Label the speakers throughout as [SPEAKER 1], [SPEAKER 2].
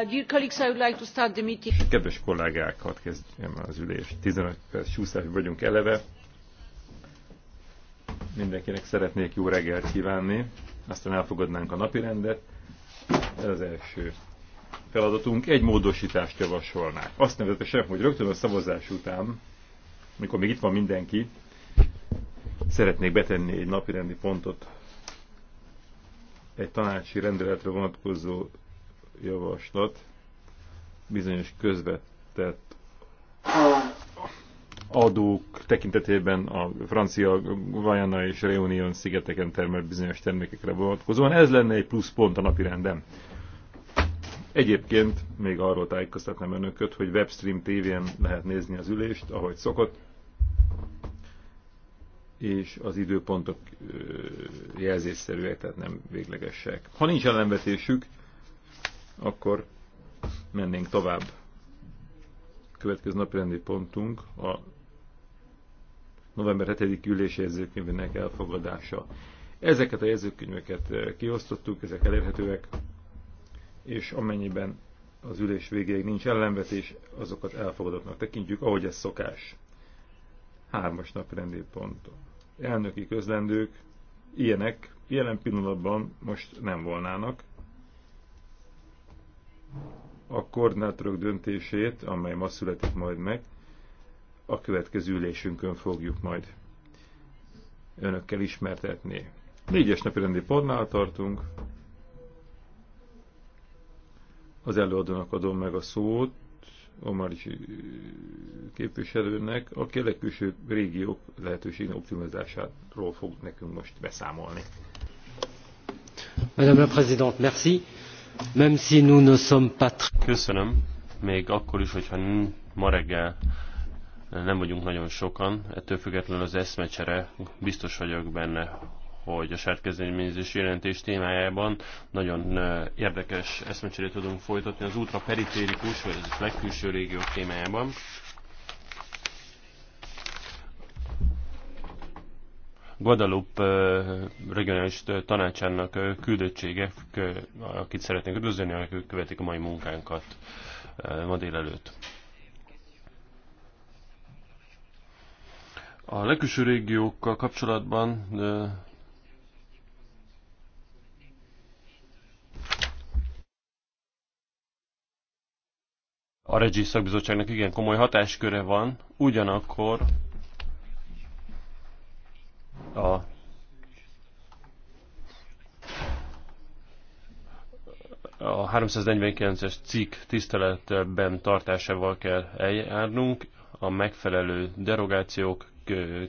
[SPEAKER 1] Uh,
[SPEAKER 2] Kedves kollégák, hadd kezdjem az ülést. 15 perc csúszás vagyunk eleve. Mindenkinek szeretnék jó reggelt kívánni. Aztán elfogadnánk a napi rendet. Ez az első feladatunk. Egy módosítást javasolnák. Azt nevezetesen, hogy rögtön a szavazás után, mikor még itt van mindenki, szeretnék betenni egy napirendi pontot egy tanácsi rendeletre vonatkozó javaslat bizonyos közvetett adók tekintetében a francia Vajana és Reunion szigeteken termelt bizonyos termékekre vonatkozóan. Ez lenne egy plusz pont a napi rendem. Egyébként még arról tájékoztatnám önököt, hogy webstream tévén lehet nézni az ülést, ahogy szokott, és az időpontok jelzésszerűek, tehát nem véglegesek. Ha nincs ellenvetésük, akkor mennénk tovább. Következő napi rendi pontunk a november 7. ülés jegyzőkönyvének elfogadása. Ezeket a jegyzőkönyveket eh, kiosztottuk, ezek elérhetőek, és amennyiben az ülés végéig nincs ellenvetés, azokat elfogadottnak tekintjük, ahogy ez szokás. Hármas napi rendi pont. Elnöki közlendők ilyenek jelen pillanatban most nem volnának, a koordinátorok döntését, amely ma születik majd meg, a következő ülésünkön fogjuk majd önökkel ismertetni. Négyes napi rendi pontnál tartunk. Az előadónak adom meg a szót, Omaricsi képviselőnek, aki a legkülső régiók lehetőség optimizásáról fog nekünk most beszámolni.
[SPEAKER 3] Madame la Présidente, merci.
[SPEAKER 1] Même si nous ne sommes pas Köszönöm, még akkor is, hogyha ma reggel eh, nem vagyunk nagyon sokan, ettől függetlenül az eszmecsere, biztos vagyok benne, hogy a saját jelentés témájában nagyon eh, érdekes eszmecserét tudunk folytatni az ultraperiférikus, vagy az legkülső régiók témájában. Guadalupe eh, regionális eh, tanácsának eh, küldöttsége, akit szeretnénk üdvözlőni, akik követik a mai munkánkat ma délelőtt. A legkülső régiókkal kapcsolatban a Regi szakbizottságnak igen komoly hatásköre van, ugyanakkor a a 349-es cikk tiszteletben tartásával kell eljárnunk, a megfelelő derogációk,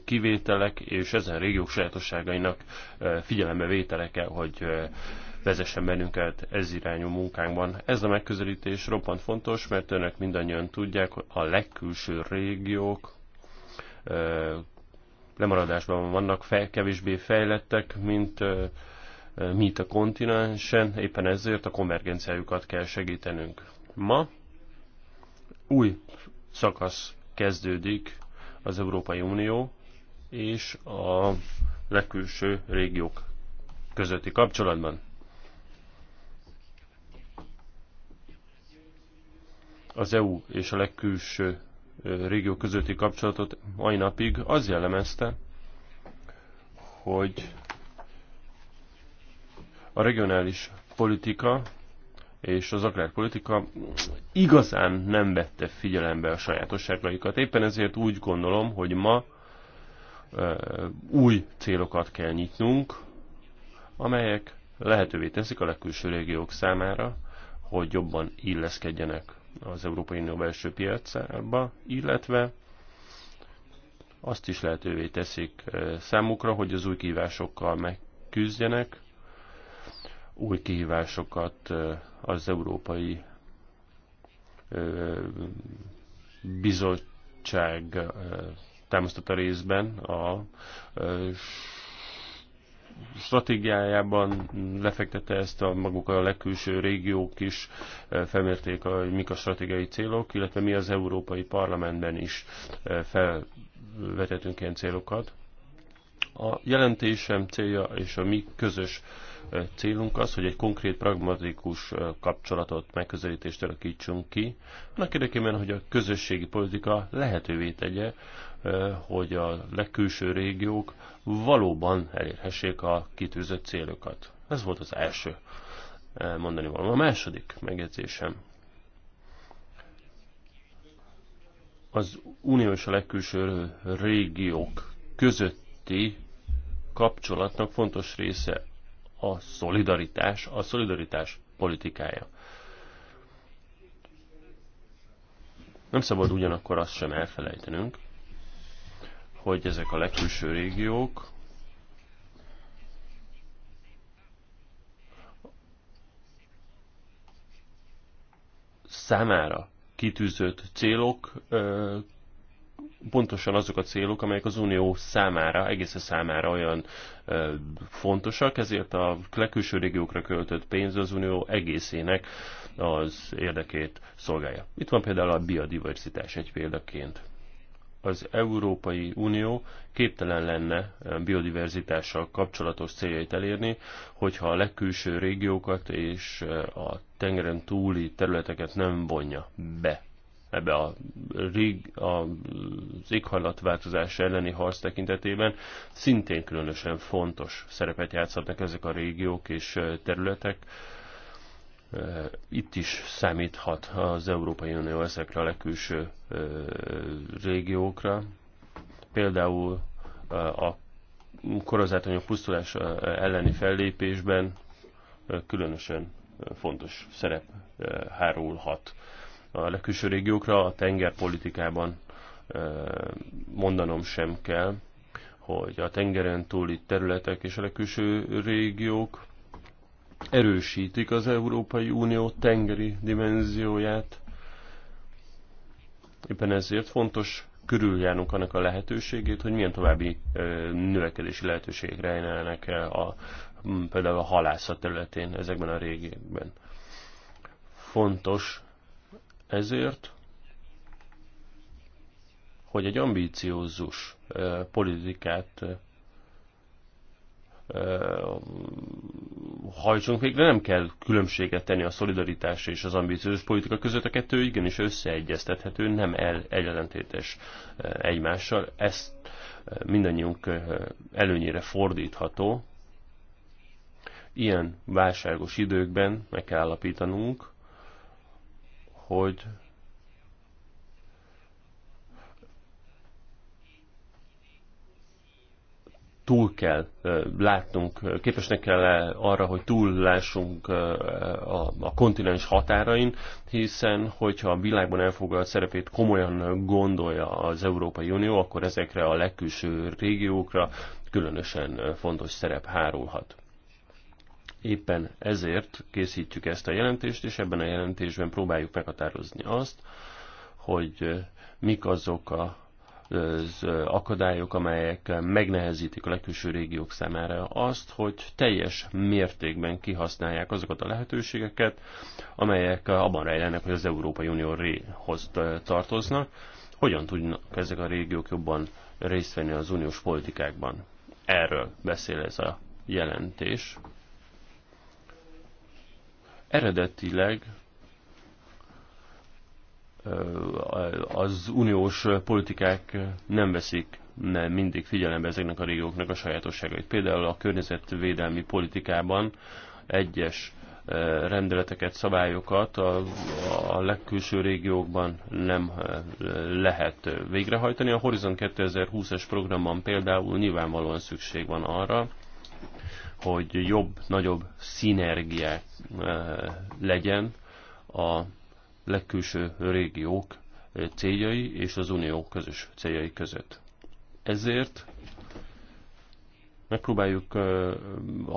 [SPEAKER 1] kivételek és ezen régiók sajátosságainak e, figyelembe vétele kell, hogy e, vezessen bennünket ez irányú munkánkban. Ez a megközelítés roppant fontos, mert önök mindannyian tudják, a legkülső régiók e, lemaradásban vannak, fej, kevésbé fejlettek, mint mint a kontinensen, éppen ezért a konvergenciájukat kell segítenünk. Ma új szakasz kezdődik az Európai Unió és a legkülső régiók közötti kapcsolatban. Az EU és a legkülső régió közötti kapcsolatot mai napig az jellemezte, hogy a regionális politika és az agrárpolitika igazán nem vette figyelembe a sajátosságaikat. Éppen ezért úgy gondolom, hogy ma új célokat kell nyitnunk, amelyek lehetővé teszik a legkülső régiók számára, hogy jobban illeszkedjenek az Európai Unió belső piacába, illetve azt is lehetővé teszik eh, számukra, hogy az új kihívásokkal megküzdjenek, új kihívásokat eh, az Európai eh, Bizottság támasztott a részben a stratégiájában lefektette ezt a maguk a legkülső régiók is, e, felmérték, a, mik a stratégiai célok, illetve mi az Európai Parlamentben is e, felvetettünk ilyen célokat. A jelentésem célja és a mi közös Célunk az, hogy egy konkrét, pragmatikus kapcsolatot, megközelítést alakítsunk ki, annak érdekében, hogy a közösségi politika lehetővé tegye, hogy a legkülső régiók valóban elérhessék a kitűzött célokat. Ez volt az első mondani való. A második megjegyzésem. Az unió és a legkülső régiók közötti kapcsolatnak fontos része a szolidaritás, a szolidaritás politikája. Nem szabad ugyanakkor azt sem elfelejtenünk, hogy ezek a legkülső régiók számára kitűzött célok pontosan azok a célok, amelyek az Unió számára, egész a számára olyan ö, fontosak, ezért a legkülső régiókra költött pénz az Unió egészének az érdekét szolgálja. Itt van például a biodiversitás egy példaként. Az Európai Unió képtelen lenne biodiverzitással kapcsolatos céljait elérni, hogyha a legkülső régiókat és a tengeren túli területeket nem vonja be ebbe a, rig, a, az éghajlatváltozás elleni harc tekintetében szintén különösen fontos szerepet játszhatnak ezek a régiók és területek. Itt is számíthat az Európai Unió ezekre a legkülső régiókra. Például a korozátanyag pusztulás elleni fellépésben különösen fontos szerep hárulhat a legkülső régiókra, a tengerpolitikában mondanom sem kell, hogy a tengeren túli területek és a legkülső régiók erősítik az Európai Unió tengeri dimenzióját. Éppen ezért fontos körüljárnunk annak a lehetőségét, hogy milyen további növekedési lehetőségek el a, például a halászat területén ezekben a régiekben. Fontos ezért, hogy egy ambíciózus politikát hajtsunk végre, nem kell különbséget tenni a szolidaritás és az ambíciós politika között, a kettő igenis összeegyeztethető, nem el, ellentétes egymással. Ezt mindannyiunk előnyére fordítható. Ilyen válságos időkben meg kell állapítanunk, hogy túl kell látnunk, képesnek kell arra, hogy túl lássunk a, kontinens határain, hiszen hogyha a világban elfoglalt szerepét komolyan gondolja az Európai Unió, akkor ezekre a legkülső régiókra különösen fontos szerep hárulhat. Éppen ezért készítjük ezt a jelentést, és ebben a jelentésben próbáljuk meghatározni azt, hogy mik azok a az akadályok, amelyek megnehezítik a legkülső régiók számára azt, hogy teljes mértékben kihasználják azokat a lehetőségeket, amelyek abban rejlenek, hogy az Európai Unióhoz tartoznak, hogyan tudnak ezek a régiók jobban részt venni az uniós politikákban. Erről beszél ez a jelentés. Eredetileg az uniós politikák nem veszik nem mindig figyelembe ezeknek a régióknak a sajátosságait. Például a környezetvédelmi politikában egyes rendeleteket, szabályokat a, a legkülső régiókban nem lehet végrehajtani. A Horizon 2020-es programban például nyilvánvalóan szükség van arra, hogy jobb, nagyobb szinergiák eh, legyen a legkülső régiók eh, céljai és az unió közös céljai között. Ezért megpróbáljuk eh,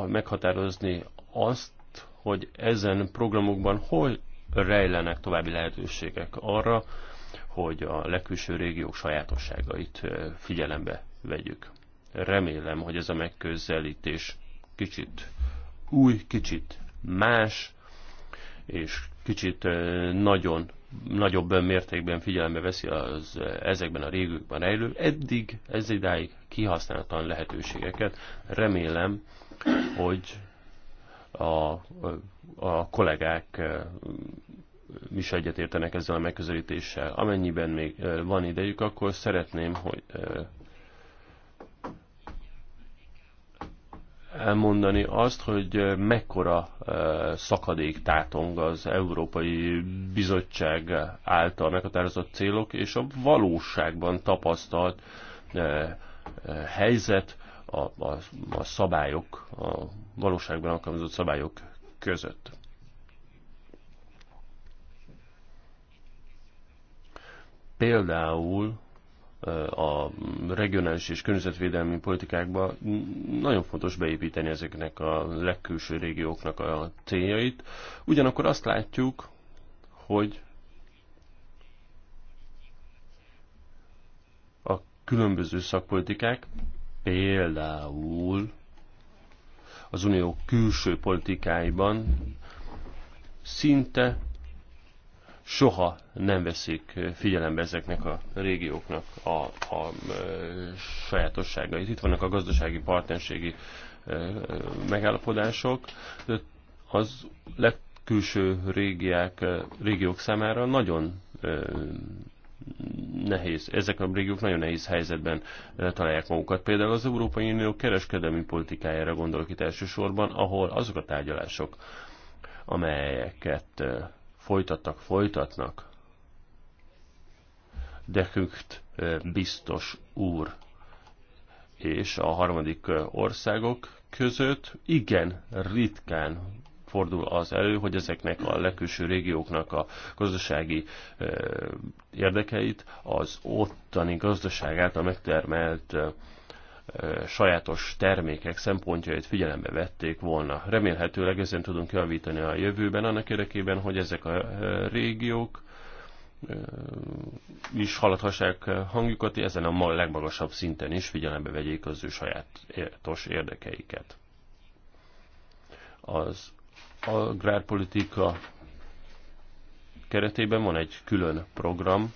[SPEAKER 1] meghatározni azt, hogy ezen programokban hol rejlenek további lehetőségek arra, hogy a legkülső régiók sajátosságait figyelembe vegyük. Remélem, hogy ez a megközelítés kicsit új, kicsit más, és kicsit nagyon nagyobb mértékben figyelembe veszi az ezekben a régőkben rejlő eddig, ez idáig kihasználatlan lehetőségeket. Remélem, hogy a, a kollégák is egyetértenek ezzel a megközelítéssel. Amennyiben még van idejük, akkor szeretném, hogy elmondani azt, hogy mekkora szakadék tátong az Európai Bizottság által meghatározott célok és a valóságban tapasztalt helyzet, a, a, a szabályok, a valóságban alkalmazott szabályok között. Például a regionális és környezetvédelmi politikákba nagyon fontos beépíteni ezeknek a legkülső régióknak a céljait. Ugyanakkor azt látjuk, hogy a különböző szakpolitikák, például az unió külső politikáiban szinte soha nem veszik figyelembe ezeknek a régióknak a, a, a sajátosságait. Itt vannak a gazdasági partnerségi megállapodások. Az legkülső régiák, régiók számára nagyon nehéz, ezek a régiók nagyon nehéz helyzetben találják magukat. Például az Európai Unió kereskedelmi politikájára gondolok itt elsősorban, ahol azok a tárgyalások, amelyeket folytattak, folytatnak. Dekükt biztos úr és a harmadik országok között igen ritkán fordul az elő, hogy ezeknek a legkülső régióknak a gazdasági érdekeit az ottani gazdaság által megtermelt sajátos termékek szempontjait figyelembe vették volna. Remélhetőleg ezen tudunk javítani a jövőben, annak érdekében, hogy ezek a régiók is haladhassák hangjukat, ezen a legmagasabb szinten is figyelembe vegyék az ő sajátos érdekeiket. Az agrárpolitika keretében van egy külön program,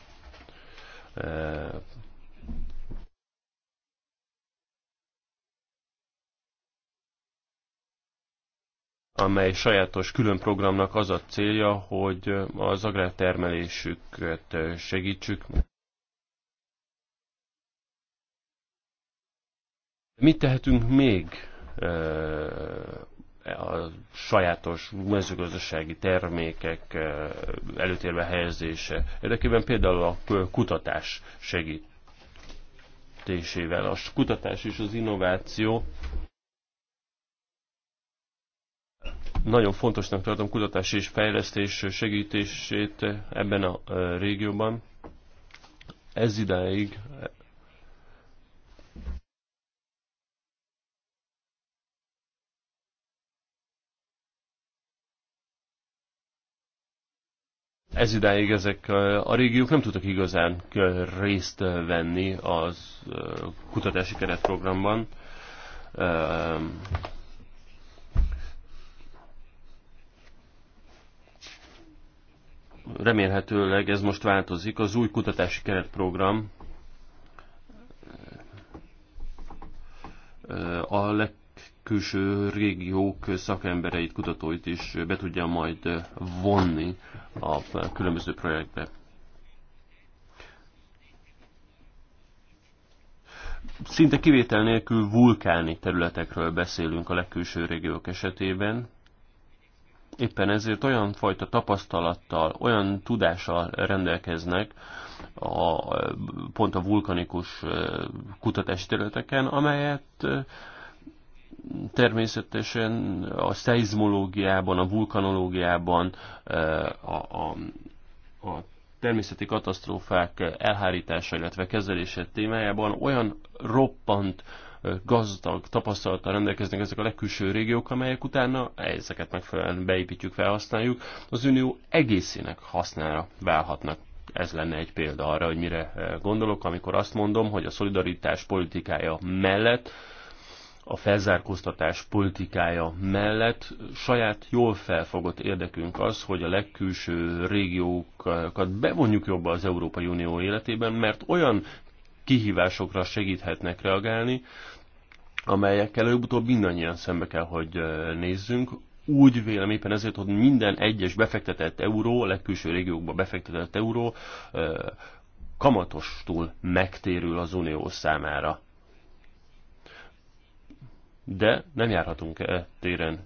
[SPEAKER 1] amely sajátos külön programnak az a célja, hogy az agrártermelésüket segítsük. Mit tehetünk még eh, a sajátos mezőgazdasági termékek eh, előtérbe helyezése érdekében például a kutatás segítésével. A kutatás és az innováció Nagyon fontosnak tartom kutatás és fejlesztés segítését ebben a e, régióban. Ez idáig ez idáig ezek e, a régiók nem tudtak igazán részt venni az e, kutatási keretprogramban. remélhetőleg ez most változik. Az új kutatási keretprogram eh, a legkülső régiók szakembereit, kutatóit is be tudja majd vonni a különböző projektbe. Szinte kivétel nélkül vulkáni területekről beszélünk a legkülső régiók esetében Éppen ezért olyan fajta tapasztalattal, olyan tudással rendelkeznek a, pont a vulkanikus kutatási területeken, amelyet természetesen a szeizmológiában, a vulkanológiában, a, a, a természeti katasztrófák elhárítása, illetve kezelése témájában olyan roppant gazdag tapasztalattal rendelkeznek ezek a legkülső régiók, amelyek utána ezeket megfelelően beépítjük, felhasználjuk, az unió egészének hasznára válhatnak. Ez lenne egy példa arra, hogy mire gondolok, amikor azt mondom, hogy a szolidaritás politikája mellett a felzárkóztatás politikája mellett saját jól felfogott érdekünk az, hogy a legkülső régiókat bevonjuk jobban az Európai Unió életében, mert olyan kihívásokra segíthetnek reagálni, amelyekkel előbb-utóbb mindannyian szembe kell, hogy nézzünk. Úgy vélem éppen ezért, hogy minden egyes befektetett euró, a legkülső régiókba befektetett euró kamatostul megtérül az unió számára. De nem járhatunk e téren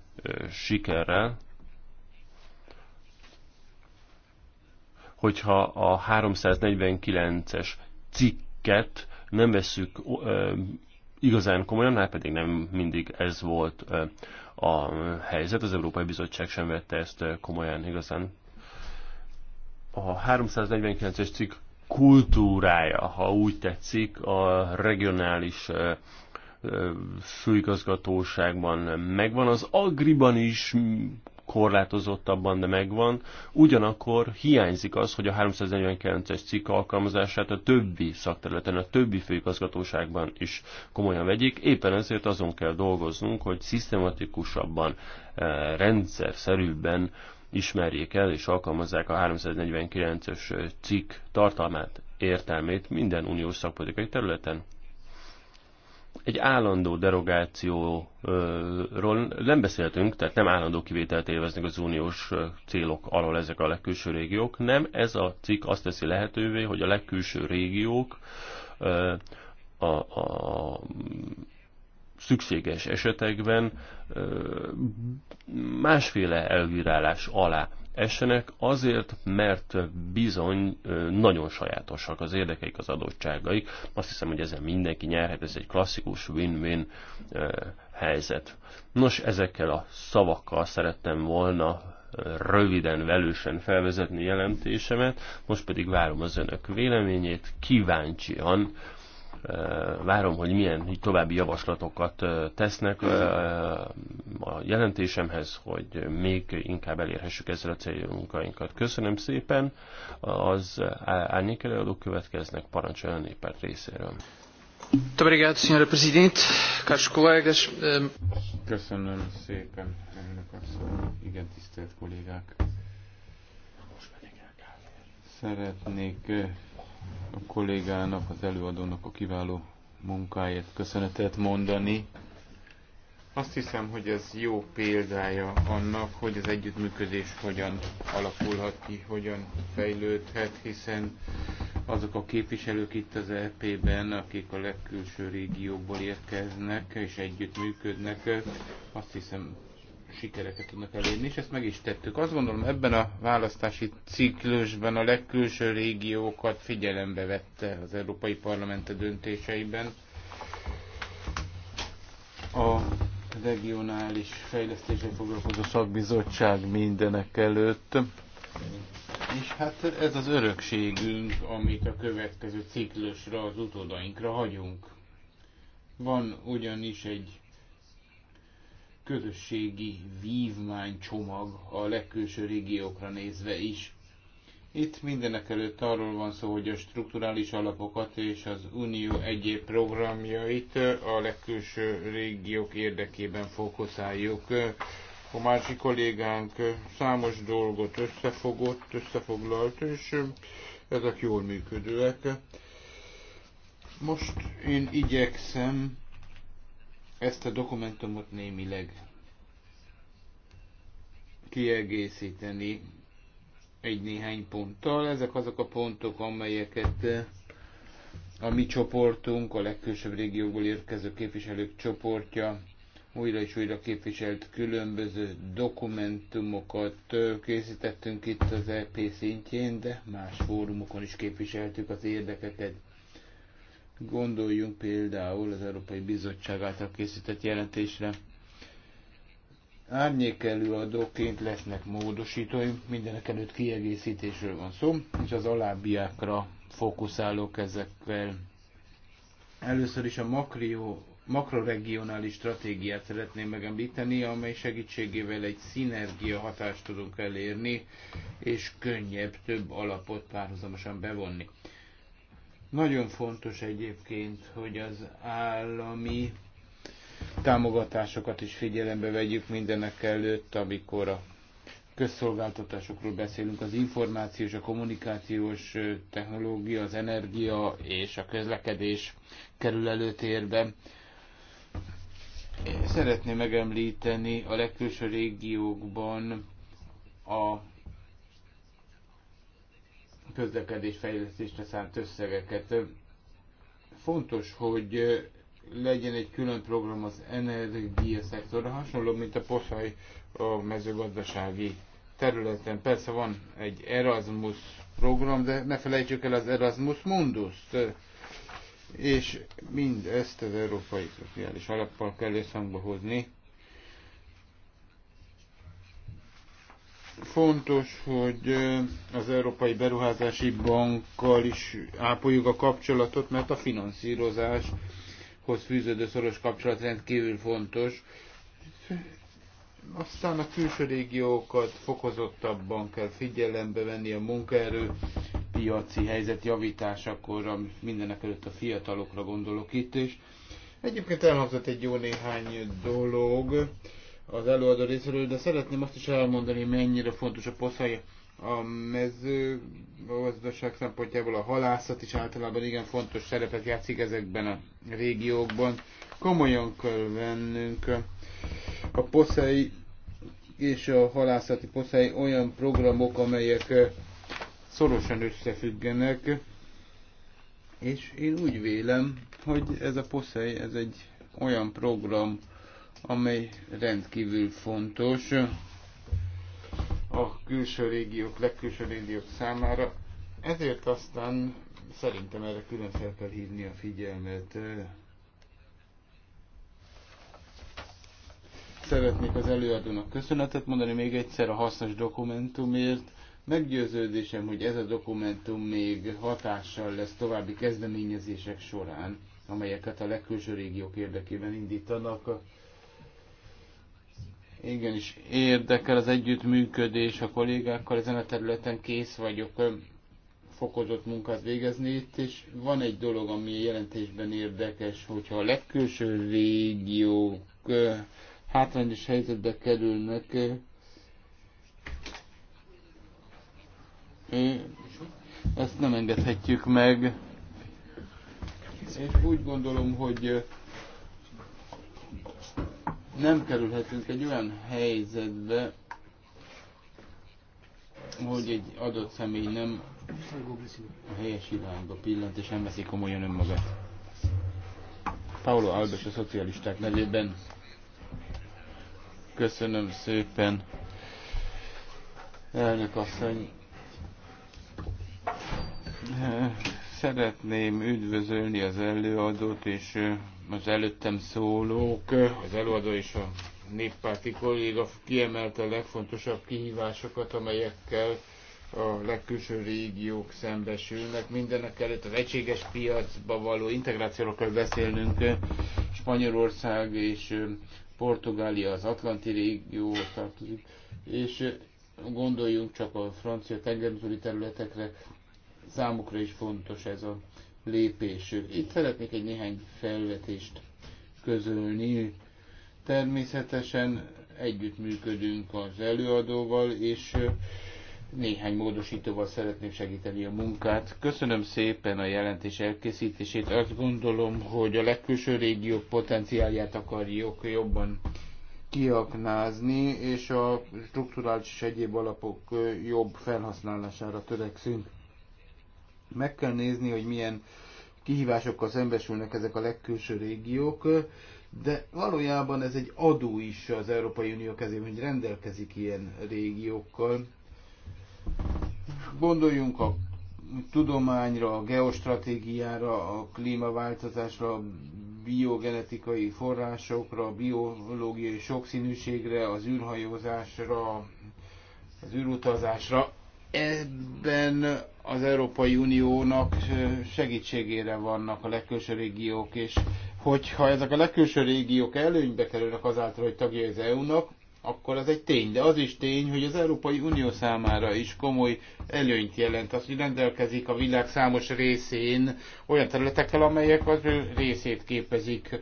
[SPEAKER 1] sikerrel, hogyha a 349-es cikk amiket nem veszük igazán komolyan, már hát pedig nem mindig ez volt a helyzet. Az Európai Bizottság sem vette ezt komolyan igazán. A 349-es cikk kultúrája, ha úgy tetszik, a regionális főigazgatóságban megvan, az agriban is korlátozottabban, de megvan. Ugyanakkor hiányzik az, hogy a 349-es cikk alkalmazását a többi szakterületen, a többi főigazgatóságban is komolyan vegyék. Éppen ezért azon kell dolgoznunk, hogy szisztematikusabban, eh, rendszer szerűbben ismerjék el és alkalmazzák a 349-es cikk tartalmát, értelmét minden uniós szakpolitikai területen egy állandó derogációról nem beszéltünk, tehát nem állandó kivételt élveznek az uniós célok alól ezek a legkülső régiók, nem ez a cikk azt teszi lehetővé, hogy a legkülső régiók a, a szükséges esetekben másféle elbírálás alá essenek, azért, mert bizony nagyon sajátosak az érdekeik, az adottságaik. Azt hiszem, hogy ezen mindenki nyerhet, ez egy klasszikus win-win helyzet. Nos, ezekkel a szavakkal szerettem volna röviden, velősen felvezetni jelentésemet, most pedig várom az önök véleményét, kíváncsian várom, hogy milyen további javaslatokat tesznek a jelentésemhez, hogy még inkább elérhessük ezzel a céljainkat. Köszönöm szépen, az árnyék előadók következnek parancsolja a néppárt részéről. Eh,
[SPEAKER 3] Köszönöm szépen, elnök asszony, igen, tisztelt kollégák. Szeretnék eh, a kollégának, az előadónak a kiváló munkáját, köszönetet mondani. Azt hiszem, hogy ez jó példája annak, hogy az együttműködés hogyan alakulhat ki, hogyan fejlődhet, hiszen azok a képviselők itt az EP-ben, akik a legkülső régióból érkeznek és együttműködnek, azt hiszem sikereket tudnak elérni, és ezt meg is tettük. Azt gondolom, ebben a választási ciklusban a legkülső régiókat figyelembe vette az Európai Parlament döntéseiben. A regionális fejlesztésre foglalkozó szakbizottság mindenek előtt. És hát ez az örökségünk, amit a következő ciklusra, az utódainkra hagyunk. Van ugyanis egy közösségi vívmánycsomag a legkülső régiókra nézve is. Itt mindenek előtt arról van szó, hogy a strukturális alapokat és az Unió egyéb programjait a legkülső régiók érdekében fókuszáljuk. A másik kollégánk számos dolgot összefogott, összefoglalt, és ezek jól működőek. Most én igyekszem ezt a dokumentumot némileg kiegészíteni egy néhány ponttal. Ezek azok a pontok, amelyeket eh, a mi csoportunk, a legkülsőbb régióból érkező képviselők csoportja újra és újra képviselt különböző dokumentumokat eh, készítettünk itt az EP szintjén, de más fórumokon is képviseltük az érdekeket. Gondoljunk például az Európai Bizottság által készített jelentésre. Árnyékelő adóként lesznek módosítóim, mindenek előtt kiegészítésről van szó, és az alábbiakra fókuszálok ezekkel. Először is a makrió makroregionális stratégiát szeretném megemlíteni, amely segítségével egy szinergia hatást tudunk elérni, és könnyebb több alapot párhuzamosan bevonni. Nagyon fontos egyébként, hogy az állami támogatásokat is figyelembe vegyük mindenek előtt, amikor a közszolgáltatásokról beszélünk, az információs, a kommunikációs technológia, az energia és a közlekedés kerül előtérbe. Szeretném megemlíteni a legkülső régiókban a közlekedés fejlesztésre szánt összegeket. Fontos, hogy legyen egy külön program az energia szektorra, hasonló, mint a poszai a mezőgazdasági területen. Persze van egy Erasmus program, de ne felejtsük el az Erasmus Mundust. És mindezt az Európai Szociális Alappal kell összhangba hozni. Fontos, hogy az Európai Beruházási Bankkal is ápoljuk a kapcsolatot, mert a finanszírozáshoz fűződő szoros kapcsolat rendkívül fontos. Aztán a külső régiókat fokozottabban kell figyelembe venni a munkaerő piaci helyzet javításakor, mindenek előtt a fiatalokra gondolok itt, és egyébként elhangzott egy jó néhány dolog az előadó részéről, de szeretném azt is elmondani, mennyire fontos a poszai a mezőgazdaság szempontjából a halászat is általában igen fontos szerepet játszik ezekben a régiókban. Komolyan kell vennünk a poszai és a halászati poszai olyan programok, amelyek szorosan összefüggenek, és én úgy vélem, hogy ez a poszai, ez egy olyan program, amely rendkívül fontos a külső régiók, legkülső régiók számára. Ezért aztán szerintem erre külön fel kell hívni a figyelmet. Szeretnék az előadónak köszönetet mondani még egyszer a hasznos dokumentumért. Meggyőződésem, hogy ez a dokumentum még hatással lesz további kezdeményezések során, amelyeket a legkülső régiók érdekében indítanak igenis érdekel az együttműködés a kollégákkal, ezen a területen kész vagyok fokozott munkát végezni itt, és van egy dolog, ami a jelentésben érdekes, hogyha a legkülső régiók hátrányos helyzetbe kerülnek, ezt nem engedhetjük meg. És úgy gondolom, hogy nem kerülhetünk egy olyan helyzetbe, hogy egy adott személy nem a helyes irányba pillant, és nem veszik komolyan önmagát. Paulo Albes a szocialisták nevében. Köszönöm szépen, elnök asszony. Szeretném üdvözölni az előadót és az előttem szólók, az előadó és a néppárti kolléga kiemelte a legfontosabb kihívásokat, amelyekkel a legkülső régiók szembesülnek. Mindenek előtt az egységes piacba való integrációról kell beszélnünk. Spanyolország és Portugália az Atlanti régióhoz tartozik, és gondoljunk csak a francia tengertúli területekre, számukra is fontos ez a lépés. Itt szeretnék egy néhány felvetést közölni. Természetesen együttműködünk az előadóval, és néhány módosítóval szeretném segíteni a munkát. Köszönöm szépen a jelentés elkészítését. Azt gondolom, hogy a legkülső régiók potenciálját akarjuk jobban kiaknázni, és a strukturális és egyéb alapok jobb felhasználására törekszünk. Meg kell nézni, hogy milyen kihívásokkal szembesülnek ezek a legkülső régiók, de valójában ez egy adó is az Európai Unió kezében, hogy rendelkezik ilyen régiókkal. Gondoljunk a tudományra, a geostratégiára, a klímaváltozásra, a biogenetikai forrásokra, a biológiai sokszínűségre, az űrhajózásra, az űrutazásra. Ebben az Európai Uniónak segítségére vannak a legkülső régiók, és hogyha ezek a legkülső régiók előnybe kerülnek azáltal, hogy tagja az EU-nak, akkor az egy tény. De az is tény, hogy az Európai Unió számára is komoly előnyt jelent az, hogy rendelkezik a világ számos részén olyan területekkel, amelyek az ő részét képezik.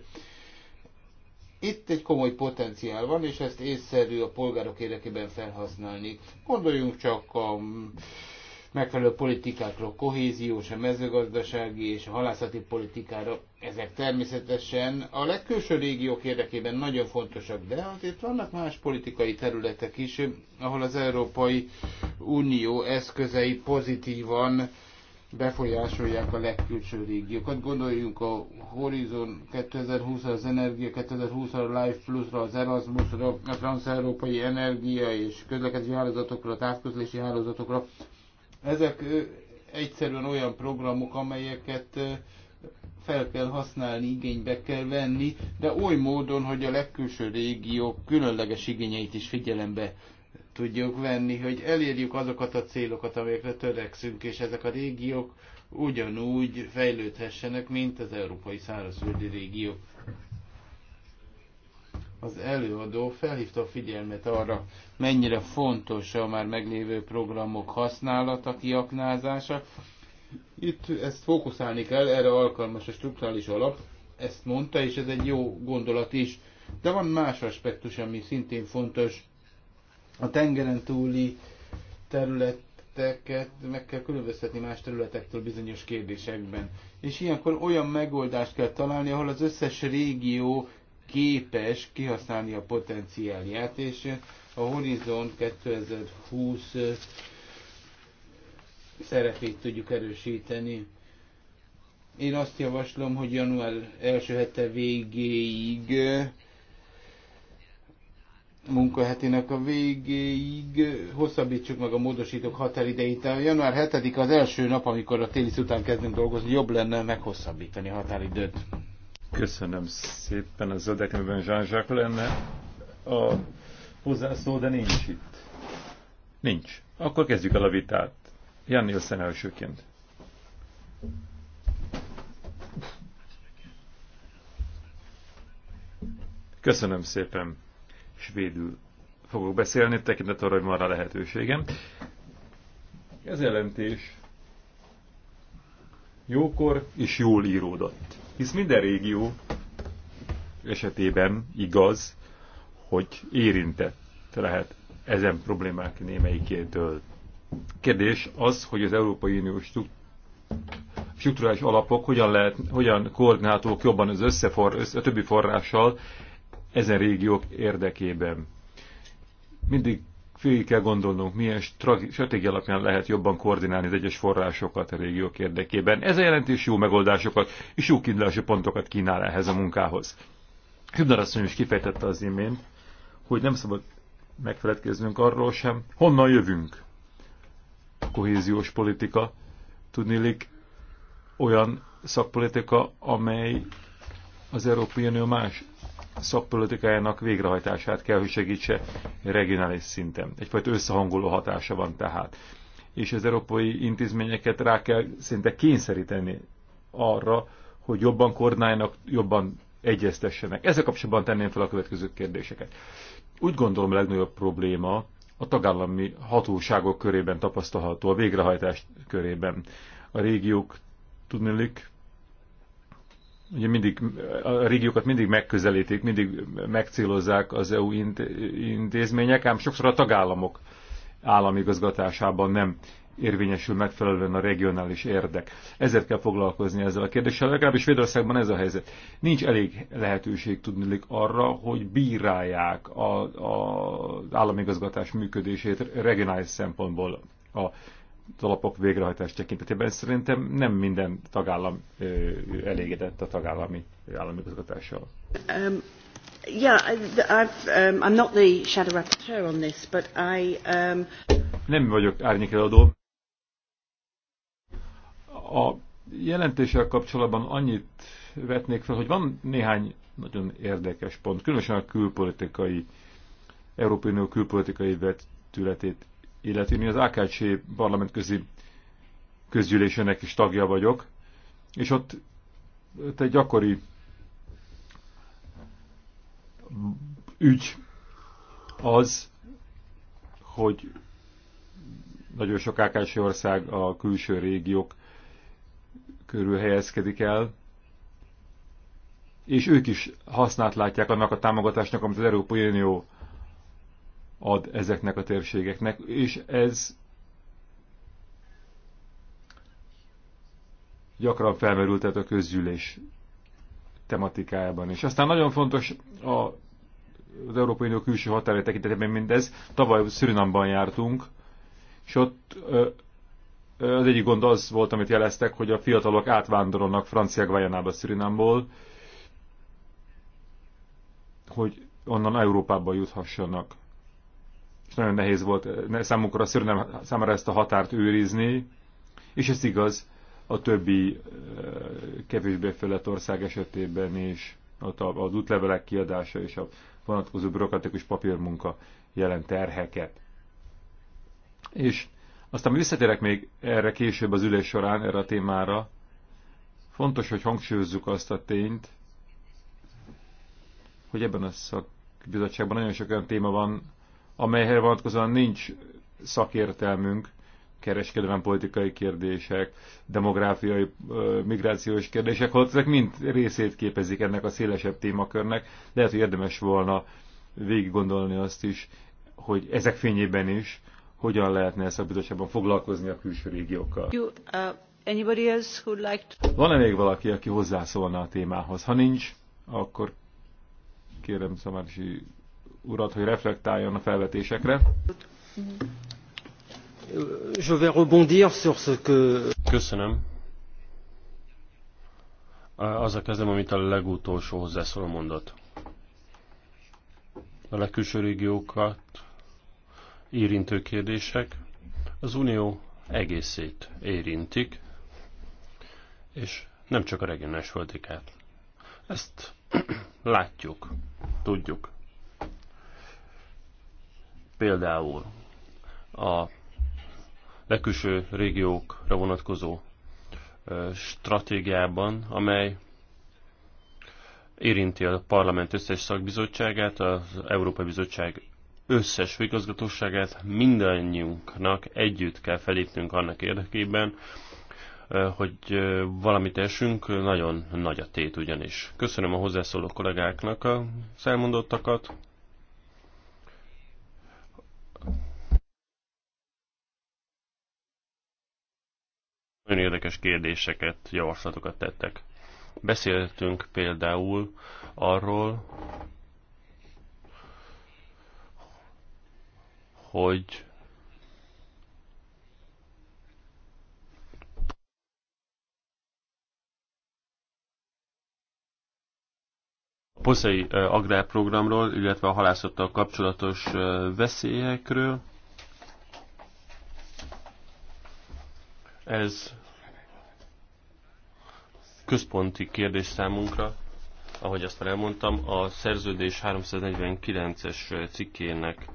[SPEAKER 3] Itt egy komoly potenciál van, és ezt észszerű a polgárok érdekében felhasználni. Gondoljunk csak a megfelelő politikákra, kohéziós, a mezőgazdasági és a halászati politikára. Ezek természetesen a legkülső régiók érdekében nagyon fontosak, de azért vannak más politikai területek is, ahol az Európai Unió eszközei pozitívan befolyásolják a legkülső régiókat. Gondoljunk a Horizon 2020-ra, az Energia 2020-ra, Life Plus-ra, az Erasmus-ra, a transeurópai energia és közlekedési hálózatokra, a távközlési hálózatokra. Ezek egyszerűen olyan programok, amelyeket fel kell használni, igénybe kell venni, de oly módon, hogy a legkülső régiók különleges igényeit is figyelembe tudjuk venni, hogy elérjük azokat a célokat, amelyekre törekszünk, és ezek a régiók ugyanúgy fejlődhessenek, mint az európai szárazföldi régiók az előadó felhívta a figyelmet arra, mennyire fontos a már meglévő programok használata, kiaknázása. Itt ezt fókuszálni kell, erre alkalmas a strukturális alap, ezt mondta, és ez egy jó gondolat is. De van más aspektus, ami szintén fontos. A tengeren túli területeket meg kell különböztetni más területektől bizonyos kérdésekben. És ilyenkor olyan megoldást kell találni, ahol az összes régió képes kihasználni a potenciálját, és a Horizon 2020 szerepét tudjuk erősíteni. Én azt javaslom, hogy január első hete végéig munkahetének a végéig hosszabbítsuk meg a módosítók határidejét. A január 7 az első nap, amikor a télisz után kezdünk dolgozni, jobb lenne meghosszabbítani a
[SPEAKER 2] határidőt. Köszönöm szépen, az zöldek nevében Jean-Jacques lenne a hozzászó, de nincs itt. Nincs. Akkor kezdjük el a vitát. Jan Nielsen elsőként. Köszönöm szépen. Svédül fogok beszélni, tekintet arra, hogy van rá lehetőségem. Ez jelentés jókor és jól íródott hisz minden régió esetében igaz, hogy érintett lehet ezen problémák némelyikétől. Kérdés az, hogy az Európai Unió strukturális alapok hogyan, lehet, hogyan koordinálhatók jobban az összefor, össze, a többi forrással ezen régiók érdekében. Mindig végig kell gondolnunk, milyen stratégia alapján lehet jobban koordinálni az egyes forrásokat a régiók érdekében. Ez a jelentés jó megoldásokat és jó kiindulási pontokat kínál ehhez a munkához. Hübner asszony is kifejtette az imént, hogy nem szabad megfeledkeznünk arról sem, honnan jövünk. A kohéziós politika, tudnélik, olyan szakpolitika, amely az Európai Unió más szakpolitikájának végrehajtását kell, hogy segítse regionális szinten. Egyfajta összehangoló hatása van tehát. És az európai intézményeket rá kell szinte kényszeríteni arra, hogy jobban koordináljanak, jobban egyeztessenek. Ezzel kapcsolatban tenném fel a következő kérdéseket. Úgy gondolom a legnagyobb probléma a tagállami hatóságok körében tapasztalható, a végrehajtás körében. A régiók tudnélik, ugye mindig, a régiókat mindig megközelítik, mindig megcélozzák az EU intézmények, ám sokszor a tagállamok államigazgatásában nem érvényesül megfelelően a regionális érdek. Ezért kell foglalkozni ezzel a kérdéssel, legalábbis Svédországban ez a helyzet. Nincs elég lehetőség tudni arra, hogy bírálják az államigazgatás működését regionális szempontból a alapok végrehajtás tekintetében. Szerintem nem minden tagállam elégedett a tagállami állami közgatással.
[SPEAKER 3] Um, yeah, I've, um, I'm not the shadow rapporteur on this, but I... Um...
[SPEAKER 2] Nem vagyok árnyékeladó. A jelentéssel kapcsolatban annyit vetnék fel, hogy van néhány nagyon érdekes pont, különösen a külpolitikai, Európai Unió külpolitikai vetületét illeti az AKC parlamentközi közgyűlésének is tagja vagyok, és ott, ott egy gyakori ügy az, hogy nagyon sok AKC ország a külső régiók körül helyezkedik el, és ők is hasznát látják annak a támogatásnak, amit az Európai Unió ad ezeknek a térségeknek, és ez gyakran felmerült a közgyűlés tematikájában. És aztán nagyon fontos a, az Európai Unió külső határa tekintetében mindez. Tavaly Szürinamban jártunk, és ott az egyik gond az volt, amit jeleztek, hogy a fiatalok átvándorolnak francia Guayanába Szürinámból, hogy onnan Európába juthassanak és nagyon nehéz volt számunkra szörnyen számára ezt a határt őrizni, és ez igaz a többi kevésbé fölött ország esetében is, ott az útlevelek kiadása és a vonatkozó bürokratikus papírmunka jelent terheket. És aztán visszatérek még erre később az ülés során, erre a témára. Fontos, hogy hangsúlyozzuk azt a tényt, hogy ebben a szakbizottságban nagyon sok olyan téma van, amelyre vonatkozóan nincs szakértelmünk, kereskedelmi politikai kérdések, demográfiai, migrációs kérdések, holott ezek mind részét képezik ennek a szélesebb témakörnek. Lehet, hogy érdemes volna végig gondolni azt is, hogy ezek fényében is hogyan lehetne bizottságban foglalkozni a külső régiókkal.
[SPEAKER 3] uh, like
[SPEAKER 2] to... Van-e még valaki, aki hozzászólna a témához? Ha nincs, akkor kérem Szamársi urat, hogy reflektáljon a felvetésekre. Je vais
[SPEAKER 1] rebondir sur ce que... Köszönöm. Azzal kezdem, amit a legutolsó hozzászóló mondott. A legkülső régiókat érintő kérdések az Unió egészét érintik, és nem csak a regionális politikát. Ezt látjuk, tudjuk. Például a legkülső régiókra vonatkozó stratégiában, amely érinti a parlament összes szakbizottságát, az Európai Bizottság összes főigazgatóságát, mindannyiunknak együtt kell felépnünk annak érdekében, hogy valamit esünk, nagyon nagy a tét ugyanis. Köszönöm a hozzászóló kollégáknak a szelmondottakat. Nagyon érdekes kérdéseket, javaslatokat tettek. Beszéltünk például arról, hogy poszai agrárprogramról, illetve a halászattal kapcsolatos veszélyekről. Ez központi kérdés számunkra, ahogy azt már elmondtam, a szerződés 349-es cikkének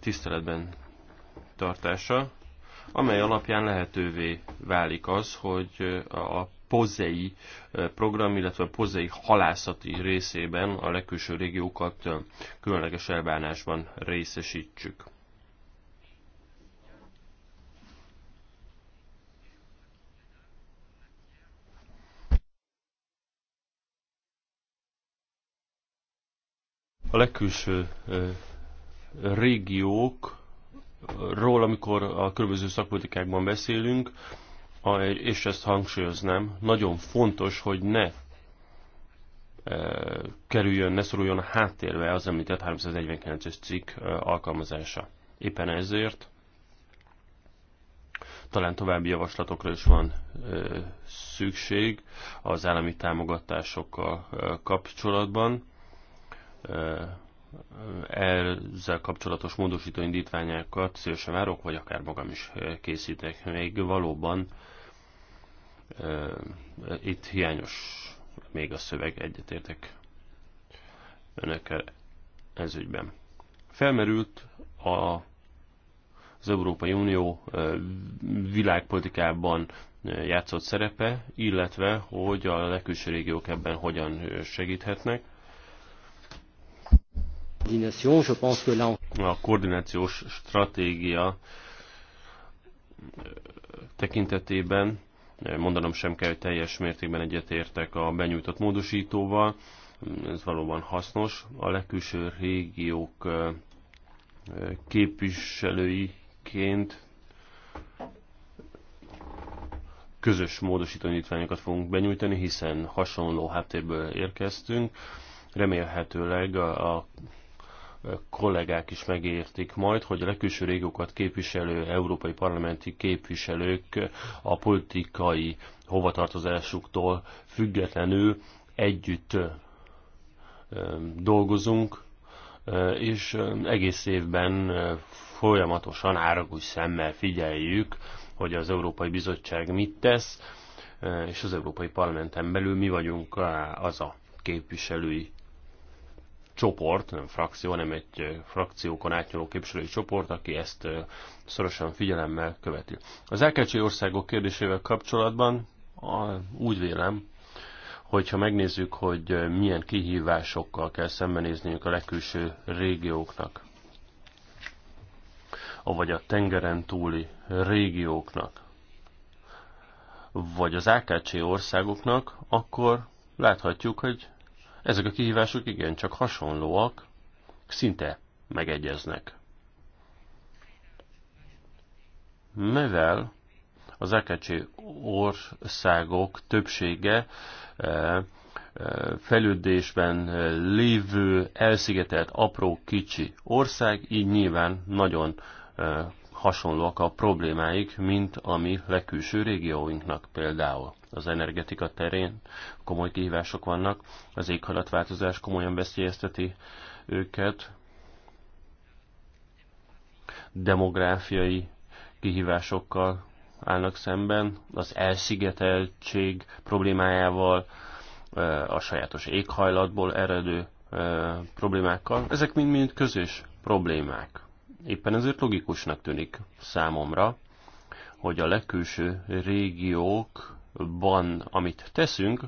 [SPEAKER 1] tiszteletben tartása, amely alapján lehetővé válik az, hogy a pozei eh, program, illetve a pozei halászati részében a legkülső régiókat eh, különleges elbánásban részesítsük. A legkülső eh, régiókról, amikor a különböző szakpolitikákban beszélünk, és ezt hangsúlyoznám, nagyon fontos, hogy ne e, kerüljön, ne szoruljon a háttérbe az említett 349-es cikk e, alkalmazása. Éppen ezért talán további javaslatokra is van e, szükség az állami támogatásokkal kapcsolatban ezzel kapcsolatos módosító indítványákat szívesen várok, vagy akár magam is készítek. Még valóban itt hiányos még a szöveg, egyetértek önökkel ezügyben. Felmerült a, az Európai Unió világpolitikában játszott szerepe, illetve hogy a legkülső régiók ebben hogyan segíthetnek. A koordinációs stratégia eh, tekintetében eh, mondanom sem kell, hogy teljes mértékben egyetértek a benyújtott módosítóval. Ez valóban hasznos. A legkülső régiók eh, képviselőiként közös módosítanítványokat fogunk benyújtani, hiszen hasonló háttérből érkeztünk. Remélhetőleg a kollégák is megértik majd, hogy a legkülső régiókat képviselő európai parlamenti képviselők a politikai hovatartozásuktól függetlenül együtt dolgozunk, és egész évben folyamatosan áragúj szemmel figyeljük, hogy az Európai Bizottság mit tesz, és az Európai Parlamenten belül mi vagyunk az a képviselői csoport, nem frakció, hanem egy frakciókon átnyúló képviselői csoport, aki ezt szorosan figyelemmel követi. Az LKC országok kérdésével kapcsolatban úgy vélem, hogyha megnézzük, hogy milyen kihívásokkal kell szembenézniük a legkülső régióknak, vagy a tengeren túli régióknak, vagy az AKC országoknak, akkor láthatjuk, hogy ezek a kihívások igen csak hasonlóak, szinte megegyeznek. Mivel az AKC országok többsége eh, eh, fejlődésben eh, lévő, elszigetelt, apró, kicsi ország, így nyilván nagyon hasonlóak a problémáik, mint a mi legkülső régióinknak például. Az energetika terén komoly kihívások vannak, az éghajlatváltozás komolyan veszélyezteti őket, demográfiai kihívásokkal állnak szemben, az elszigeteltség problémájával, a sajátos éghajlatból eredő problémákkal. Ezek mind-mind közös problémák. Éppen ezért logikusnak tűnik számomra, hogy a legkülső régiókban, amit teszünk,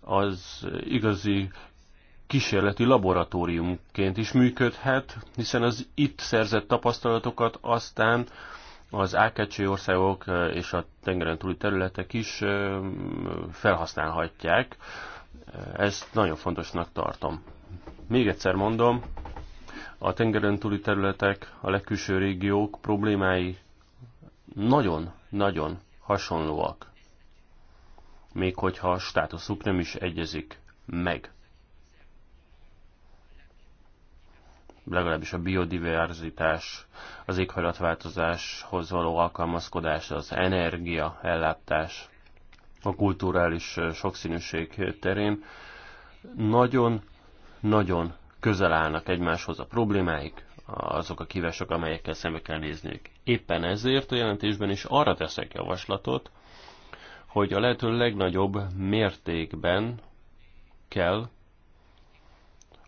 [SPEAKER 1] az igazi kísérleti laboratóriumként is működhet, hiszen az itt szerzett tapasztalatokat aztán az ákecsi országok és a tengeren túli területek is felhasználhatják. Ezt nagyon fontosnak tartom. Még egyszer mondom, a tengeren túli területek, a legkülső régiók problémái nagyon-nagyon hasonlóak, még hogyha a státuszuk nem is egyezik meg. legalábbis a biodiverzitás, az éghajlatváltozáshoz való alkalmazkodás, az energia ellátás, a kulturális sokszínűség terén nagyon-nagyon közel állnak egymáshoz a problémáik, azok a kívások, amelyekkel szembe kell nézniük. Éppen ezért a jelentésben is arra teszek javaslatot, hogy a lehető legnagyobb mértékben kell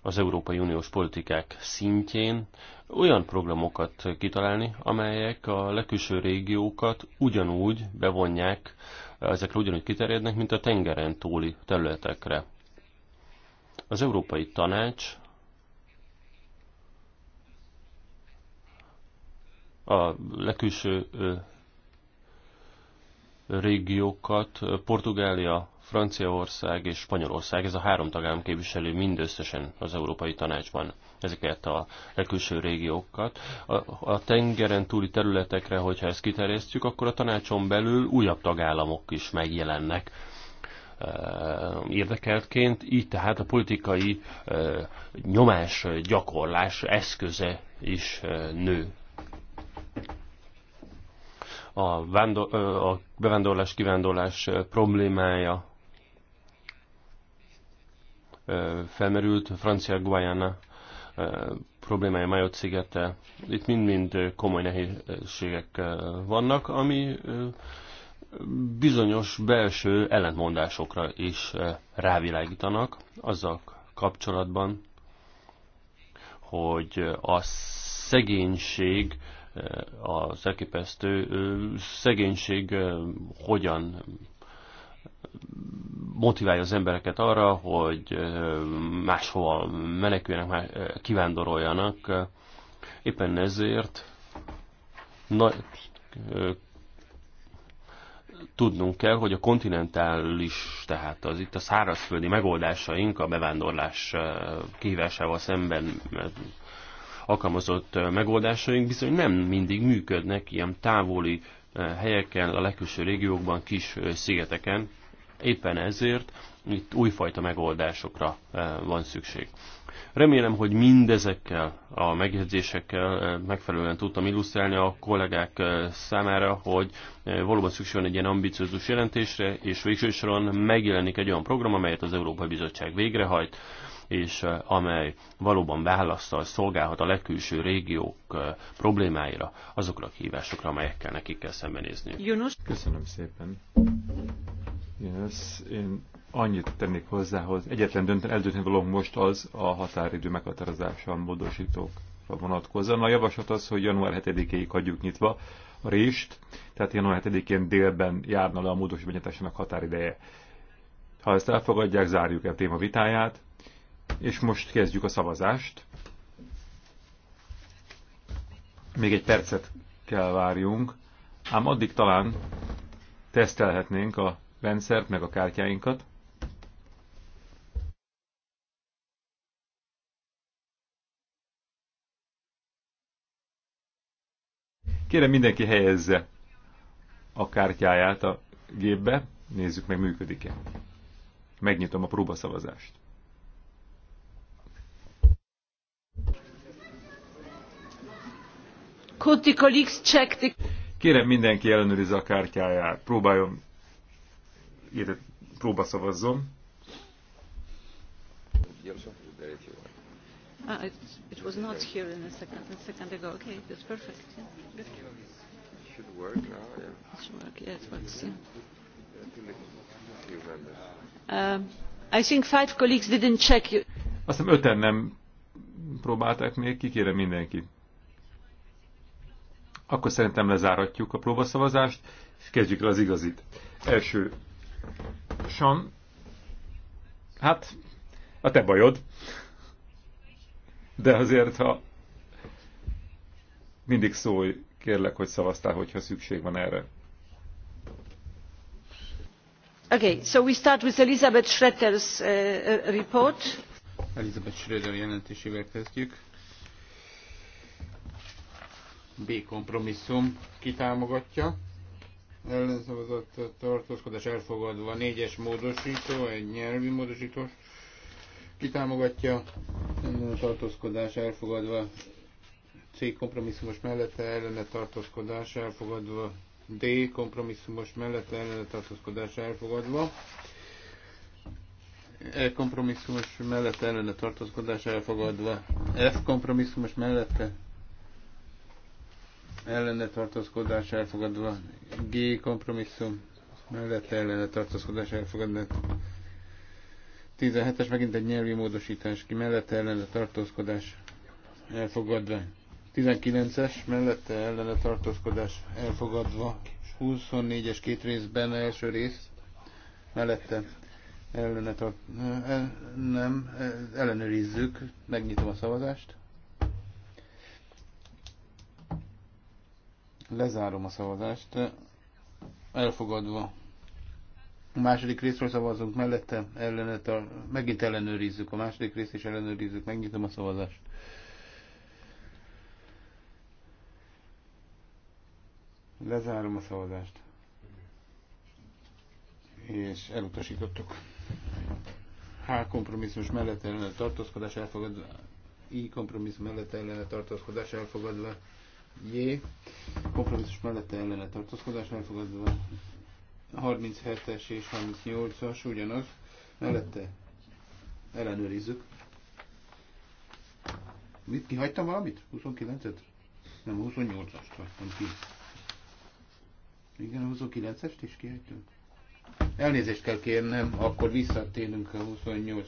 [SPEAKER 1] az Európai Uniós politikák szintjén olyan programokat kitalálni, amelyek a legkülső régiókat ugyanúgy bevonják, ezekre ugyanúgy kiterjednek, mint a tengeren túli területekre. Az Európai Tanács a legkülső régiókat Portugália, Franciaország és Spanyolország, ez a három tagállam képviselő mindösszesen az Európai Tanácsban ezeket a legkülső régiókat. A, a tengeren túli területekre, hogyha ezt kiterjesztjük, akkor a tanácson belül újabb tagállamok is megjelennek érdekeltként, így tehát a politikai nyomás gyakorlás eszköze is nő a, vándor, a bevándorlás kivándorlás problémája felmerült, Francia Guayana problémája, Majot szigete. Itt mind-mind komoly nehézségek vannak, ami bizonyos belső ellentmondásokra is rávilágítanak azzal kapcsolatban, hogy a szegénység az elképesztő szegénység hogyan motiválja az embereket arra, hogy máshova meneküljenek, kivándoroljanak. Éppen ezért na, tudnunk kell, hogy a kontinentális, tehát az itt a szárazföldi megoldásaink a bevándorlás kihívásával szemben alkalmazott megoldásaink bizony nem mindig működnek ilyen távoli helyeken, a legkülső régiókban, kis szigeteken. Éppen ezért itt újfajta megoldásokra van szükség. Remélem, hogy mindezekkel a megjegyzésekkel megfelelően tudtam illusztrálni a kollégák számára, hogy valóban szükség van egy ilyen ambiciózus jelentésre, és végső soron megjelenik egy olyan program, amelyet az Európai Bizottság végrehajt, és amely valóban választal szolgálhat a legkülső régiók problémáira, azokra a kihívásokra, amelyekkel nekik kell
[SPEAKER 2] szembenézni. Jonas. Köszönöm szépen. Yes, én annyit tennék hozzá, hogy egyetlen dönten, eldönteni valók most az a határidő meghatározása a módosítókra vonatkozóan. A javaslat az, hogy január 7-ig hagyjuk nyitva a rést, tehát január 7-én délben járna le a módosítványatásának határideje. Ha ezt elfogadják, zárjuk el téma vitáját, és most kezdjük a szavazást. Még egy percet kell várjunk, ám addig talán tesztelhetnénk a rendszert meg a kártyáinkat. Kérem mindenki helyezze a kártyáját a gépbe, nézzük meg működik-e. Megnyitom a próbaszavazást. Could the colleagues check the... Kérem mindenki ellenőrizze a kártyáját. Próbáljon, Érde, próba szavazzon.
[SPEAKER 3] Ah, it, it was not here in a second, a second ago. Okay, that's perfect. Yeah. Good. It
[SPEAKER 2] should work
[SPEAKER 1] now, yeah. It should work, yeah, it works, yeah.
[SPEAKER 2] Um, I think five colleagues didn't check you. Azt hiszem öten nem próbálták még, kikérem mindenkit. Akkor szerintem lezárhatjuk a próbaszavazást, és kezdjük el az igazit. Első, Sean, hát a te bajod, de azért, ha mindig szólj, kérlek, hogy szavaztál, hogyha szükség van erre.
[SPEAKER 3] Okay, so we start with Elizabeth Schroeder's uh, uh, report. Elizabeth Schroeder jelentésével kezdjük. B kompromisszum kitámogatja. Ellenszavazott tartózkodás elfogadva. Négyes módosító, egy nyelvi módosító kitámogatja. Tartózkodás elfogadva. C kompromisszumos mellette ellene tartózkodás elfogadva. D kompromisszumos mellette ellene tartózkodás elfogadva. E kompromisszumos mellette ellene tartózkodás elfogadva. F kompromisszumos mellette ellene tartózkodás elfogadva, G kompromisszum mellette ellene tartózkodás elfogadva, 17-es megint egy nyelvi módosítás ki, mellette ellene tartózkodás elfogadva, 19-es mellette ellene tartózkodás elfogadva, 24-es két részben első rész mellette ellene tart, el, nem, ellenőrizzük, megnyitom a szavazást. Lezárom a szavazást. Elfogadva. A második részről szavazunk mellette, ellenet a, megint ellenőrizzük a második részt, és ellenőrizzük, megnyitom a szavazást. Lezárom a szavazást. És elutasítottuk. H kompromisszum mellett ellenet tartózkodás elfogadva. I kompromisszum mellett ellenet tartózkodás elfogadva. J. Kompromisszus mellette ellene tartózkodás elfogadva. 37-es és 38-as ugyanaz. Mellette ellenőrizzük. Mit kihagytam valamit? 29-et? Nem, 28-ast hagytam ki. Igen, a 29-est is kihagytam. Elnézést kell kérnem, akkor visszatérünk a 28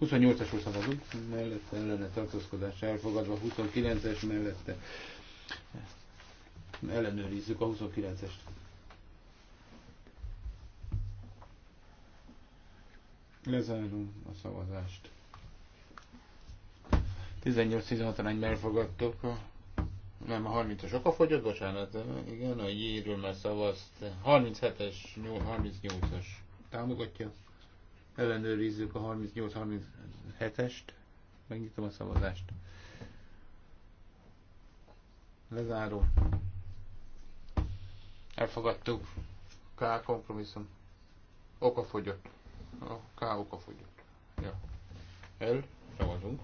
[SPEAKER 3] 28-as szavazunk, mellette ellene tartózkodás elfogadva, 29-es mellette Ellenőrizzük a 29-est. Lezárom a szavazást. 18-16 arányban elfogadtok. A... Nem, a 30-as okafogyott, bocsánat. Igen, a J-ről már szavazt. 37-es, 38-as támogatja. Ellenőrizzük a 38-37-est. Megnyitom a szavazást lezáró. Elfogadtuk. K kompromisszum. Oka fogyott. A K oka fogyott. Ja. El, szavazunk.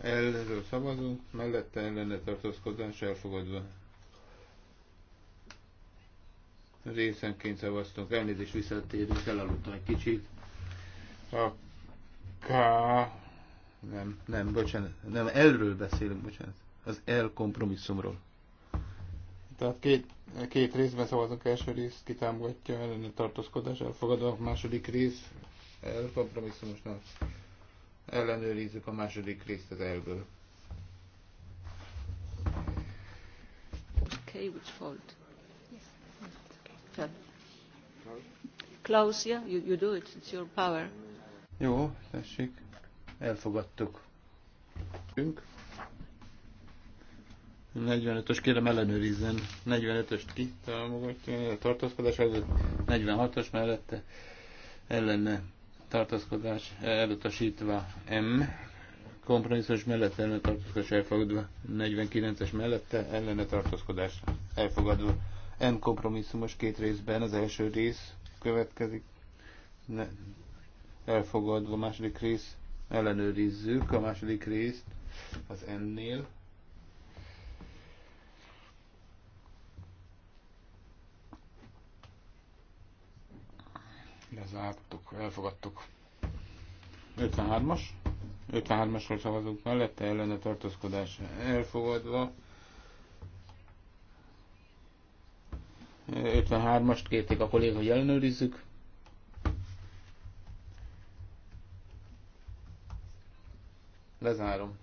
[SPEAKER 3] Erről szavazunk, mellette ellene tartózkodás elfogadva. Részenként szavaztunk, elnézést visszatérünk, elaludtam egy kicsit. A K nem, nem, bocsánat. Nem, elről beszélünk, bocsánat. Az el kompromisszumról. Tehát két, két részben szavazunk, első rész kitámogatja ellene tartózkodás, elfogadva második rész elkompromisszumosnak. Ellenőrizzük a második részt az elből.
[SPEAKER 1] Okay, which fault? Klaus, yeah, you, you do it, it's your power.
[SPEAKER 3] Jó, tessék. Elfogadtuk. 45-ös kérem ellenőrizzen. 45-öst ki támogatja? A tartózkodás előtt 46-os mellette ellene tartózkodás elutasítva M kompromisszus mellett ellene tartózkodás elfogadva, 49-es mellette ellene tartózkodás elfogadva. M kompromisszumos két részben az első rész következik, ne, elfogadva, második rész ellenőrizzük a második részt az ennél. Lezártuk, elfogadtuk. 53-as. 53-asról szavazunk mellette, ellene tartózkodás elfogadva. 53-ast kérték a kollégák, hogy ellenőrizzük. Lezárom.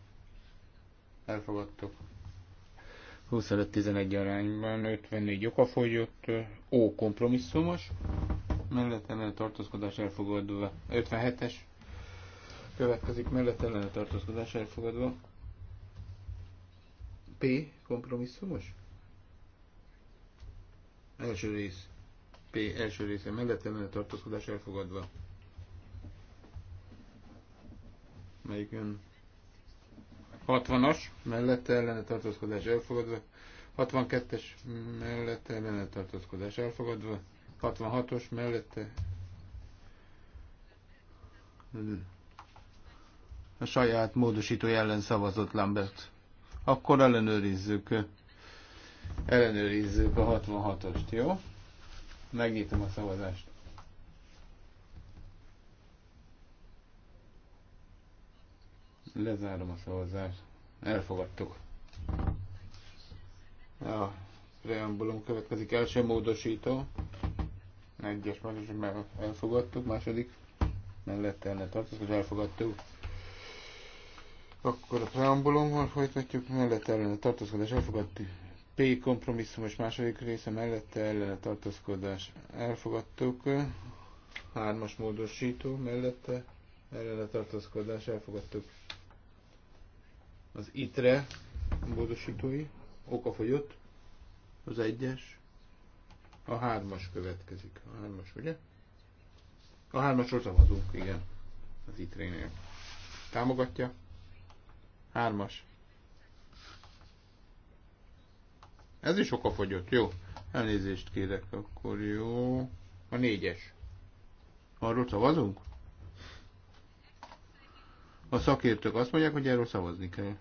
[SPEAKER 3] Elfogadtuk. 25-11 arányban 54 okafogyott, ó kompromisszumos, mellett ellene tartózkodás elfogadva 57-es, következik mellett ellene tartózkodás elfogadva P kompromisszumos, első rész, P első része mellett ellene tartózkodás elfogadva, melyik jön 60-as mellette ellene tartózkodás elfogadva, 62-es mellette ellene tartózkodás elfogadva, 66-os mellette a saját módosító ellen szavazott Lambert. Akkor ellenőrizzük ellenőrizzük a 66-ost, jó? Megnyitom a szavazást. Lezárom a szavazást. Elfogadtuk. A preambulum következik. Első módosító. Egyes mellett elfogadtuk. Második mellette tartozik, tartozás elfogadtuk. Akkor a preambulummal folytatjuk, mellette ellene tartózkodás elfogadtuk. P és második része mellette ellene tartózkodás elfogadtuk. Hármas módosító mellette ellene tartózkodás elfogadtuk. Az ITRE módosítói okafogyott, az egyes, a hármas következik. A hármas, ugye? A hármasról szavazunk, igen. Az itrénél. Támogatja? Hármas. Ez is okafogyott, jó. Elnézést kérek, akkor jó. A négyes. Arról szavazunk? A szakértők azt mondják, hogy erről szavazni kell.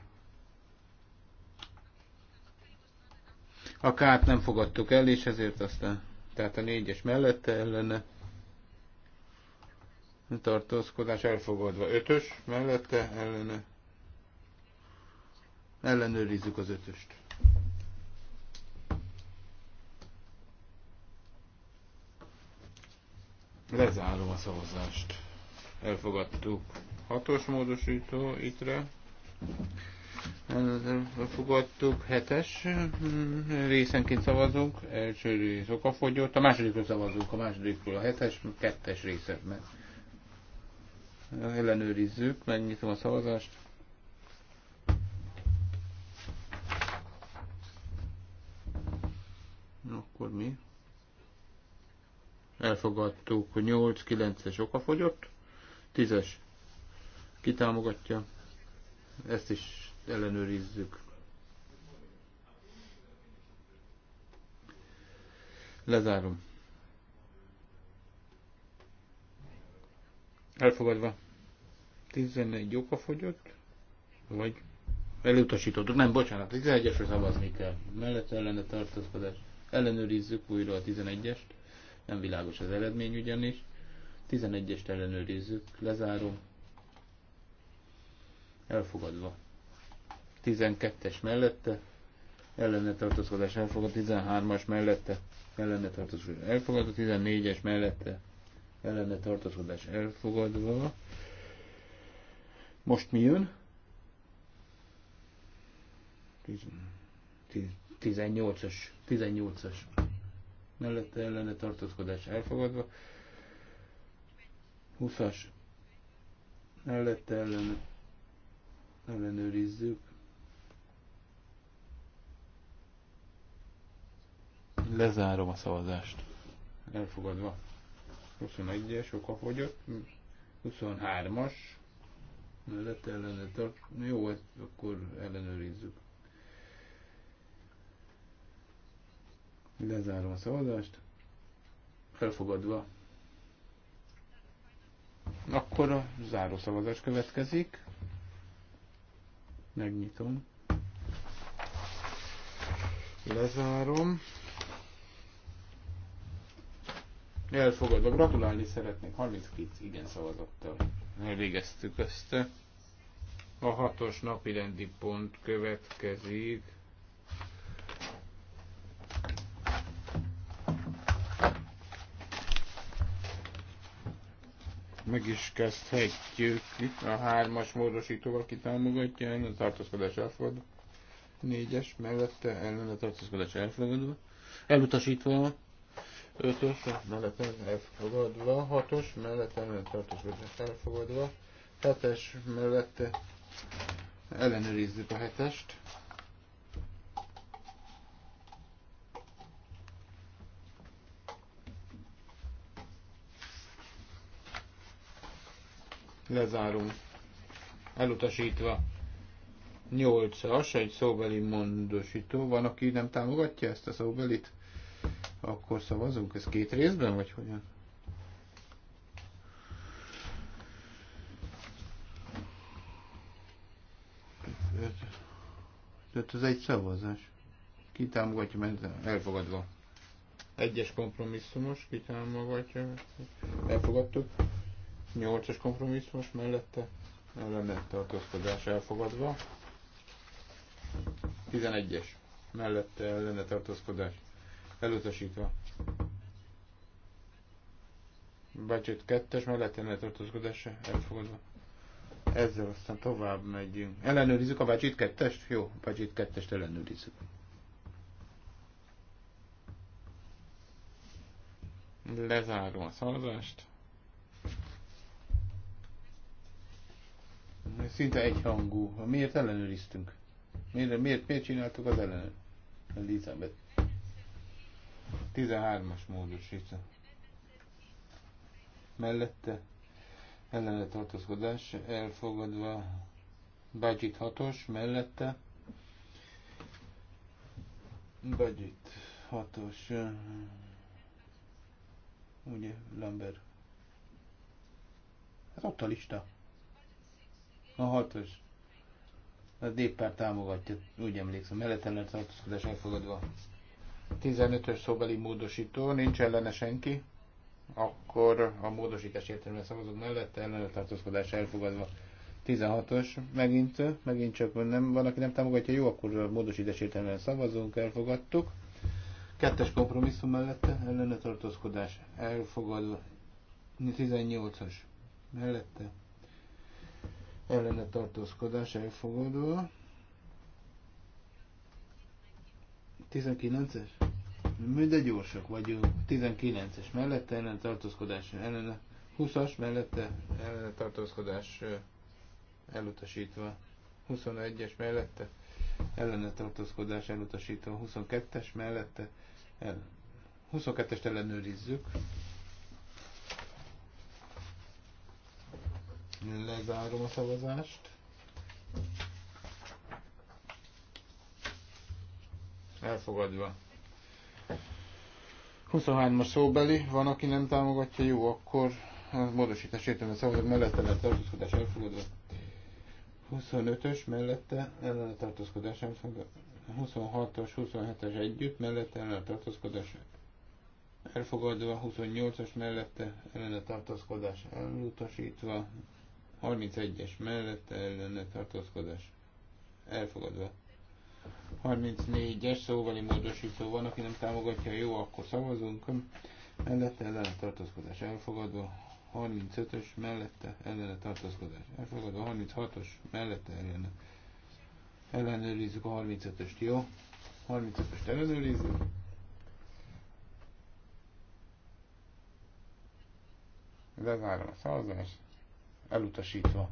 [SPEAKER 3] A kárt nem fogadtuk el, és ezért aztán, tehát a négyes mellette ellene tartózkodás elfogadva. Ötös mellette ellene ellenőrizzük az ötöst. Lezárom a szavazást. Elfogadtuk. Hatos módosító ittre. Fogadtuk hetes részenként szavazunk, első rész okafogyott, a másodikról szavazunk, a másodikról a hetes, kettes része, mert ellenőrizzük, megnyitom a szavazást. Akkor mi? Elfogadtuk, 8-9-es okafogyott, 10-es ki támogatja? Ezt is ellenőrizzük. Lezárom. Elfogadva. 11 oka fogyott, vagy elutasítottuk. Nem, bocsánat, 11-esre szavazni kell. Mellett ellene tartózkodás. Ellenőrizzük újra a 11-est. Nem világos az eredmény ugyanis. 11-est ellenőrizzük, lezárom elfogadva. 12-es mellette ellene tartózkodás elfogadva, 13-as mellette ellene tartózkodás elfogadva, 14-es mellette ellene tartózkodás elfogadva. Most mi jön? 18-as, 18-as mellette ellene tartózkodás elfogadva, 20-as mellette ellene ellenőrizzük. Lezárom a szavazást. Elfogadva. 21-es, okafogyott. 23-as. Mellett ellene tart. Jó, ezt hát akkor ellenőrizzük. Lezárom a szavazást. Elfogadva. Akkor a záró szavazás következik. Megnyitom. Lezárom. Elfogadva. Gratulálni szeretnék. 32 igen szavazattal elvégeztük ezt. A hatos napi rendi pont következik. meg is kezdhetjük. A hármas módosítóval ki támogatja, ellen a tartózkodás elfogadva. Négyes mellette ellen a tartózkodás elfogadva. Elutasítva. Ötös mellette elfogadva. Hatos mellette ellen a tartózkodás elfogadva. Hetes mellette ellenőrizzük a hetest. lezárunk Elutasítva. 8-as, egy szóbeli mondosító. Van, aki nem támogatja ezt a szóbelit? Akkor szavazunk. Ez két részben, vagy hogyan? Tehát ez egy szavazás. Ki támogatja, mert elfogadva. Egyes kompromisszumos, ki támogatja, elfogadtuk nyolcas kompromisszumos mellette a tartózkodás elfogadva. 11-es mellette lenne tartózkodás elutasítva. Budget 2-es mellett lenne tartózkodás elfogadva. Ezzel aztán tovább megyünk. Ellenőrizzük a budget 2-est? Jó, a 2-est ellenőrizzük. Lezárom a szavazást. szinte egyhangú. Miért ellenőriztünk? Miért, miért, miért csináltuk az ellenőr? Elizabeth. 13-as módosító. Mellette ellene tartózkodás elfogadva. Budget 6-os mellette. Budget 6-os. Ugye, Lambert. Hát ott a lista. A hatos. A néppár támogatja, úgy emlékszem, mellettelen tartózkodás elfogadva. 15-ös szóbeli módosító, nincs ellene senki, akkor a módosítás értelemben szavazok mellette, ellene tartózkodás elfogadva. 16-os, megint, megint csak nem, van, aki nem támogatja, jó, akkor a módosítás értelemben szavazunk, elfogadtuk. Kettes kompromisszum mellette, ellene tartózkodás elfogadva. 18 os mellette, ellene tartózkodás elfogadva. 19-es? Mindegy gyorsak vagyunk. 19-es mellette ellen tartózkodás ellene. 20-as mellette ellene tartózkodás elutasítva. 21-es mellette ellene tartózkodás elutasítva. 22-es mellette el. 22-est ellenőrizzük. Lezárom a szavazást. Elfogadva. 23-as szóbeli, van aki nem támogatja, jó, akkor módosítás értelme szavazat mellette lett tartózkodás elfogadva. 25-ös mellette a tartózkodás elfogadva. 26-as, 27-es együtt mellette a tartózkodás elfogadva, 28-as mellette a tartózkodás elutasítva, 31-es mellette ellene tartózkodás elfogadva. 34-es szóvali módosító van, aki nem támogatja, jó, akkor szavazunk. Mellette ellene tartózkodás elfogadva. 35-ös mellette ellene tartózkodás elfogadva. 36-os mellette ellene. Ellenőrizzük a 35-öst, jó? 35-öst ellenőrizzük. Lezárom a szavazást elutasítva.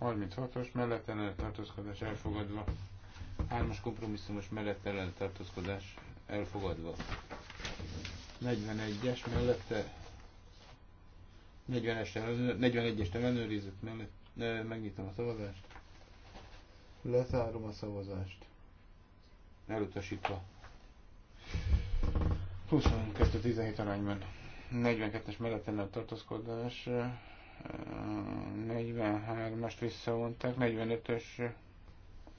[SPEAKER 3] 36-os mellett ellen tartózkodás elfogadva. Hármas kompromisszumos mellett ellen tartózkodás elfogadva. 41-es mellette 40-es ellenőr, 41-est mellett, ne, megnyitom a szavazást. Lezárom a szavazást. Elutasítva. 22-17 arányban. 42-es mellett ellen tartózkodás, 43-ast visszavonták, 45-ös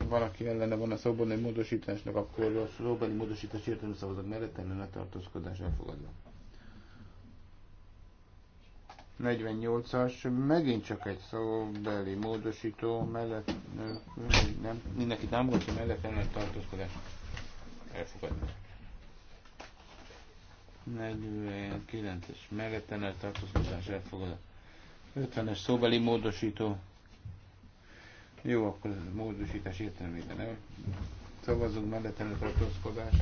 [SPEAKER 3] valaki ellene van a szóbani módosításnak, akkor a szóbani módosítás értelmű szavazat mellett a tartózkodás elfogadva. 48-as, megint csak egy szóbeli módosító mellett, nem, mindenki támogatja mellett ellen tartózkodás elfogadva. 49-es mellette tartózkodás elfogadat. 50-es szóbeli módosító. Jó, akkor ez módosítás értelmében nem. Szavazunk mellette nagy tartózkodás.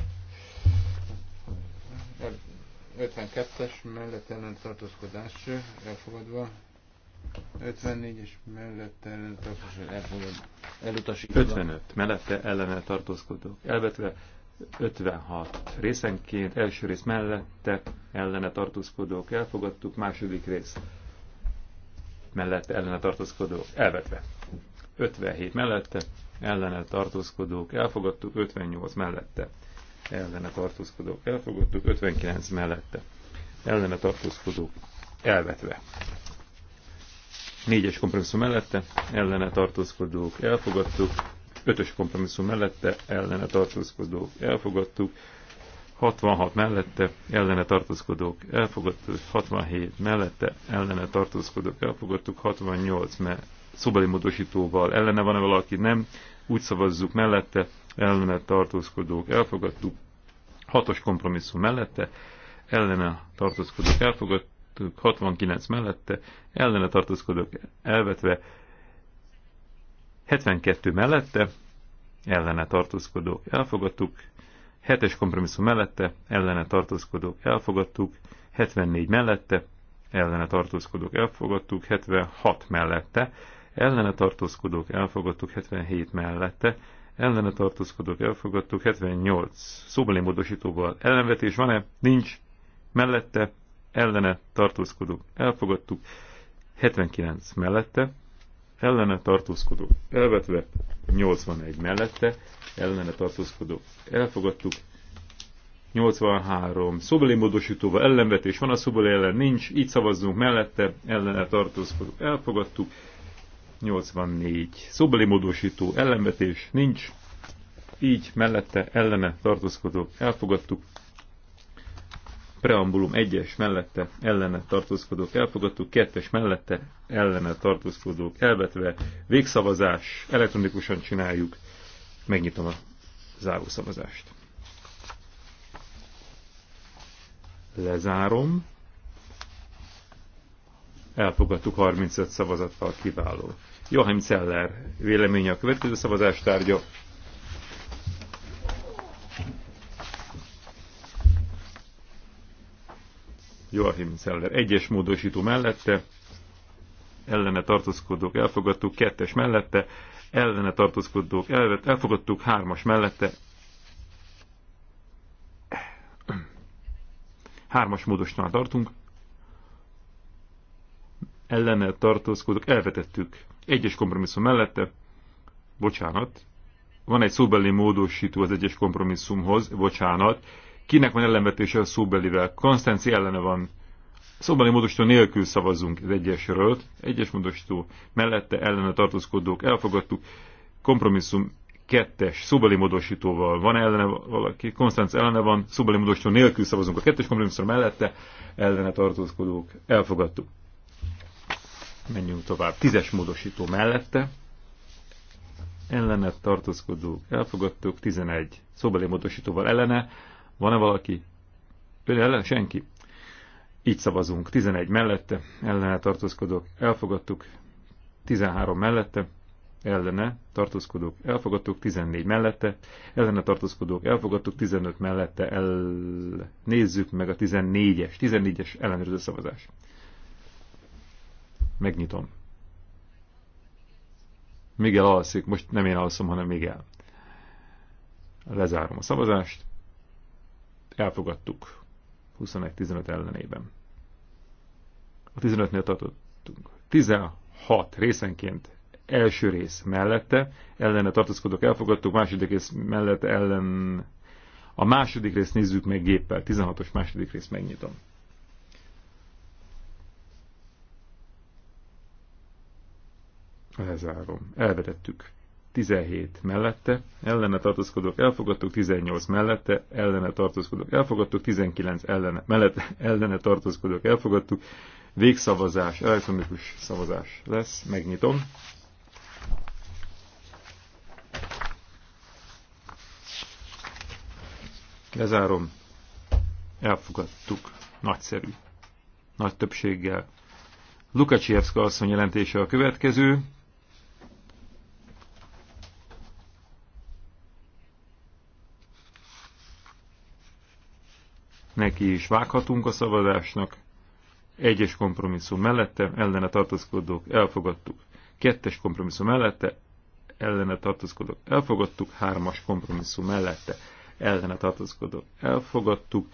[SPEAKER 3] 52-es mellett ellen tartózkodás elfogadva. 54-es mellette ellen tartózkodás
[SPEAKER 2] elfogadva. Elutasítva. 55 mellette ellene tartózkodók elvetve. 56 részenként, első rész mellette, ellene tartózkodók elfogadtuk, második rész mellette, ellene tartózkodók elvetve. 57 mellette, ellene tartózkodók elfogadtuk, 58 mellette, ellene tartózkodók elfogadtuk, 59 mellette, ellene tartózkodók elvetve. Négyes kompromisszum mellette, ellene tartózkodók elfogadtuk, Ötös kompromisszum mellette ellene tartózkodók elfogadtuk. 66 mellette ellene tartózkodók elfogadtuk, 67 mellette ellene tartózkodók elfogadtuk, 68 me szobali módosítóval ellene van-e valaki, nem, úgy szavazzuk mellette, ellene tartózkodók elfogadtuk, 6-os kompromisszum mellette, ellene tartózkodók elfogadtuk, 69 mellette, ellene tartózkodók elvetve, 72 mellette, ellene tartózkodók elfogadtuk, 7-es kompromisszum mellette, ellene tartózkodók elfogadtuk, 74 mellette, ellene tartózkodók elfogadtuk, 76 mellette, ellene tartózkodók elfogadtuk, 77 mellette, ellene tartózkodók elfogadtuk, 78 szóbeli módosítóval ellenvetés van-e? Nincs. Mellette, ellene tartózkodók elfogadtuk, 79 mellette, ellene tartózkodó elvetve, 81 mellette, ellene tartózkodó elfogadtuk, 83 szobeli módosítóval ellenvetés van, a szobeli ellen nincs, így szavazzunk mellette, ellene tartózkodó elfogadtuk, 84 szobeli módosító ellenvetés nincs, így mellette ellene tartózkodó elfogadtuk, preambulum 1-es mellette ellene tartózkodók elfogadtuk, 2-es mellette ellene tartózkodók elvetve, végszavazás, elektronikusan csináljuk, megnyitom a zárószavazást. Lezárom. Elfogadtuk 35 szavazattal, kiváló. Joachim Zeller véleménye a következő szavazástárgya. Joachim Zeller egyes módosító mellette, ellene tartózkodók elfogadtuk, kettes mellette, ellene tartózkodók elvet, elfogadtuk, hármas mellette, hármas módosnál tartunk, ellene tartózkodók elvetettük, egyes kompromisszum mellette, bocsánat, van egy szóbeli módosító az egyes kompromisszumhoz, bocsánat, Kinek van ellenvetése a szóbelivel? Konstanci ellene van. Szóbeli módosító nélkül szavazunk az egyesről. Egyes módosító mellette ellene tartózkodók elfogadtuk. Kompromisszum kettes szóbeli módosítóval van ellene valaki, Konstanc ellene van, szóbeli módosító nélkül szavazunk a kettes kompromisszum mellette, ellene tartózkodók elfogadtuk. Menjünk tovább. Tízes módosító mellette, ellene tartózkodók elfogadtuk, 11 szóbeli módosítóval ellene, van-e valaki? Például ellen? Senki. Így szavazunk. 11 mellette, ellene tartózkodók, elfogadtuk. 13 mellette, ellene tartózkodók, elfogadtuk. 14 mellette, ellene tartózkodók, elfogadtuk. 15 mellette, el... nézzük meg a 14-es, 14-es ellenőrző szavazás. Megnyitom. Miguel alszik, most nem én alszom, hanem Miguel. Lezárom a szavazást elfogadtuk 21-15 ellenében. A 15-nél tartottunk. 16 részenként első rész mellette, ellene tartózkodók elfogadtuk, második rész mellette ellen... A második részt nézzük meg géppel, 16-os második részt megnyitom. Lezárom. Elvetettük. 17 mellette, ellene tartózkodók elfogadtuk, 18 mellette, ellene tartózkodók elfogadtuk, 19 ellene, mellette, ellene tartózkodók elfogadtuk, végszavazás, elektronikus szavazás lesz, megnyitom. Lezárom. Elfogadtuk. Nagyszerű. Nagy többséggel. Lukacsevszka asszony jelentése a következő. neki is vághatunk a szavazásnak. Egyes kompromisszum mellette, ellene tartózkodók, elfogadtuk. Kettes kompromisszum mellette, ellene tartózkodók, elfogadtuk. Hármas kompromisszum mellette, ellene tartózkodók, elfogadtuk.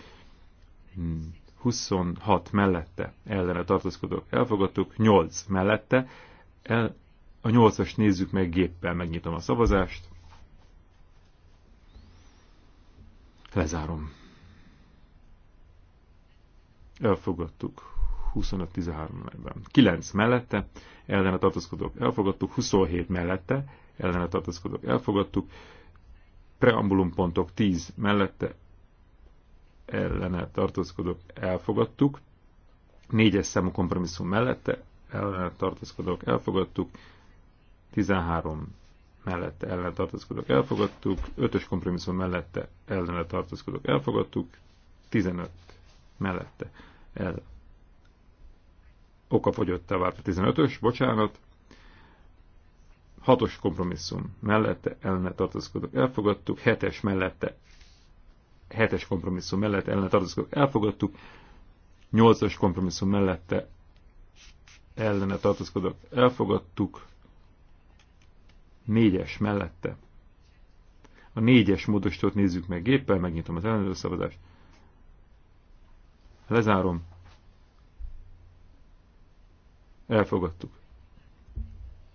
[SPEAKER 2] 26 mellette, ellene tartózkodók, elfogadtuk. 8 mellette, el, a 8-as nézzük meg géppel, megnyitom a szavazást. Lezárom elfogadtuk 25-13 ben 9 mellette, ellene tartózkodók elfogadtuk, 27 mellette, ellene tartózkodók elfogadtuk, preambulumpontok 10 mellette, ellene tartózkodók elfogadtuk, 4-es számú kompromisszum mellette, ellene tartózkodók elfogadtuk, 13 mellette ellen tartózkodók elfogadtuk, 5-ös kompromisszum mellette ellene tartózkodók elfogadtuk, 15 mellette el oka fogyott a 15-ös, bocsánat, 6-os kompromisszum mellette ellene tartozkodok elfogadtuk, 7-es mellette, 7-es kompromisszum mellette ellene tartozkodok elfogadtuk, 8 kompromisszum mellette ellene tartozkodok elfogadtuk, 4-es mellette. A 4-es módosítót nézzük meg géppel, megnyitom az ellenőrző szavazást. Lezárom. Elfogadtuk.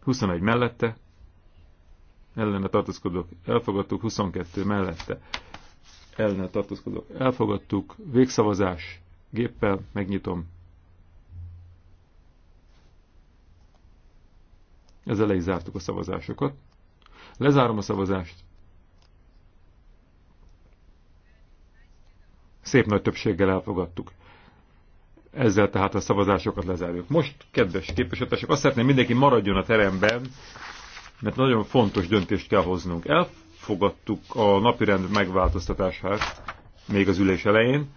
[SPEAKER 2] 21 mellette. Ellene tartózkodok. Elfogadtuk. 22 mellette. Ellene tartózkodok. Elfogadtuk. Végszavazás. Géppel megnyitom. Ezzel le is zártuk a szavazásokat. Lezárom a szavazást. Szép nagy többséggel elfogadtuk. Ezzel tehát a szavazásokat lezárjuk. Most, kedves képviselőtársak, azt szeretném mindenki maradjon a teremben, mert nagyon fontos döntést kell hoznunk. Elfogadtuk a napirend megváltoztatását még az ülés elején,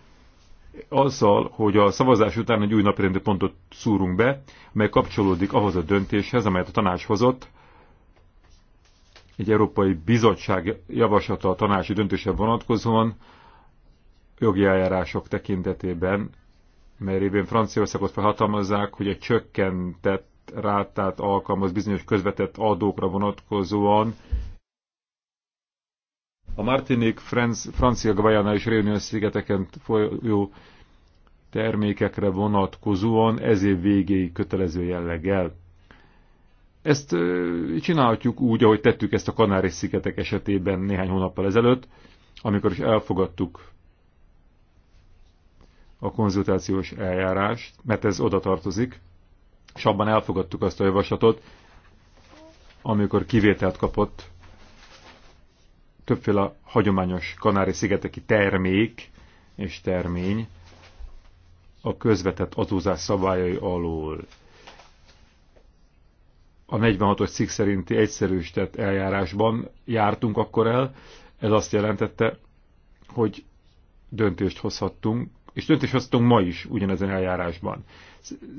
[SPEAKER 2] azzal, hogy a szavazás után egy új napirendi pontot szúrunk be, mely kapcsolódik ahhoz a döntéshez, amelyet a tanács hozott, egy Európai Bizottság javaslata a tanácsi döntése vonatkozóan jogi eljárások tekintetében mert évén Franciaországot felhatalmazzák, hogy a csökkentett rátát alkalmaz bizonyos közvetett adókra vonatkozóan. A Martinique, Franc, Francia Guayana és Réunion szigeteken folyó termékekre vonatkozóan ez év végéig kötelező jelleggel. Ezt csinálhatjuk úgy, ahogy tettük ezt a Kanári-szigetek esetében néhány hónappal ezelőtt, amikor is elfogadtuk a konzultációs eljárást, mert ez oda tartozik, és abban elfogadtuk azt a javaslatot, amikor kivételt kapott többféle hagyományos Kanári-szigeteki termék és termény a közvetett adózás szabályai alól. A 46-os cikk szerinti egyszerűsített eljárásban jártunk akkor el, ez azt jelentette, hogy döntést hozhattunk és döntést hoztunk ma is ugyanezen eljárásban.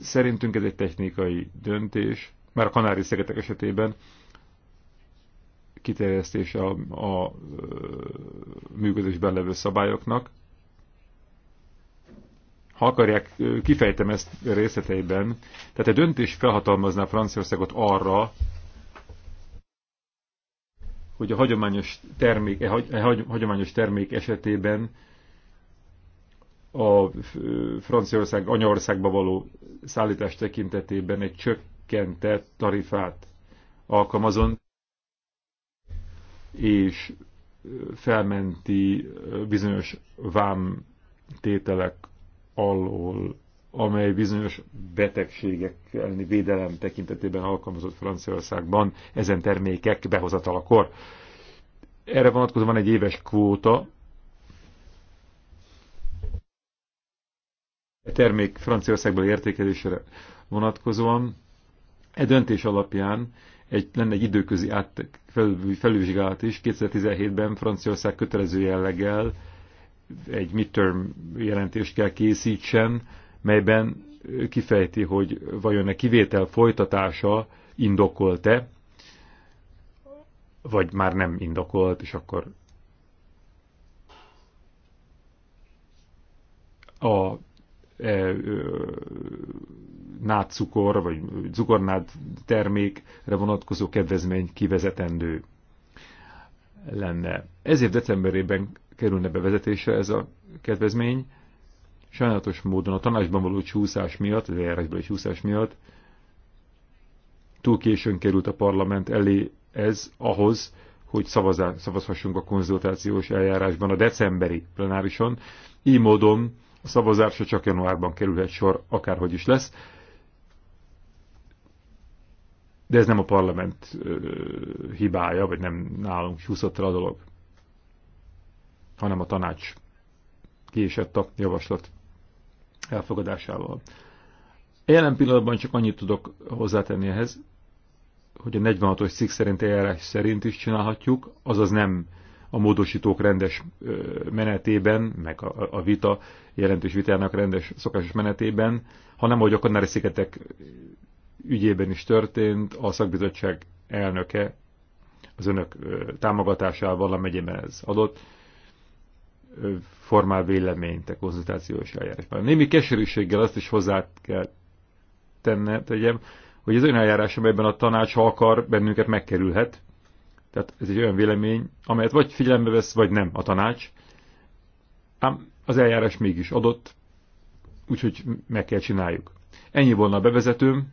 [SPEAKER 2] Szerintünk ez egy technikai döntés, már a kanári szigetek esetében kiterjesztése a, a, a működésben levő szabályoknak. Ha akarják, kifejtem ezt részleteiben. Tehát a döntés felhatalmazná Franciaországot arra, hogy a hagyományos termék, e a e hagyományos termék esetében a Franciaország anyaországba való szállítás tekintetében egy csökkentett tarifát alkalmazon, és felmenti bizonyos vám tételek alól, amely bizonyos betegségek elleni védelem tekintetében alkalmazott Franciaországban ezen termékek behozatalakor. Erre vonatkozóan van egy éves kvóta, termék Franciaországból értékelésre vonatkozóan. E döntés alapján egy, lenne egy időközi át, fel, felülvizsgálat is. 2017-ben Franciaország kötelező jelleggel egy midterm jelentést kell készítsen, melyben kifejti, hogy vajon a kivétel folytatása indokolt-e, vagy már nem indokolt, és akkor a nádcukor vagy cukornád termékre vonatkozó kedvezmény kivezetendő lenne. Ez év decemberében kerülne bevezetésre ez a kedvezmény. Sajnálatos módon a tanácsban való csúszás miatt, az eljárásban csúszás miatt túl későn került a parlament elé ez ahhoz, hogy szavazhassunk a konzultációs eljárásban a decemberi plenárison. Így módon a szavazásra csak januárban kerülhet sor, akárhogy is lesz. De ez nem a parlament hibája, vagy nem nálunk csúszott el a dolog, hanem a tanács késett a javaslat elfogadásával. Jelen pillanatban csak annyit tudok hozzátenni ehhez, hogy a 46-os cikk szerint eljárás szerint is csinálhatjuk, azaz nem a módosítók rendes menetében, meg a, a vita, jelentős vitának rendes szokásos menetében, hanem ahogy a Kanári-szigetek ügyében is történt, a szakbizottság elnöke az önök támogatásával, megyében ez adott, formál véleményt a konzultációs eljárásban. Némi keserűséggel azt is hozzá kell tenne, tegyem, hogy ez olyan eljárás, amelyben a tanács, ha akar, bennünket megkerülhet, tehát ez egy olyan vélemény, amelyet vagy figyelembe vesz, vagy nem a tanács. Ám az eljárás mégis adott, úgyhogy meg kell csináljuk. Ennyi volna a bevezetőm.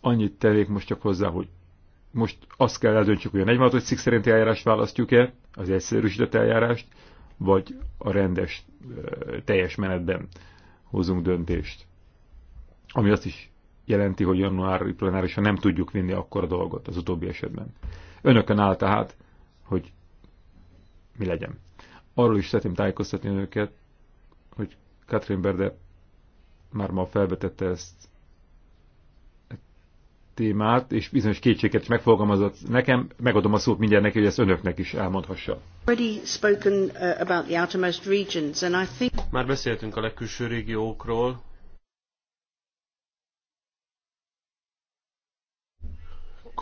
[SPEAKER 2] Annyit tevék most csak hozzá, hogy most azt kell eldöntsük, hogy a 46 cikk szerinti eljárást választjuk-e, az egyszerűsített eljárást, vagy a rendes teljes menetben hozunk döntést. Ami azt is jelenti, hogy januári plenárisra nem tudjuk vinni akkor a dolgot az utóbbi esetben. Önökön áll tehát, hogy mi legyen. Arról is szeretném tájékoztatni önöket, hogy Katrin Berde már ma felvetette ezt a e témát, és bizonyos kétséget is megfogalmazott nekem, megadom a szót mindjárt neki, hogy ezt önöknek is elmondhassa.
[SPEAKER 3] Uh,
[SPEAKER 1] már beszéltünk a legkülső régiókról,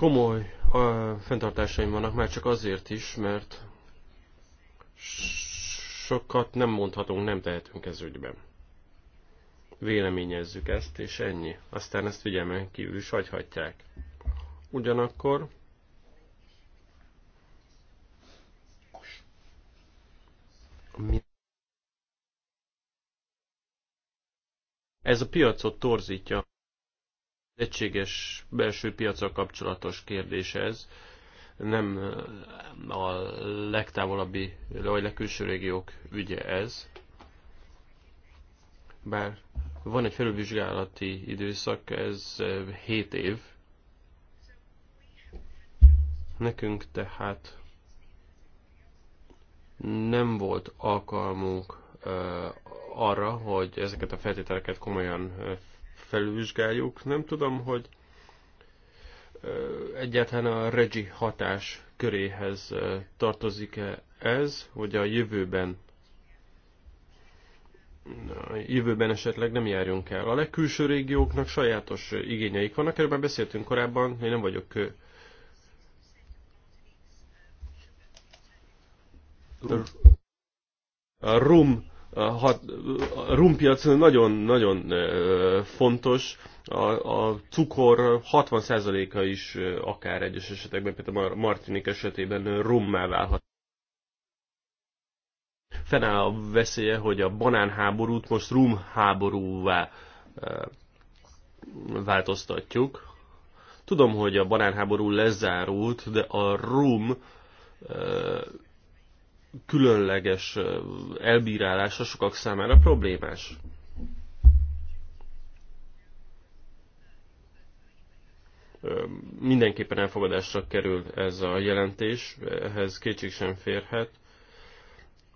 [SPEAKER 1] Komoly uh, fenntartásaim vannak már csak azért is, mert sokat nem mondhatunk, nem tehetünk ez ügyben. Véleményezzük ezt, és ennyi. Aztán ezt figyelmen kívül is hagyhatják. Ugyanakkor ez a piacot torzítja egységes belső piacsal kapcsolatos kérdés ez. Nem a legtávolabbi, vagy legkülső régiók ügye ez. Bár van egy felülvizsgálati időszak, ez 7 év. Nekünk tehát nem volt alkalmunk arra, hogy ezeket a feltételeket komolyan felülvizsgáljuk. Nem tudom, hogy egyáltalán a regi hatás köréhez tartozik-e ez, hogy a jövőben a jövőben esetleg nem járjunk el. A legkülső régióknak sajátos igényeik vannak, erről már beszéltünk korábban, én nem vagyok a rum a, hat, rumpiac nagyon-nagyon fontos, a, a cukor 60%-a is akár egyes esetekben, például a Martinik esetében rummá válhat. Fennáll a veszélye, hogy a banánháborút most rumháborúvá változtatjuk. Tudom, hogy a banánháború lezárult, de a rum különleges elbírálása sokak számára problémás. Mindenképpen elfogadásra kerül ez a jelentés, ehhez kétség sem férhet.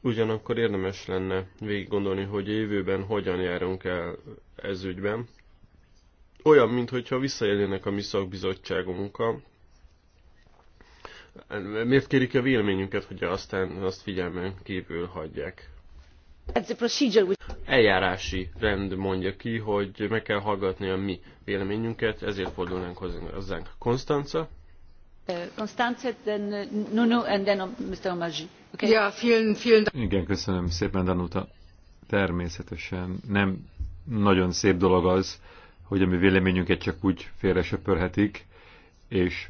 [SPEAKER 1] Ugyanakkor érdemes lenne végig gondolni, hogy jövőben hogyan járunk el ez ügyben. Olyan, mintha visszaélnének a mi szakbizottságunkkal, miért kérik a véleményünket, hogy aztán azt figyelmen kívül hagyják? Eljárási rend mondja ki, hogy meg kell hallgatni a mi véleményünket, ezért fordulnánk hozzánk. Konstanca?
[SPEAKER 2] Konstanze, uh, then uh, Nuno, and then Mr. Um, Omaji. Okay. Ja, vielen, vielen Igen, köszönöm szépen, Danuta. Természetesen nem nagyon szép dolog az, hogy a mi véleményünket csak úgy félre söpörhetik, és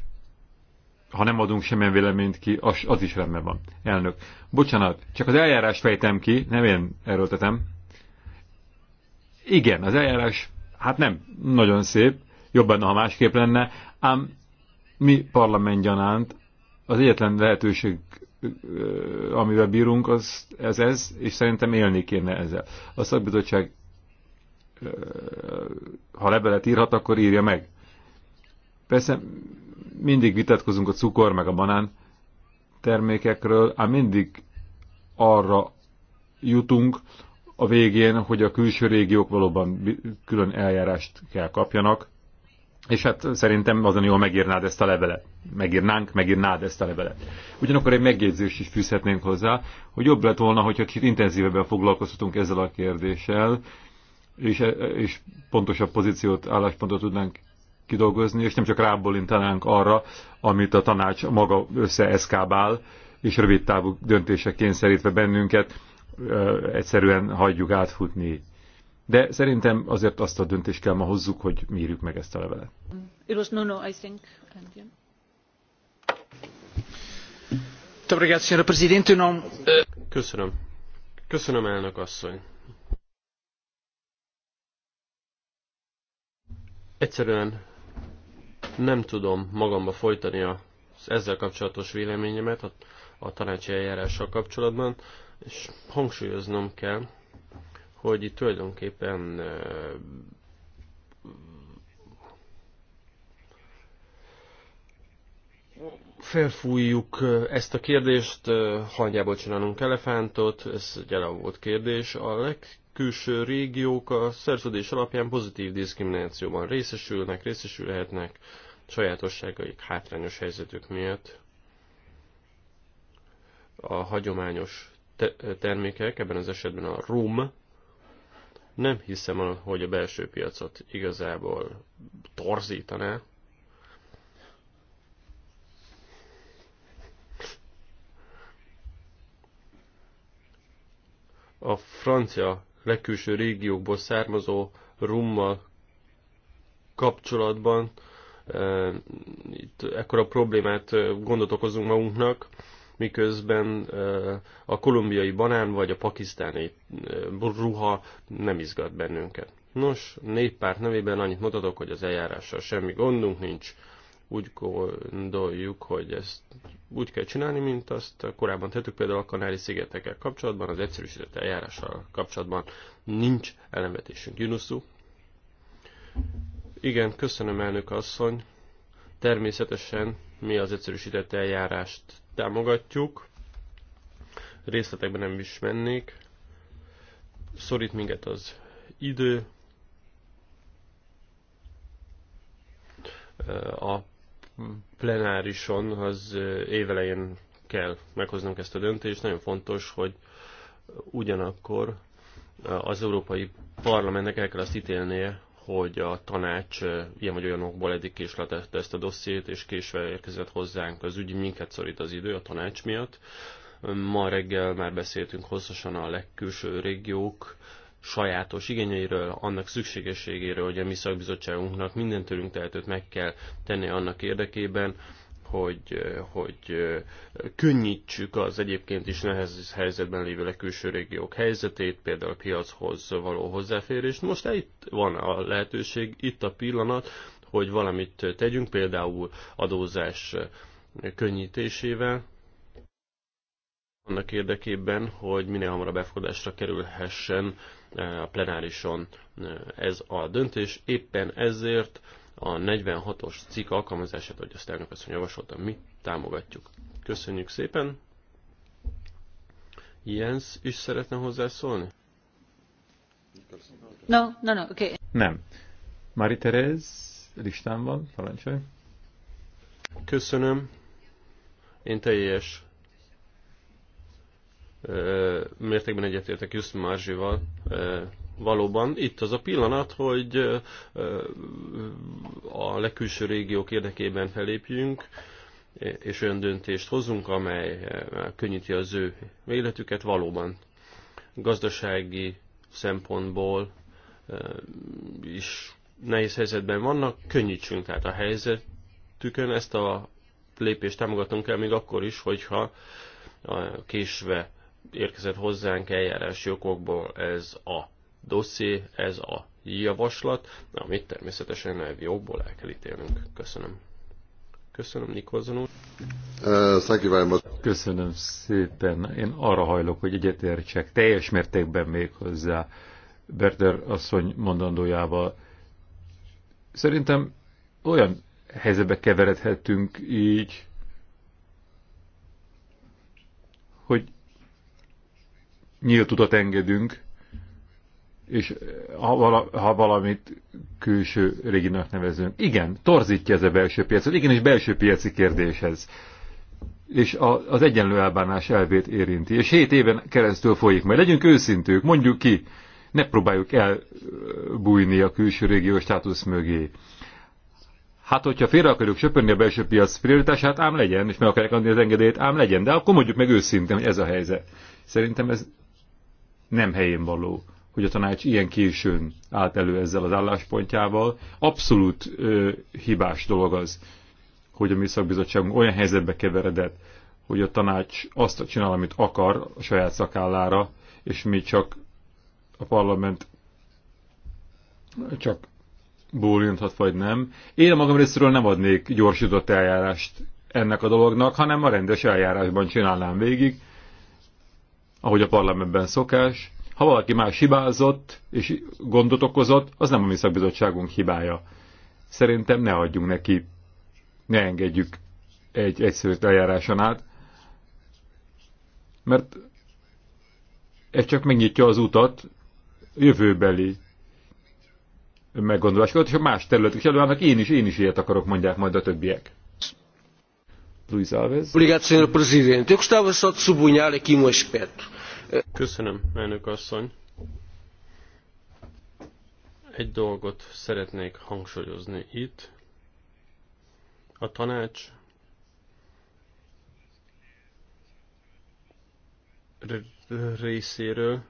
[SPEAKER 2] ha nem adunk semmilyen véleményt ki, az, az is rendben van. Elnök. Bocsánat, csak az eljárás fejtem ki, nem én erőltetem. Igen, az eljárás, hát nem, nagyon szép, jobb lenne, ha másképp lenne, ám mi gyanánt az egyetlen lehetőség, amivel bírunk, az, ez ez, és szerintem élni kéne ezzel. A szakbizottság, ha levelet írhat, akkor írja meg. Persze mindig vitatkozunk a cukor meg a banán termékekről, ám mindig arra jutunk a végén, hogy a külső régiók valóban külön eljárást kell kapjanak, és hát szerintem azon jól megírnád ezt a levelet. Megírnánk, megírnád ezt a levelet. Ugyanakkor egy megjegyzést is fűzhetnénk hozzá, hogy jobb lett volna, hogyha kicsit intenzívebben foglalkozhatunk ezzel a kérdéssel, és, és pontosabb pozíciót, álláspontot tudnánk kidolgozni, és nem csak rábólintanánk arra, amit a tanács maga összeeszkábál, és rövid távú döntések kényszerítve bennünket, egyszerűen hagyjuk átfutni. De szerintem azért azt a döntést kell ma hozzuk, hogy mérjük meg ezt a levelet. I think. Eh, Köszönöm.
[SPEAKER 1] Köszönöm, elnök asszony. Egyszerűen nem tudom magamba folytani az ezzel kapcsolatos véleményemet a, a tanácsi eljárással kapcsolatban, és hangsúlyoznom kell, hogy itt tulajdonképpen felfújjuk ezt a kérdést, hangyából csinálunk elefántot, ez egy elavult kérdés. A legkülső régiók a szerződés alapján pozitív diszkriminációban részesülnek, részesülhetnek, sajátosságaik, hátrányos helyzetük miatt a hagyományos te termékek, ebben az esetben a rum, nem hiszem, hogy a belső piacot igazából torzítaná. A francia legkülső régiókból származó rummal kapcsolatban itt ekkora problémát, gondot okozunk magunknak, miközben a kolumbiai banán vagy a pakisztáni ruha nem izgat bennünket. Nos, néppárt nevében annyit mutatok, hogy az eljárással semmi gondunk nincs, úgy gondoljuk, hogy ezt úgy kell csinálni, mint azt korábban tettük például a Kanári-szigetekkel kapcsolatban, az egyszerűsített eljárással kapcsolatban nincs ellenvetésünk. Junuszú. Igen, köszönöm elnök asszony. Természetesen mi az egyszerűsített eljárást támogatjuk. Részletekben nem is mennék. Szorít minket az idő. A plenárison az évelején kell meghoznunk ezt a döntést. Nagyon fontos, hogy ugyanakkor az Európai Parlamentnek el kell azt ítélnie, hogy a tanács ilyen vagy olyanokból eddig késletette ezt a dossziét, és késve érkezett hozzánk az ügy, minket szorít az idő a tanács miatt. Ma reggel már beszéltünk hosszasan a legkülső régiók sajátos igényeiről, annak szükségességéről, hogy a mi szakbizottságunknak minden tőlünk tehetőt meg kell tenni annak érdekében, hogy, hogy könnyítsük az egyébként is nehéz helyzetben lévő külső régiók helyzetét, például a piachoz való hozzáférést. Most itt van a lehetőség, itt a pillanat, hogy valamit tegyünk, például adózás könnyítésével, annak érdekében, hogy minél hamarabb befogadásra kerülhessen eh, a plenárison eh, ez a döntés. Éppen ezért a 46-os cikk alkalmazását, ahogy azt elnök asszony javasolta, mi támogatjuk. Köszönjük szépen! Jens is szeretne hozzászólni?
[SPEAKER 2] No, no, no, okay. Nem. Mari Terez listán van, parancsolj. Köszönöm.
[SPEAKER 1] Én teljes mértékben egyetértek Justin Marzsival valóban itt az a pillanat, hogy a legkülső régiók érdekében felépjünk, és olyan döntést hozunk, amely könnyíti az ő életüket valóban. Gazdasági szempontból is nehéz helyzetben vannak, könnyítsünk tehát a helyzetükön, ezt a lépést támogatunk kell még akkor is, hogyha késve érkezett hozzánk eljárási okokból ez a dosszié, ez a javaslat, amit természetesen elvi jogból el kell ítélnünk. Köszönöm. Köszönöm, Nikolzon
[SPEAKER 2] úr. Uh, Köszönöm szépen. Én arra hajlok, hogy egyetértsek teljes mértékben még hozzá Berter asszony mondandójával. Szerintem olyan helyzetbe keveredhetünk így, hogy nyílt utat engedünk és ha, vala, ha valamit külső réginak nevezünk. Igen, torzítja ez a belső piacot, és belső piaci kérdéshez. És a, az egyenlő elbánás elvét érinti. És hét éven keresztül folyik majd. Legyünk őszintők, mondjuk ki, ne próbáljuk elbújni a külső régió státusz mögé. Hát, hogyha félre akarjuk söpörni a belső piac prioritását, ám legyen, és meg akarják adni az engedélyt, ám legyen, de akkor mondjuk meg őszintén, hogy ez a helyzet. Szerintem ez nem helyén való hogy a tanács ilyen későn állt elő ezzel az álláspontjával. Abszolút ö, hibás dolog az, hogy a Műszakbizottságunk olyan helyzetbe keveredett, hogy a tanács azt csinál, amit akar a saját szakállára, és mi csak a parlament csak bólinthat, vagy nem. Én a magam részéről nem adnék gyorsított eljárást ennek a dolognak, hanem a rendes eljárásban csinálnám végig, ahogy a parlamentben szokás, ha valaki más hibázott és gondot okozott, az nem a mi szakbizottságunk hibája. Szerintem ne adjunk neki, ne engedjük egy egyszerű eljáráson át, mert ez csak megnyitja az utat jövőbeli meggondolásokat, és a más területek is előállnak, én is, én is ilyet akarok, mondják majd a többiek. Luis Alves. Obrigado, Sr.
[SPEAKER 1] Presidente. Eu gostava só de sublinhar aqui um aspecto. Köszönöm, elnök asszony. Egy dolgot szeretnék hangsúlyozni itt. A tanács részéről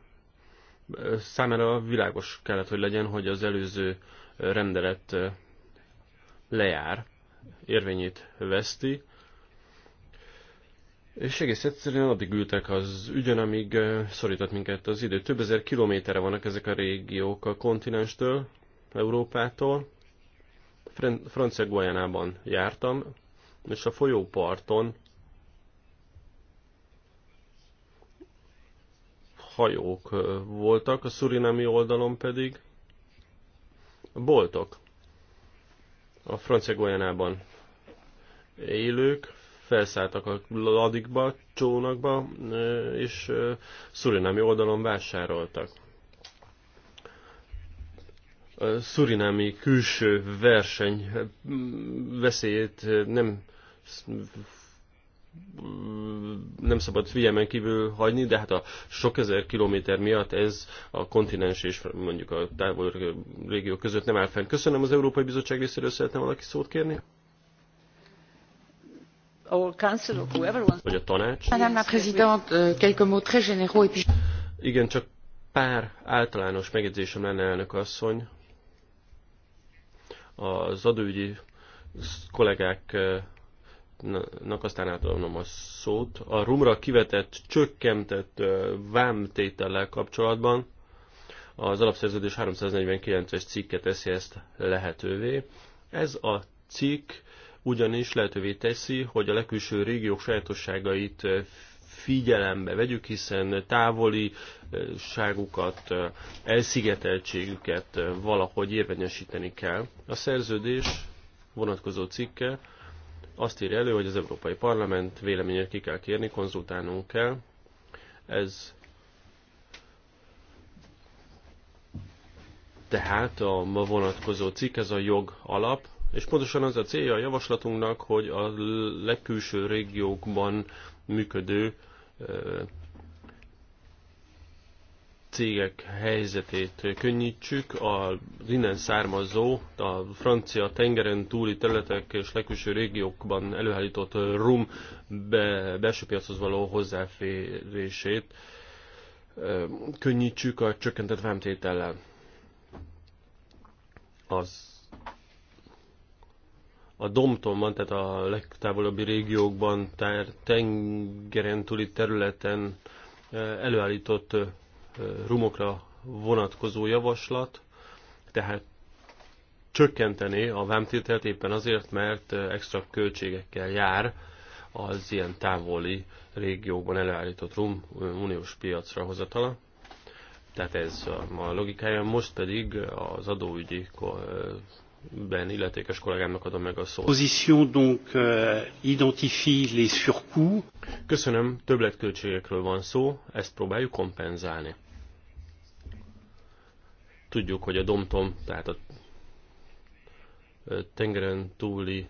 [SPEAKER 1] számára világos kellett, hogy legyen, hogy az előző rendelet lejár, érvényét veszti, és egész egyszerűen addig ültek az ügyen, amíg szorított minket az idő. Több ezer kilométerre vannak ezek a régiók a kontinenstől, Európától. Francia Guajanában jártam, és a folyóparton hajók voltak, a szurinami oldalon pedig boltok. A Francia Guajanában élők, felszálltak a ladikba, csónakba, és szurinámi oldalon vásároltak. A szurinámi külső verseny veszélyét nem nem szabad figyelmen kívül hagyni, de hát a sok ezer kilométer miatt ez a kontinens és mondjuk a távol régió között nem áll fenn. Köszönöm az Európai Bizottság részéről, szeretném valaki szót kérni.
[SPEAKER 2] Vagy a tanács. Euh,
[SPEAKER 1] Igen, csak pár általános megjegyzésem lenne, elnök asszony. Az adóügyi kollégáknak aztán átadom a szót. A rumra kivetett, csökkentett vámtétellel kapcsolatban az alapszerződés 349-es cikke teszi ezt lehetővé. Ez a cikk ugyanis lehetővé teszi, hogy a legkülső régiók sajátosságait eh, figyelembe vegyük, hiszen távoli eh, ságukat, eh, elszigeteltségüket valahogy érvényesíteni kell. A szerződés vonatkozó cikke azt írja elő, hogy az Európai Parlament véleményét ki kell kérni, konzultálnunk kell. Ez tehát a vonatkozó cikk, ez a jog alap, és pontosan az a célja a javaslatunknak, hogy a legkülső régiókban működő cégek helyzetét könnyítsük, az innen származó, a francia tengeren túli területek és legkülső régiókban előállított rum be, belső piachoz való hozzáférését könnyítsük a csökkentett vámtétellel. Az a Domtonban, tehát a legtávolabbi régiókban, tengeren túli területen eh, előállított eh, rumokra vonatkozó javaslat, tehát csökkenteni a vámtételt éppen azért, mert eh, extra költségekkel jár az ilyen távoli régiókban előállított rum uniós piacra hozatala. Tehát ez a logikája. Most pedig az adóügyi ben illetékes kollégámnak adom meg a szót. Position donc euh, identifie les surcoûts. Köszönöm, többletköltségekről van szó, ezt próbáljuk kompenzálni. Tudjuk, hogy a domtom, tehát a tengeren túli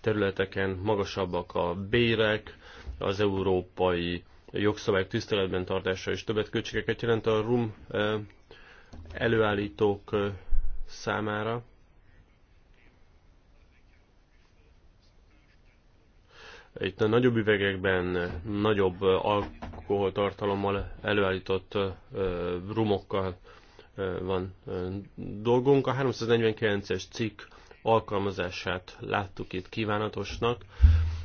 [SPEAKER 1] területeken magasabbak a bérek, az európai jogszabályok tiszteletben tartása és többet költségeket jelent a rum előállítók számára. Itt a nagyobb üvegekben, nagyobb alkoholtartalommal előállított rumokkal van dolgunk. A 349-es cikk alkalmazását láttuk itt kívánatosnak,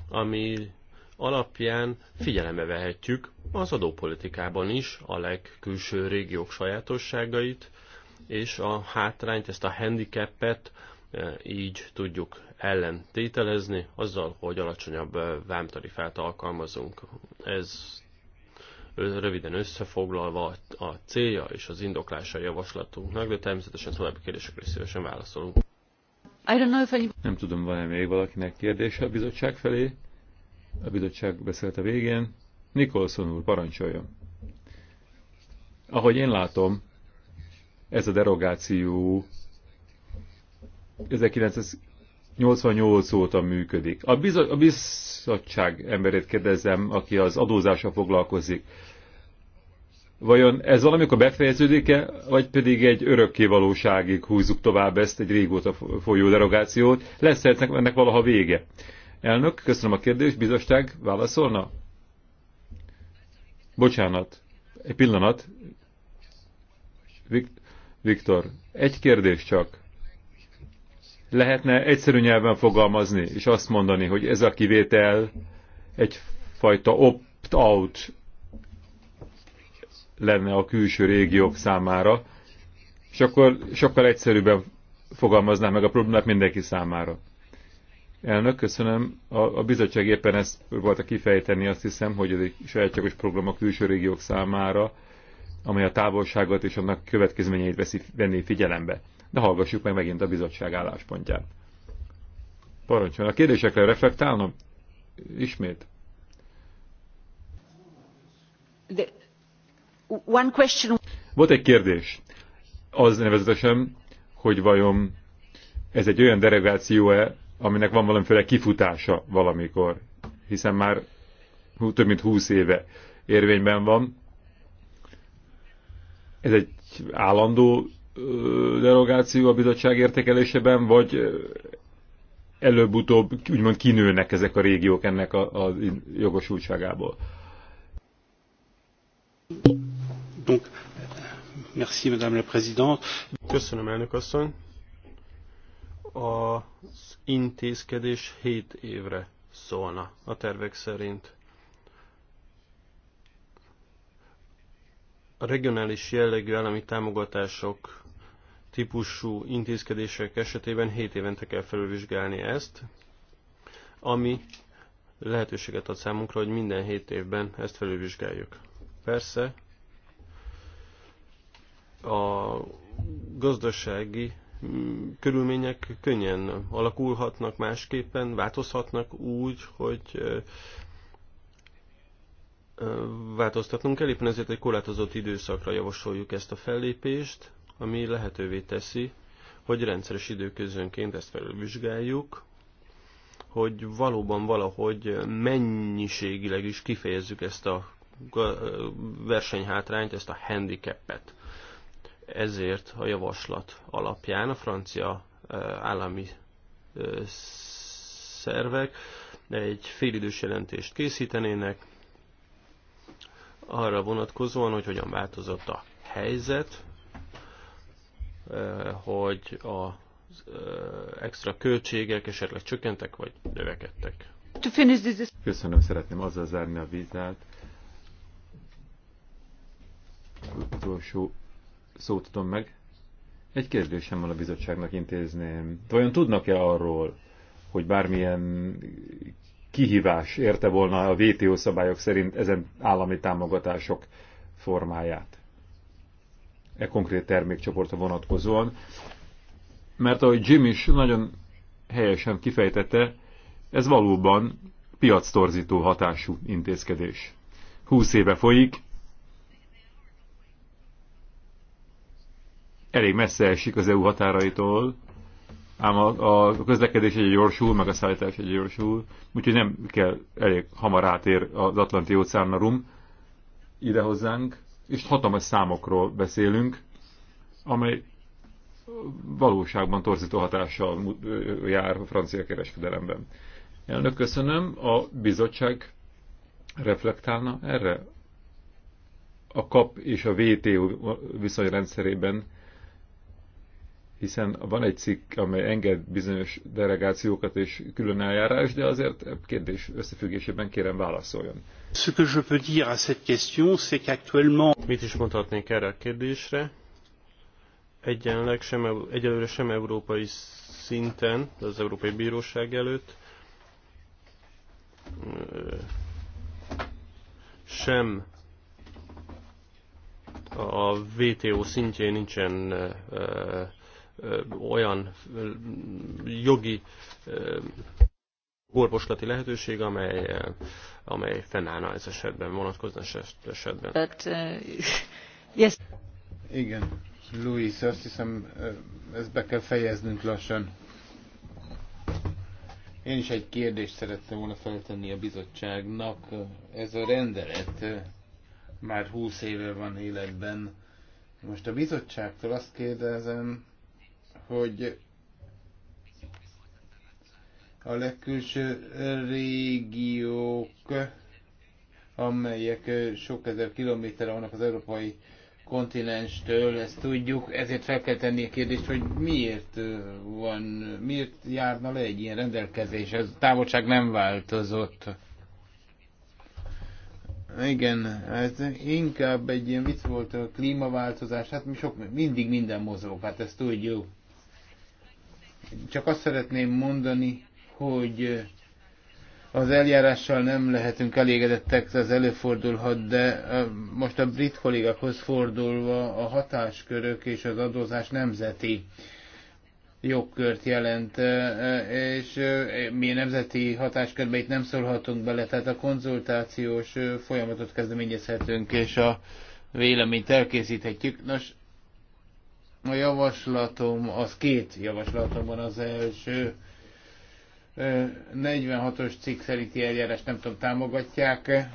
[SPEAKER 1] ami alapján figyelembe vehetjük az adópolitikában is a legkülső régiók sajátosságait, és a hátrányt, ezt a handicapet E, így tudjuk ellentételezni azzal, hogy alacsonyabb e, vámtarifát alkalmazunk. Ez röviden összefoglalva a célja és az indoklása a javaslatunknak, de természetesen további kérdésekre szívesen
[SPEAKER 2] válaszolunk. I don't know if any... Nem tudom, van-e még valakinek kérdése a bizottság felé? A bizottság beszélt a végén. Nikolson úr, parancsoljon. Ahogy én látom, ez a derogáció 1988 óta működik. A, biz a bizottság emberét kérdezem, aki az adózással foglalkozik. Vajon ez valamikor befejeződik-e, vagy pedig egy örökké valóságig húzzuk tovább ezt, egy régóta folyó derogációt? Lesz ennek, ennek valaha vége? Elnök, köszönöm a kérdést, bizottság válaszolna? Bocsánat, egy pillanat. Viktor, egy kérdés csak lehetne egyszerű nyelven fogalmazni, és azt mondani, hogy ez a kivétel egyfajta opt-out lenne a külső régiók számára, és akkor sokkal egyszerűbben fogalmazná meg a problémát mindenki számára. Elnök, köszönöm. A, a bizottság éppen ezt volt a kifejteni, azt hiszem, hogy ez egy sajátságos program a külső régiók számára, amely a távolságot és annak következményeit veszi, venné figyelembe de hallgassuk meg megint a bizottság álláspontját. Parancsoljon, a kérdésekre reflektálnom? Ismét. The, one question... Volt egy kérdés. Az nevezetesen, hogy vajon ez egy olyan derogáció-e, aminek van valamiféle kifutása valamikor, hiszen már több mint húsz éve érvényben van. Ez egy állandó derogáció a bizottság értékelésében, vagy előbb-utóbb úgymond kinőnek ezek a régiók ennek a, a jogosultságából? merci, Madame Présidente. Köszönöm, elnök asszony.
[SPEAKER 1] Az intézkedés 7 évre szólna a tervek szerint. A regionális jellegű állami támogatások típusú intézkedések esetében 7 évente kell felülvizsgálni ezt, ami lehetőséget ad számunkra, hogy minden 7 évben ezt felülvizsgáljuk. Persze a gazdasági mm, körülmények könnyen alakulhatnak másképpen, változhatnak úgy, hogy változtatnunk kell, éppen ezért egy korlátozott időszakra javasoljuk ezt a fellépést ami lehetővé teszi, hogy rendszeres időközönként ezt felülvizsgáljuk, hogy valóban valahogy mennyiségileg is kifejezzük ezt a versenyhátrányt, ezt a handicapet. Ezért a javaslat alapján a francia állami szervek egy félidős jelentést készítenének, arra vonatkozóan, hogy hogyan változott a helyzet, Eh, hogy az eh, extra költségek esetleg csökkentek, vagy
[SPEAKER 2] növekedtek. Köszönöm, szeretném azzal zárni a vizát. Utolsó szót tudom meg. Egy kérdésem van a bizottságnak intézném. Vajon tudnak-e arról, hogy bármilyen kihívás érte volna a VTO szabályok szerint ezen állami támogatások formáját? e konkrét termékcsoportra vonatkozóan. Mert ahogy Jim is nagyon helyesen kifejtette, ez valóban piactorzító hatású intézkedés. Húsz éve folyik, elég messze esik az EU határaitól, ám a, a közlekedés egy gyorsul, meg a szállítás egy gyorsul, úgyhogy nem kell elég hamar átér az Atlanti óceán a rum ide hozzánk és hatalmas számokról beszélünk, amely valóságban torzító hatással jár a francia kereskedelemben. Elnök, köszönöm. A bizottság reflektálna erre? A KAP és a VTO viszonyrendszerében hiszen van egy cikk, amely enged bizonyos delegációkat és külön eljárás, de azért kérdés összefüggésében kérem válaszoljon. Ce que je peux dire à cette question, c'est qu'actuellement... Mit is
[SPEAKER 1] mondhatnék erre a kérdésre? Egyenleg sem, egyelőre sem európai szinten, az Európai Bíróság előtt, sem a WTO szintjén nincsen olyan jogi orvoslati lehetőség, amely, amely fennállna ez esetben, vonatkozna ez esetben. But,
[SPEAKER 2] uh, yes.
[SPEAKER 3] Igen, Louis, azt hiszem, ezt be kell fejeznünk lassan. Én is egy kérdést szerettem volna feltenni a bizottságnak. Ez a rendelet már húsz éve van életben. Most a bizottságtól azt kérdezem, hogy a legkülső régiók, amelyek sok ezer kilométerre vannak az európai kontinenstől, ezt tudjuk, ezért fel kell tenni a kérdést, hogy miért van, miért járna le egy ilyen rendelkezés, a távolság nem változott. Igen, ez inkább egy ilyen vicc volt a klímaváltozás, hát mi sok, mindig minden mozog, hát ezt tudjuk. Csak azt szeretném mondani, hogy az eljárással nem lehetünk elégedettek, ez előfordulhat, de most a brit kollégákhoz fordulva a hatáskörök és az adózás nemzeti jogkört jelent, és mi nemzeti hatáskörbe itt nem szólhatunk bele, tehát a konzultációs folyamatot kezdeményezhetünk, és a véleményt elkészíthetjük. Nos, a javaslatom, az két javaslatom van az első. 46-os cikk szerinti eljárás nem tudom, támogatják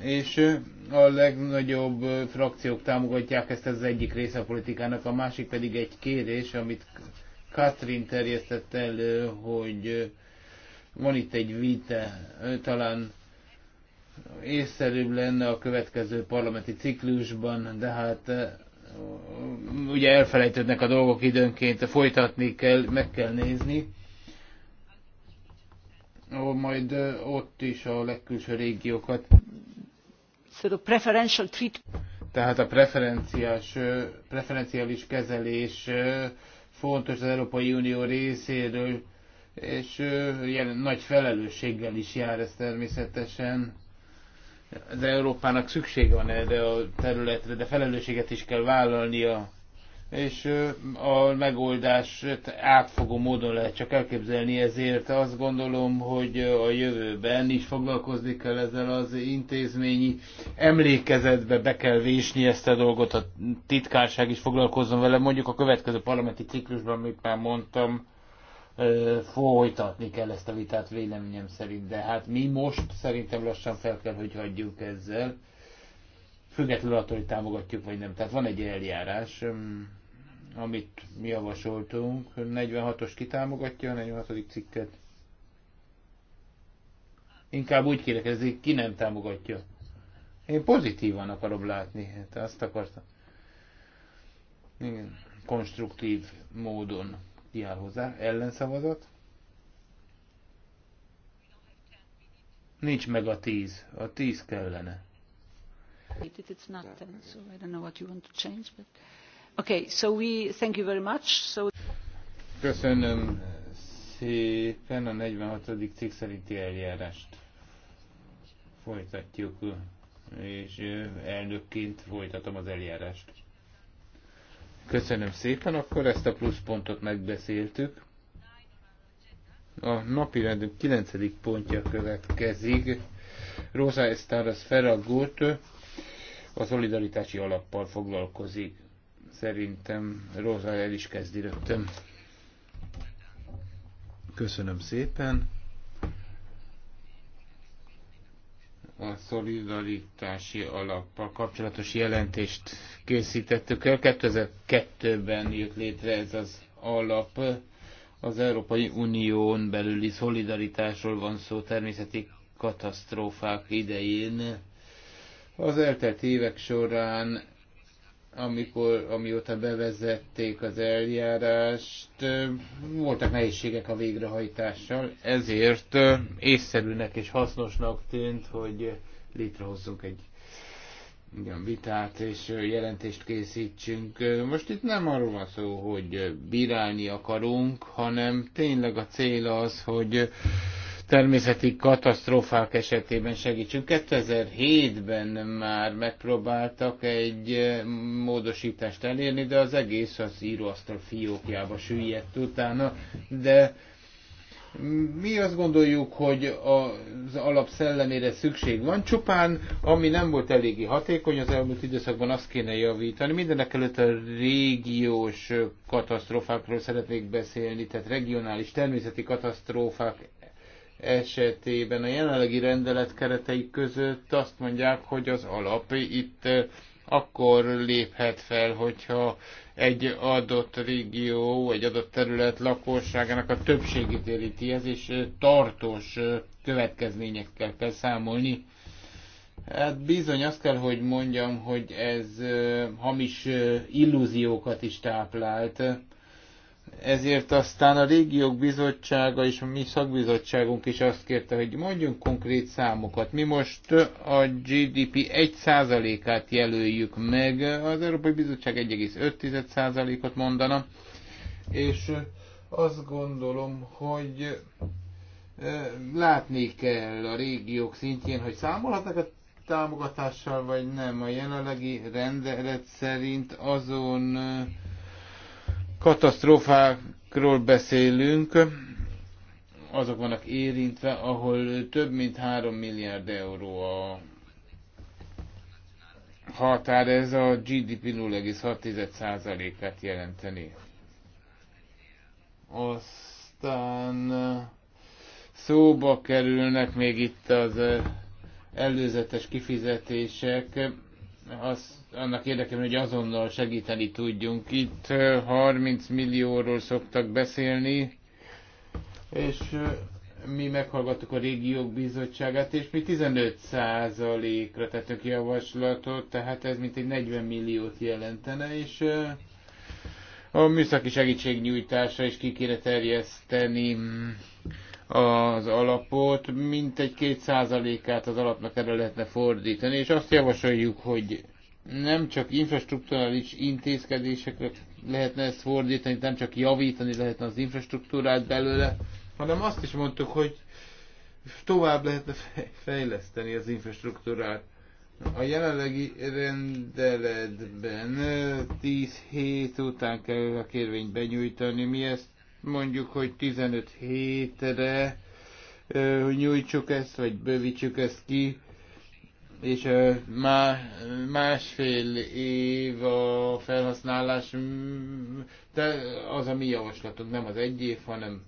[SPEAKER 3] és a legnagyobb frakciók támogatják ezt, az egyik része a politikának, a másik pedig egy kérés, amit Katrin terjesztett elő, hogy van itt egy vite, talán észszerűbb lenne a következő parlamenti ciklusban, de hát ugye elfelejtődnek a dolgok időnként, folytatni kell, meg kell nézni. Ó, majd ott is a legkülső régiókat. So the preferential Tehát a preferenciás, preferenciális kezelés fontos az Európai Unió részéről, és jelen, nagy felelősséggel is jár ez természetesen az Európának szüksége van erre a területre, de felelősséget is kell vállalnia, és a megoldást átfogó módon lehet csak elképzelni, ezért azt gondolom, hogy a jövőben is foglalkozni kell ezzel az intézményi emlékezetbe, be kell vésni ezt a dolgot, a titkárság is foglalkozzon vele, mondjuk a következő parlamenti ciklusban, amit már mondtam, folytatni kell ezt a vitát véleményem szerint, de hát mi most szerintem lassan fel kell, hogy hagyjuk ezzel, függetlenül attól, hogy támogatjuk vagy nem. Tehát van egy eljárás, amit mi javasoltunk, 46-os kitámogatja a 46. cikket. Inkább úgy kérekezik, ki nem támogatja. Én pozitívan akarom látni, hát azt akartam. Igen, konstruktív módon kiáll hozzá, ellenszavazat. Nincs meg a tíz, a tíz kellene.
[SPEAKER 2] It's not so I don't know what you want to change, but... Okay, so we thank you very much. So...
[SPEAKER 3] Köszönöm szépen a 46. cikk szerinti eljárást. Folytatjuk, és elnökként folytatom az eljárást. Köszönöm szépen, akkor ezt a pluszpontot megbeszéltük. A napi rendünk 9. pontja következik. Rosa Estaras Ferragut a szolidaritási alappal foglalkozik. Szerintem Rosa el is kezdi rögtön. Köszönöm szépen. a szolidaritási alappal kapcsolatos jelentést készítettük el. 2002-ben jött létre ez az alap. Az Európai Unión belüli szolidaritásról van szó természeti katasztrófák idején. Az eltelt évek során amikor, amióta bevezették az eljárást, voltak nehézségek a végrehajtással, ezért észszerűnek és hasznosnak tűnt, hogy létrehozzunk egy igen, vitát és jelentést készítsünk. Most itt nem arról van szó, hogy bírálni akarunk, hanem tényleg a cél az, hogy természeti katasztrófák esetében segítsünk. 2007-ben már megpróbáltak egy módosítást elérni, de az egész az íróasztal fiókjába süllyedt utána, de mi azt gondoljuk, hogy az szellemére szükség van, csupán ami nem volt eléggé hatékony az elmúlt időszakban, azt kéne javítani. Mindenek előtt a régiós katasztrófákról szeretnék beszélni, tehát regionális természeti katasztrófák esetében a jelenlegi rendelet keretei között azt mondják, hogy az alap itt akkor léphet fel, hogyha egy adott régió, egy adott terület lakosságának a többségét éríti ez, és tartós következményekkel kell számolni. Hát bizony azt kell, hogy mondjam, hogy ez hamis illúziókat is táplált ezért aztán a régiók bizottsága és a mi szakbizottságunk is azt kérte, hogy mondjunk konkrét számokat. Mi most a GDP 1%-át jelöljük meg, az Európai Bizottság 1,5%-ot mondana, és azt gondolom, hogy eh, látni kell a régiók szintjén, hogy számolhatnak a támogatással, vagy nem. A jelenlegi rendelet szerint azon eh, katasztrófákról beszélünk, azok vannak érintve, ahol több mint 3 milliárd euró a határ, ez a GDP 0,6%-át jelenteni. Aztán eh, szóba kerülnek még itt az eh, előzetes kifizetések, az, annak érdekében, hogy azonnal segíteni tudjunk. Itt 30 millióról szoktak beszélni, és mi meghallgattuk a régiók bizottságát, és mi 15%-ra tettünk javaslatot, tehát ez mint egy 40 milliót jelentene, és a műszaki segítségnyújtása is ki kéne terjeszteni az alapot, mint egy két százalékát az alapnak erre lehetne fordítani, és azt javasoljuk, hogy nem csak infrastruktúrális intézkedésekre lehetne ezt fordítani, nem csak javítani lehetne az infrastruktúrát belőle, hanem azt is mondtuk, hogy tovább lehetne fejleszteni az infrastruktúrát. A jelenlegi rendeletben 10 hét után kell a kérvényt benyújtani, mi ezt mondjuk, hogy 15 hétre hogy nyújtsuk ezt, vagy bővítsük ezt ki, és má, másfél év a felhasználás, de az a mi javaslatunk, nem az egy év, hanem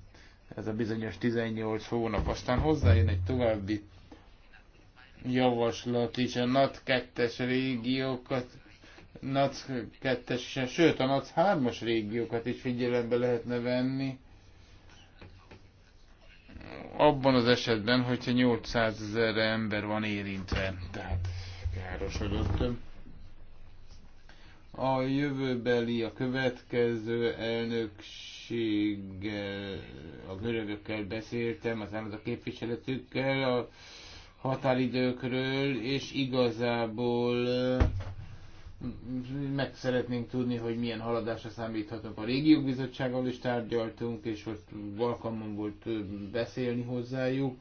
[SPEAKER 3] ez a bizonyos 18 hónap. Aztán hozzájön egy további javaslat is, a NAT 2-es régiókat NAC 2 sőt a NAC 3-as régiókat is figyelembe lehetne venni, abban az esetben, hogyha 800 ezer ember van érintve, tehát károsodott. A jövőbeli, a következő elnökséggel, a görögökkel beszéltem, az a képviseletükkel, a határidőkről, és igazából meg szeretnénk tudni, hogy milyen haladásra számíthatunk. A régiók bizottsággal is tárgyaltunk, és ott alkalmam volt beszélni hozzájuk,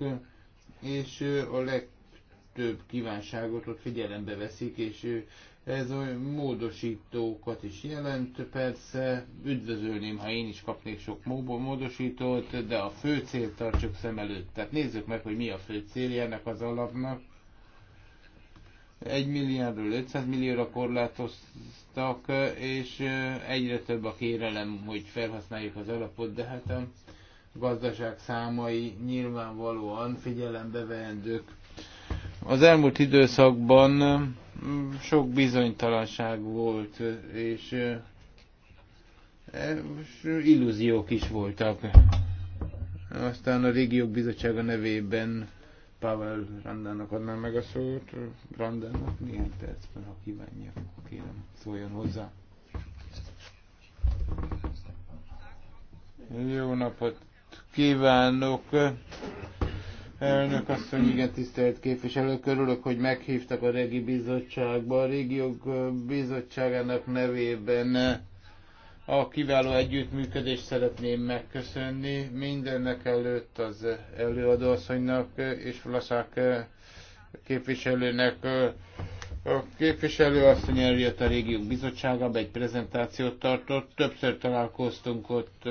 [SPEAKER 3] és a legtöbb kívánságot ott figyelembe veszik, és ez a módosítókat is jelent, persze üdvözölném, ha én is kapnék sok módosítót, de a fő célt tartsuk szem előtt. Tehát nézzük meg, hogy mi a fő célja ennek az alapnak, 1 milliárdról 500 millióra korlátoztak, és egyre több a kérelem, hogy felhasználjuk az alapot, de hát a gazdaság számai nyilvánvalóan figyelembe veendők. Az elmúlt időszakban sok bizonytalanság volt, e, és illúziók is voltak. Aztán a régiók bizottsága nevében Pavel Randának adnám meg a szót. Randának néhány percben, ha kívánja, kérem, szóljon hozzá. Jó napot kívánok! Elnök asszony, igen, tisztelt képviselők, örülök, hogy meghívtak a Regi Bizottságba. A Régiók Bizottságának nevében a kiváló együttműködést szeretném megköszönni mindennek előtt az előadóasszonynak és Vlaszák képviselőnek. A képviselő asszony eljött a régiók bizottságába, egy prezentációt tartott, többször találkoztunk ott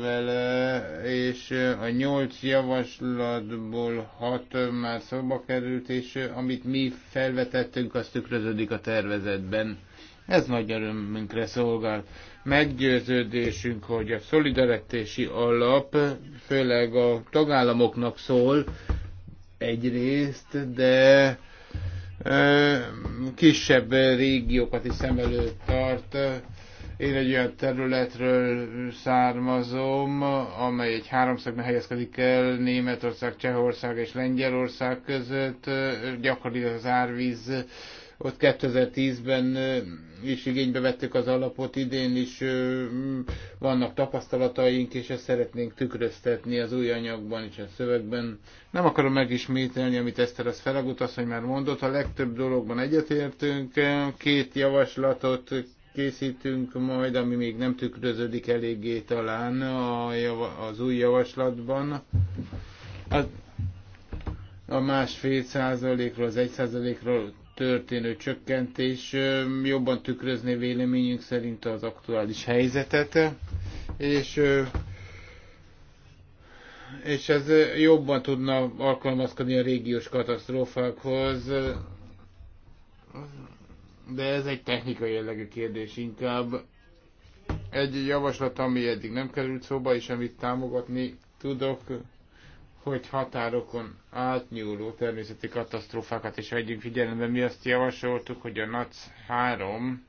[SPEAKER 3] vele, és a nyolc javaslatból hat már szóba került, és amit mi felvetettünk, az tükröződik a tervezetben. Ez nagy örömünkre szolgál. Meggyőződésünk, hogy a szolidaritási alap főleg a tagállamoknak szól egyrészt, de kisebb régiókat is szem előtt tart. Én egy olyan területről származom, amely egy háromszögben helyezkedik el Németország, Csehország és Lengyelország között. Gyakori az árvíz ott 2010-ben is igénybe vettük az alapot, idén is vannak tapasztalataink, és ezt szeretnénk tükröztetni az új anyagban és a szövegben. Nem akarom megismételni, amit Eszter az Feragut hogy már mondott, a legtöbb dologban egyetértünk, két javaslatot készítünk majd, ami még nem tükröződik eléggé talán a java, az új javaslatban. A, a másfél százalékról, az egy százalékról történő csökkentés jobban tükrözni véleményünk szerint az aktuális helyzetet, és és ez jobban tudna alkalmazkodni a régiós katasztrófákhoz, de ez egy technikai jellegű kérdés inkább. Egy javaslat, ami eddig nem került szóba, és amit támogatni tudok, hogy határokon átnyúló természeti katasztrófákat is vegyünk figyelembe. Mi azt javasoltuk, hogy a NAC 3,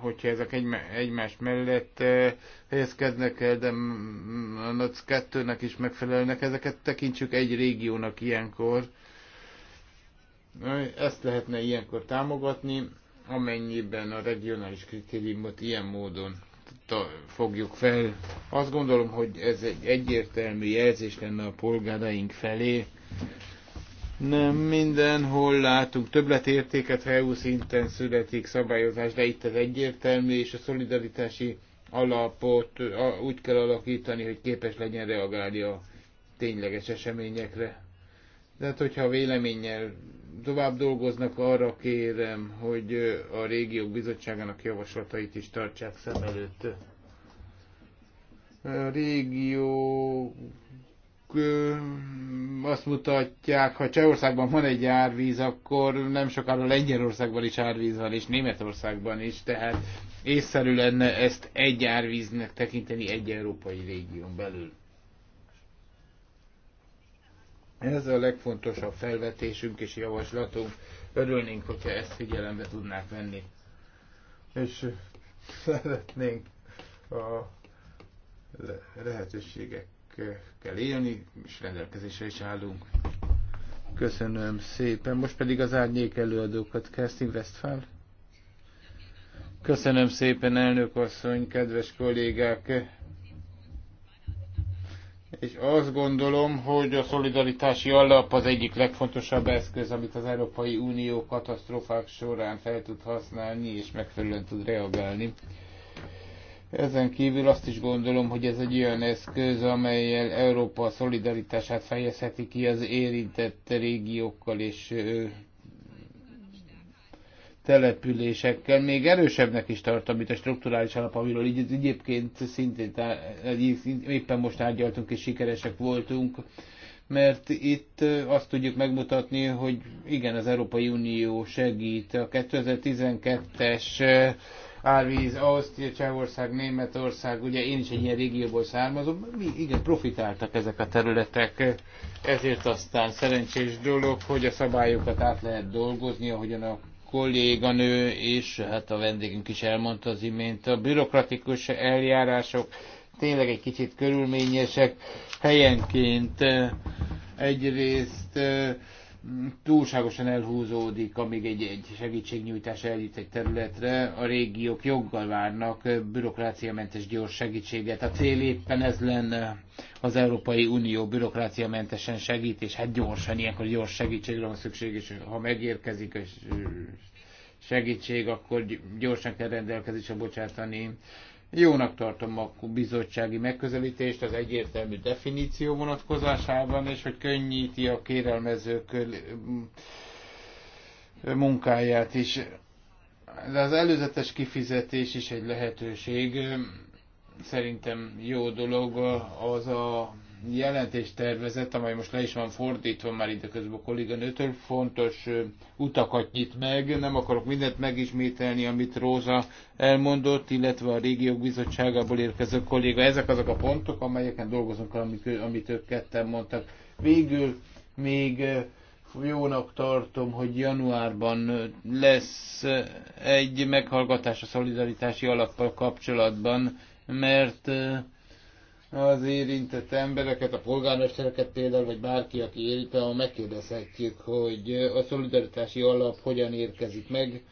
[SPEAKER 3] hogyha ezek egymás mellett eh, helyezkednek el, de a NAC 2-nek is megfelelnek, ezeket tekintsük egy régiónak ilyenkor. Ezt lehetne ilyenkor támogatni, amennyiben a regionális kritériumot ilyen módon fogjuk fel. Azt gondolom, hogy ez egy egyértelmű jelzés lenne a polgáraink felé. Nem mindenhol látunk többletértéket, ha EU szinten születik szabályozás, de itt az egyértelmű, és a szolidaritási alapot úgy kell alakítani, hogy képes legyen reagálni a tényleges eseményekre. hát, hogyha véleménnyel tovább dolgoznak, arra kérem, hogy a régiók bizottságának javaslatait is tartsák szem előtt. A régió azt mutatják, ha Csehországban van egy árvíz, akkor nem sokára Lengyelországban is árvíz van, és Németországban is, tehát észszerű lenne ezt egy árvíznek tekinteni egy európai régión belül. Ez a legfontosabb felvetésünk és javaslatunk. Örülnénk, hogyha ezt figyelembe tudnák venni. És szeretnénk a lehetőségekkel élni, és rendelkezésre is állunk. Köszönöm szépen. Most pedig az árnyék előadókat. Kerstin Westphal. Köszönöm szépen, elnök asszony, kedves kollégák! és azt gondolom, hogy a szolidaritási alap az egyik legfontosabb eszköz, amit az Európai Unió katasztrófák során fel tud használni, és megfelelően tud reagálni. Ezen kívül azt is gondolom, hogy ez egy olyan eszköz, amelyel Európa szolidaritását fejezheti ki az érintett régiókkal és településekkel még erősebbnek is tartom, mint a strukturális alap, amiről így, egyébként szintén éppen most tárgyaltunk és sikeresek voltunk, mert itt azt tudjuk megmutatni, hogy igen, az Európai Unió segít. A 2012-es árvíz, Ausztria, Csehország, Németország, ugye én is egy ilyen régióból származom, mi igen, profitáltak ezek a területek, ezért aztán szerencsés dolog, hogy a szabályokat át lehet dolgozni, ahogyan a kolléganő, és hát a vendégünk is elmondta az imént, a bürokratikus eljárások tényleg egy kicsit körülményesek helyenként. Eh, egyrészt eh, túlságosan elhúzódik, amíg egy, egy segítségnyújtás eljut egy területre, a régiók joggal várnak bürokráciamentes gyors segítséget. A cél éppen ez lenne az Európai Unió bürokráciamentesen segít, és hát gyorsan, ilyenkor gyors segítségre van szükség, és ha megérkezik és segítség, akkor gyorsan kell rendelkezésre bocsátani Jónak tartom a bizottsági megközelítést az egyértelmű definíció vonatkozásában, és hogy könnyíti a kérelmezők munkáját is. De az előzetes kifizetés is egy lehetőség. Szerintem jó dolog az a jelentéstervezet, amely most le is van fordítva már időközben a kolléganőtől, fontos utakat nyit meg. Nem akarok mindent megismételni, amit Róza elmondott, illetve a régiók bizottságából érkező kolléga. Ezek azok a pontok, amelyeken dolgozunk, amit, amit ők ketten mondtak. Végül még jónak tartom, hogy januárban lesz egy meghallgatás a szolidaritási alappal kapcsolatban, mert az érintett embereket, a polgármestereket például, vagy bárki, aki érint, ahol megkérdezhetjük, hogy a szolidaritási alap hogyan érkezik meg,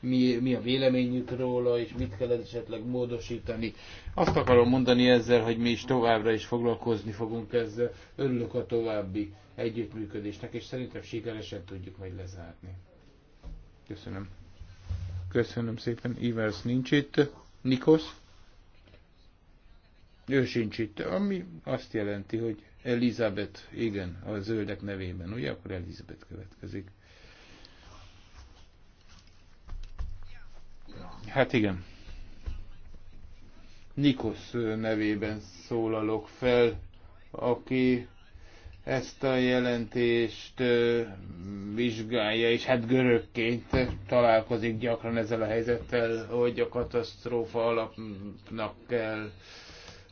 [SPEAKER 3] mi, mi a véleményük róla, és mit kell esetleg módosítani. Azt akarom mondani ezzel, hogy mi is továbbra is foglalkozni fogunk ezzel. Örülök a további együttműködésnek, és szerintem sikeresen tudjuk majd lezárni. Köszönöm. Köszönöm szépen. Ivers nincs itt. Nikos? Ő sincs itt, ami azt jelenti, hogy Elizabeth, igen, a zöldek nevében, ugye? Akkor Elizabeth következik. Hát igen. Nikos nevében szólalok fel, aki ezt a jelentést vizsgálja, és hát görögként találkozik gyakran ezzel a helyzettel, hogy a katasztrófa alapnak kell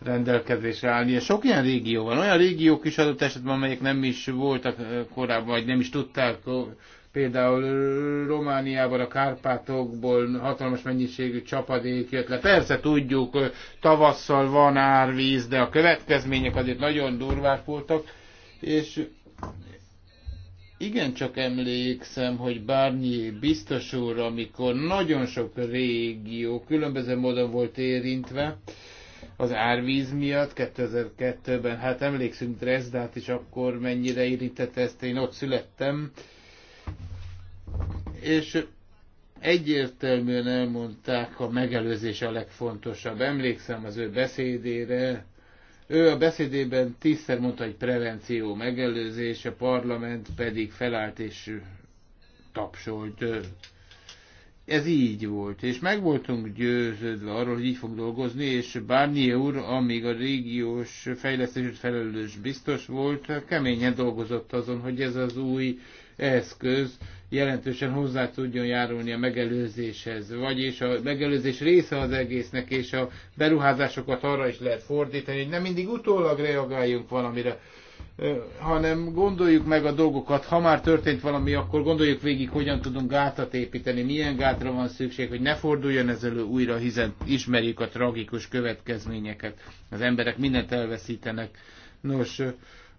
[SPEAKER 3] rendelkezésre állnia. Sok ilyen régió van, olyan régiók is adott esetben, amelyek nem is voltak korábban, vagy nem is tudták, például Romániában a Kárpátokból hatalmas mennyiségű csapadék jött le. Persze tudjuk, tavasszal van árvíz, de a következmények azért nagyon durvák voltak, és igen, csak emlékszem, hogy Bárnyi biztos úr, amikor nagyon sok régió különböző módon volt érintve, az árvíz miatt 2002-ben, hát emlékszünk Dresdát is akkor mennyire érintette ezt, én ott születtem, és egyértelműen elmondták, a megelőzés a legfontosabb. Emlékszem az ő beszédére, ő a beszédében tízszer mondta, hogy prevenció, megelőzés, a parlament pedig felállt és tapsolt ez így volt, és meg voltunk győződve arról, hogy így fog dolgozni, és Barnier úr, amíg a régiós fejlesztésért felelős biztos volt, keményen dolgozott azon, hogy ez az új eszköz jelentősen hozzá tudjon járulni a megelőzéshez, vagyis a megelőzés része az egésznek, és a beruházásokat arra is lehet fordítani, hogy nem mindig utólag reagáljunk valamire hanem gondoljuk meg a dolgokat, ha már történt valami, akkor gondoljuk végig, hogyan tudunk gátat építeni, milyen gátra van szükség, hogy ne forduljon ez elő újra, hiszen ismerjük a tragikus következményeket. Az emberek mindent elveszítenek. Nos,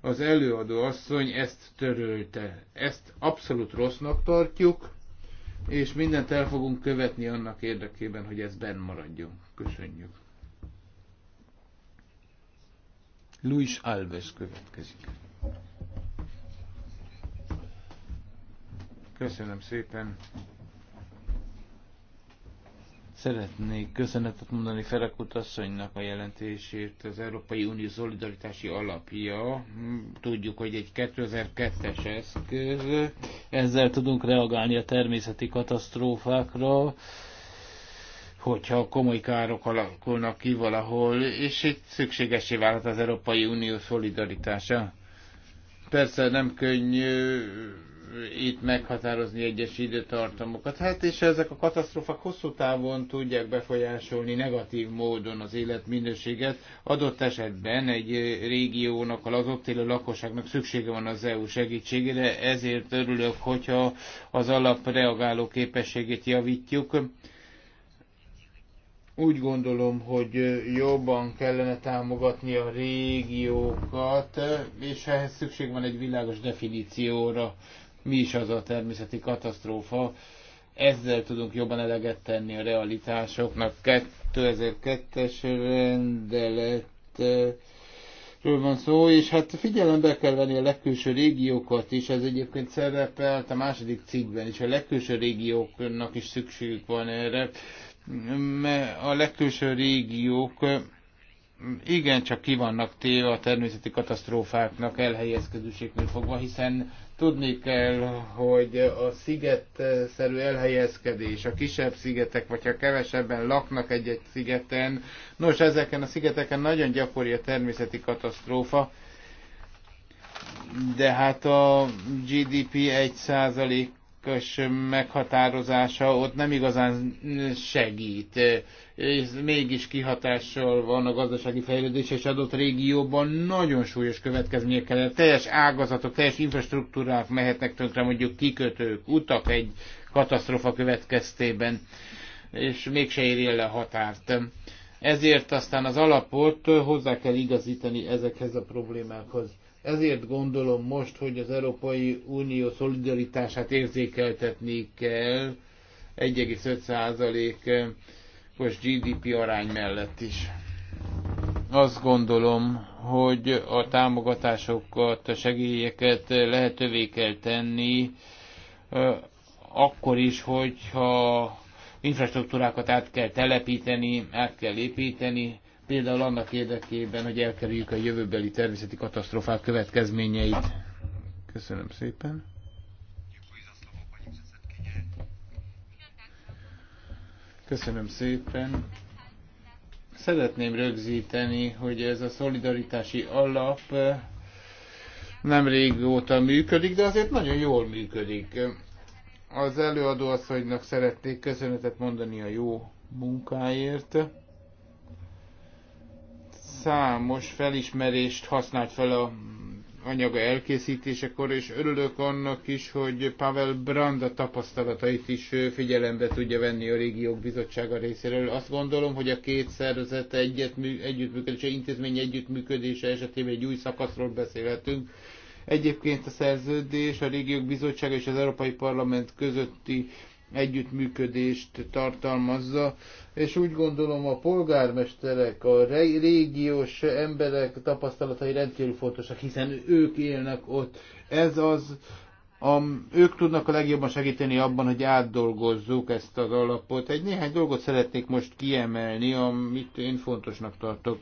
[SPEAKER 3] az előadó asszony ezt törölte. Ezt abszolút rossznak tartjuk, és mindent el fogunk követni annak érdekében, hogy ez benn maradjon. Köszönjük. Luis Alves következik. Köszönöm szépen. Szeretnék köszönetet mondani Ferakut asszonynak a jelentésért. Az Európai Unió Szolidaritási Alapja, tudjuk, hogy egy 2002-es eszköz, ezzel tudunk reagálni a természeti katasztrófákra, hogyha komoly károk alakulnak ki valahol, és itt szükségesé válhat az Európai Unió szolidaritása. Persze nem könnyű itt meghatározni egyes időtartamokat. Hát és ezek a katasztrófák hosszú távon tudják befolyásolni negatív módon az életminőséget. Adott esetben egy régiónak, az ott élő lakosságnak szüksége van az EU segítségére, ezért örülök, hogyha az alap reagáló képességét javítjuk úgy gondolom, hogy jobban kellene támogatni a régiókat, és ehhez szükség van egy világos definícióra, mi is az a természeti katasztrófa. Ezzel tudunk jobban eleget tenni a realitásoknak. 2002-es rendelet van szó, és hát figyelembe kell venni a legkülső régiókat is, ez egyébként szerepelt a második cikkben is, a legkülső régióknak is szükségük van erre, a legkülső régiók igencsak ki vannak téve a természeti katasztrófáknak elhelyezkedőségnél fogva, hiszen tudni kell, hogy a szigetszerű elhelyezkedés, a kisebb szigetek, vagy ha kevesebben laknak egy-egy szigeten, nos, ezeken a szigeteken nagyon gyakori a természeti katasztrófa, de hát a GDP 1 kös meghatározása ott nem igazán segít, és mégis kihatással van a gazdasági fejlődés, és adott régióban nagyon súlyos következményekkel, teljes ágazatok, teljes infrastruktúrák mehetnek tönkre, mondjuk kikötők, utak egy katasztrofa következtében, és mégse éri el a határt. Ezért aztán az alapot hozzá kell igazítani ezekhez a problémákhoz ezért gondolom most, hogy az Európai Unió szolidaritását érzékeltetni kell 1,5%-os eh, GDP arány mellett is. Azt gondolom, hogy a támogatásokat, a segélyeket lehetővé kell tenni, eh, akkor is, hogyha infrastruktúrákat át kell telepíteni, át kell építeni, például annak érdekében, hogy elkerüljük a jövőbeli természeti katasztrofák következményeit. Köszönöm szépen. Köszönöm szépen. Szeretném rögzíteni, hogy ez a szolidaritási alap eh, nem régóta működik, de azért nagyon jól működik. Az előadó asszonynak szeretnék köszönetet mondani a jó munkáért számos felismerést használt fel a anyaga elkészítésekor, és örülök annak is, hogy Pavel Branda tapasztalatait is figyelembe tudja venni a régiók bizottsága részéről. Azt gondolom, hogy a két szervezet együttműködése, intézmény együttműködése esetében egy új szakaszról beszélhetünk. Egyébként a szerződés a régiók bizottsága és az Európai Parlament közötti együttműködést tartalmazza, és úgy gondolom a polgármesterek, a régiós emberek tapasztalatai rendkívül fontosak, hiszen ők élnek ott. Ez az, am, ők tudnak a legjobban segíteni abban, hogy átdolgozzuk ezt az alapot. Egy néhány dolgot szeretnék most kiemelni, amit én fontosnak tartok.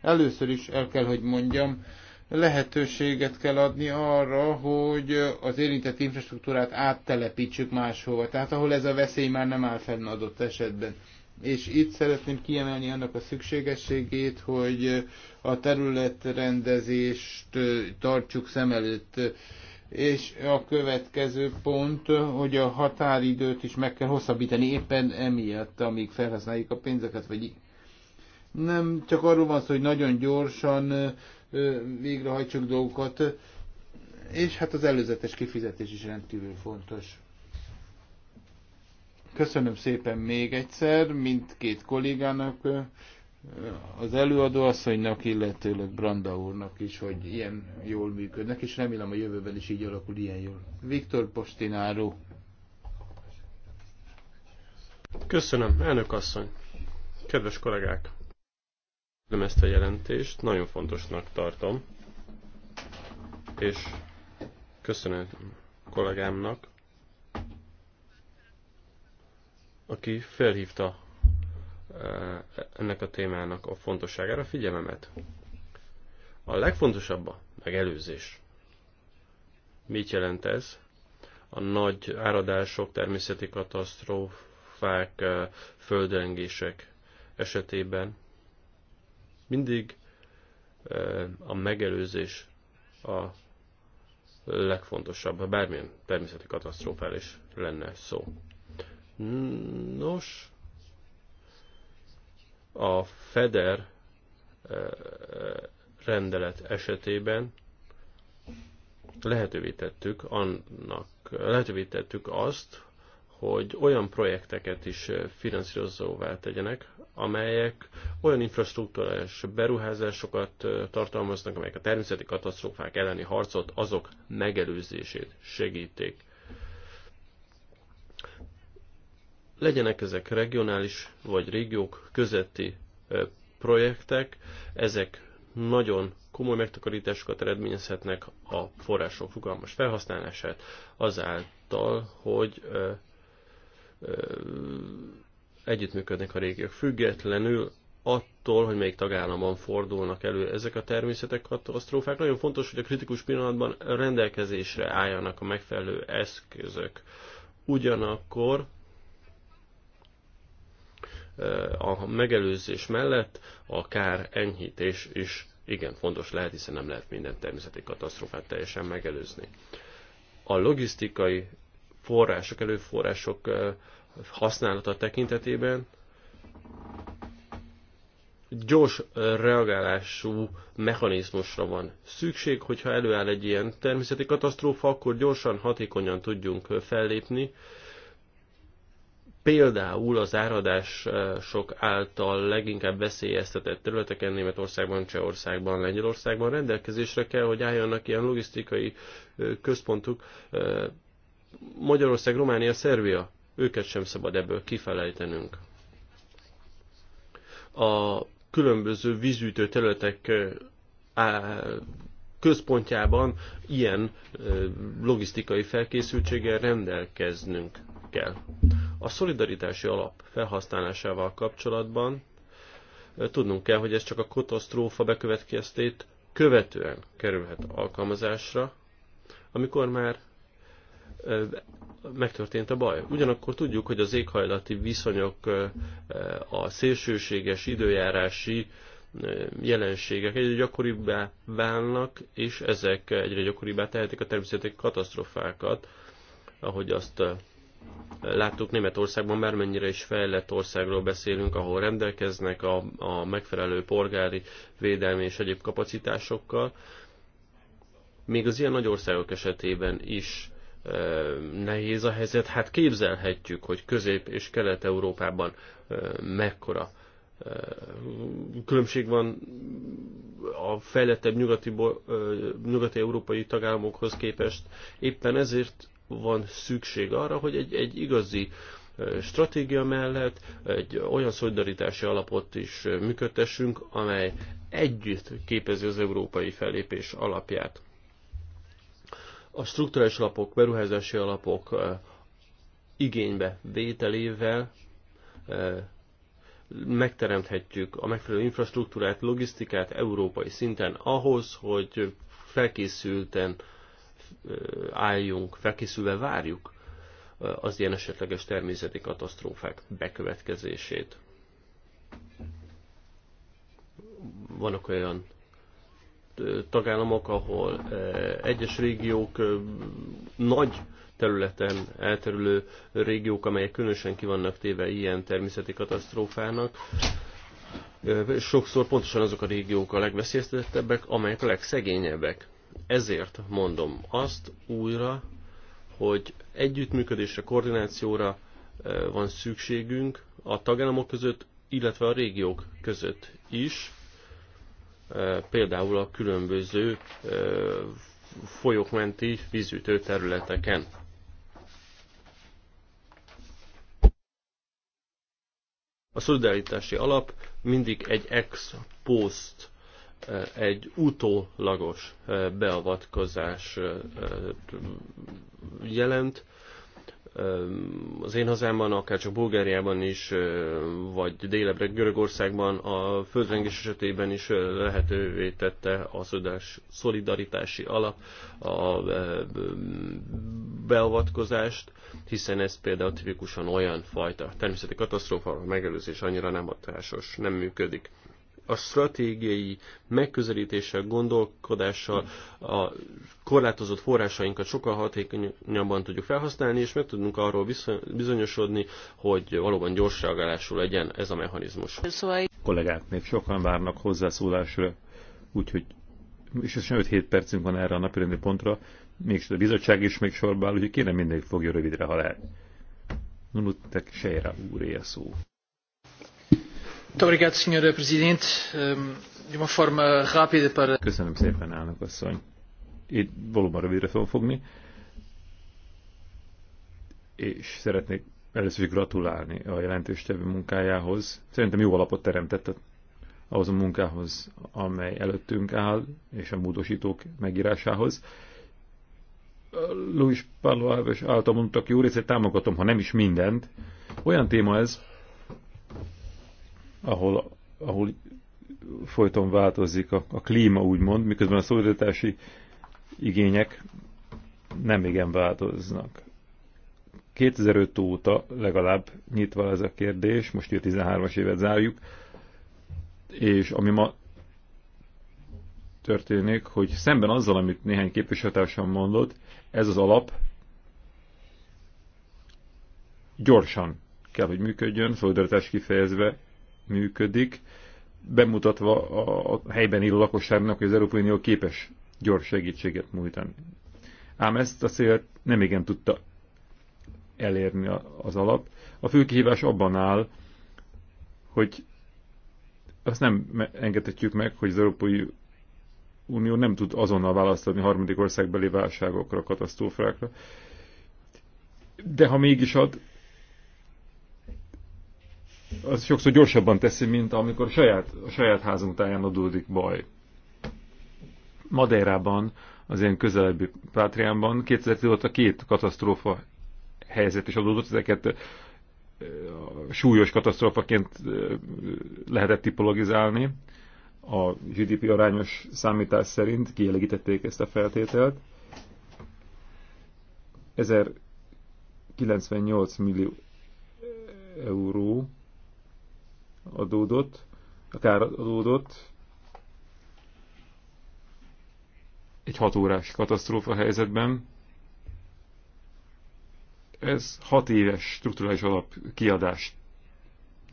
[SPEAKER 3] Először is el kell, hogy mondjam, lehetőséget kell adni arra, hogy az érintett infrastruktúrát áttelepítsük máshova, tehát ahol ez a veszély már nem áll fenn adott esetben. És itt szeretném kiemelni annak a szükségességét, hogy a területrendezést tartsuk szem előtt. És a következő pont, hogy a határidőt is meg kell hosszabbítani éppen emiatt, amíg felhasználjuk a pénzeket, vagy nem csak arról van szó, hogy nagyon gyorsan végrehajtsuk dolgokat, és hát az előzetes kifizetés is rendkívül fontos. Köszönöm szépen még egyszer mindkét kollégának, az előadóasszonynak, illetőleg Branda úrnak is, hogy ilyen jól működnek, és remélem a jövőben is így alakul ilyen jól. Viktor Postináró.
[SPEAKER 1] Köszönöm, elnök asszony. Kedves kollégák! nem ezt a jelentést, nagyon fontosnak tartom, és köszönöm kollégámnak, aki felhívta eh, ennek a témának a fontosságára figyelmemet. A legfontosabb a megelőzés. Mit jelent ez? A nagy áradások, természeti katasztrófák, eh, földrengések esetében mindig a megelőzés a legfontosabb, ha bármilyen természeti katasztrófál is lenne szó. Nos, a FEDER rendelet esetében lehetővé tettük, annak, lehetővé tettük azt, hogy olyan projekteket is finanszírozóvá tegyenek, amelyek olyan infrastruktúrás beruházásokat tartalmaznak, amelyek a természeti katasztrófák elleni harcot, azok megelőzését segítik. Legyenek ezek regionális vagy régiók közötti projektek, ezek nagyon komoly megtakarításokat eredményezhetnek a források rugalmas felhasználását, azáltal, hogy együttműködnek a régiók, függetlenül attól, hogy melyik tagállamban fordulnak elő ezek a természetek katasztrófák. Nagyon fontos, hogy a kritikus pillanatban rendelkezésre álljanak a megfelelő eszközök. Ugyanakkor a megelőzés mellett a kár enyhítés is igen fontos lehet, hiszen nem lehet minden természeti katasztrófát teljesen megelőzni. A logisztikai források, előforrások használata tekintetében gyors reagálású mechanizmusra van szükség, hogyha előáll egy ilyen természeti katasztrófa, akkor gyorsan, hatékonyan tudjunk fellépni. Például az áradások által leginkább veszélyeztetett területeken Németországban, Csehországban, Lengyelországban rendelkezésre kell, hogy álljanak ilyen logisztikai központok, Magyarország, Románia, Szervia, őket sem szabad ebből kifelejtenünk. A különböző vízütő területek központjában ilyen logisztikai felkészültséggel rendelkeznünk kell. A szolidaritási alap felhasználásával kapcsolatban tudnunk kell, hogy ez csak a katasztrófa bekövetkeztét követően kerülhet alkalmazásra, amikor már megtörtént a baj. Ugyanakkor tudjuk, hogy az éghajlati viszonyok, a szélsőséges időjárási jelenségek egyre gyakoribbá válnak, és ezek egyre gyakoribbá tehetik a természeti katasztrofákat, ahogy azt láttuk Németországban, bármennyire is fejlett országról beszélünk, ahol rendelkeznek a, a megfelelő polgári védelmi és egyéb kapacitásokkal. Még az ilyen nagy országok esetében is nehéz a helyzet. Hát képzelhetjük, hogy Közép- és Kelet-Európában mekkora különbség van a fejlettebb nyugati, nyugati európai tagállamokhoz képest. Éppen ezért van szükség arra, hogy egy, egy igazi stratégia mellett egy olyan szolidaritási alapot is működtessünk, amely együtt képezi az európai fellépés alapját a strukturális alapok, beruházási alapok igénybe vételével megteremthetjük a megfelelő infrastruktúrát, logisztikát európai szinten ahhoz, hogy felkészülten álljunk, felkészülve várjuk az ilyen esetleges természeti katasztrófák bekövetkezését. Vannak olyan tagállamok, ahol egyes régiók nagy területen elterülő régiók, amelyek különösen kivannak téve ilyen természeti katasztrófának, sokszor pontosan azok a régiók a legveszélyeztetettebbek, amelyek a legszegényebbek. Ezért mondom azt újra, hogy együttműködésre, koordinációra van szükségünk a tagállamok között, illetve a régiók között is, például a különböző folyók menti vízütő területeken. A szolidaritási alap mindig egy ex post, egy utólagos beavatkozás jelent, az én hazámban, akár csak Bulgáriában is, vagy délebre Görögországban a földrengés esetében is lehetővé tette a szolidaritási alap a beavatkozást, hiszen ez például tipikusan olyan fajta természeti katasztrófa, a megelőzés annyira nem hatásos, nem működik a stratégiai megközelítéssel, gondolkodással a korlátozott forrásainkat sokkal hatékonyabban tudjuk felhasználni, és meg tudunk arról bizonyosodni, hogy valóban gyors reagálású legyen
[SPEAKER 2] ez a mechanizmus. Szóval... Kollégák még sokan várnak hozzászólásra, úgyhogy és ez 5-7 percünk van erre a napirendi pontra, mégis a bizottság is még sorba áll, úgyhogy kéne mindig fogja rövidre, ha lehet. Nunutek Sejra úré a szó. Ehm, Köszönöm szépen, elnök asszony. Itt valóban rövidre fogom fogni. És szeretnék először is gratulálni a jelentéstevő munkájához. Szerintem jó alapot teremtett ahhoz a munkához, amely előttünk áll, és a módosítók megírásához. Luis Pablo Alves által mondtak jó részét támogatom, ha nem is mindent. Olyan téma ez, ahol, ahol folyton változik a, a klíma, úgymond, miközben a szolidaritási igények nem igen változnak. 2005 óta legalább nyitva ez a kérdés, most a 13-as évet zárjuk, és ami ma történik, hogy szemben azzal, amit néhány képviselőtársam mondott, ez az alap gyorsan kell, hogy működjön, szolidaritás kifejezve, működik, bemutatva a helyben élő lakosságnak, hogy az Európai Unió képes gyors segítséget nyújtani. Ám ezt a célt nem igen tudta elérni az alap. A fő kihívás abban áll, hogy azt nem engedhetjük meg, hogy az Európai Unió nem tud azonnal választani harmadik országbeli válságokra, katasztrófákra. De ha mégis ad, az sokszor gyorsabban teszi, mint amikor a saját, a saját házunk táján adódik baj. Madeirában, az én közelebbi Pátriánban 2010 óta két katasztrófa helyzet is adódott, ezeket súlyos katasztrófaként lehetett tipologizálni. A GDP arányos számítás szerint kielégítették ezt a feltételt. 1098 millió euró adódott, a kár adódott, egy hatórás katasztrófa helyzetben. Ez hat éves strukturális alap kiadást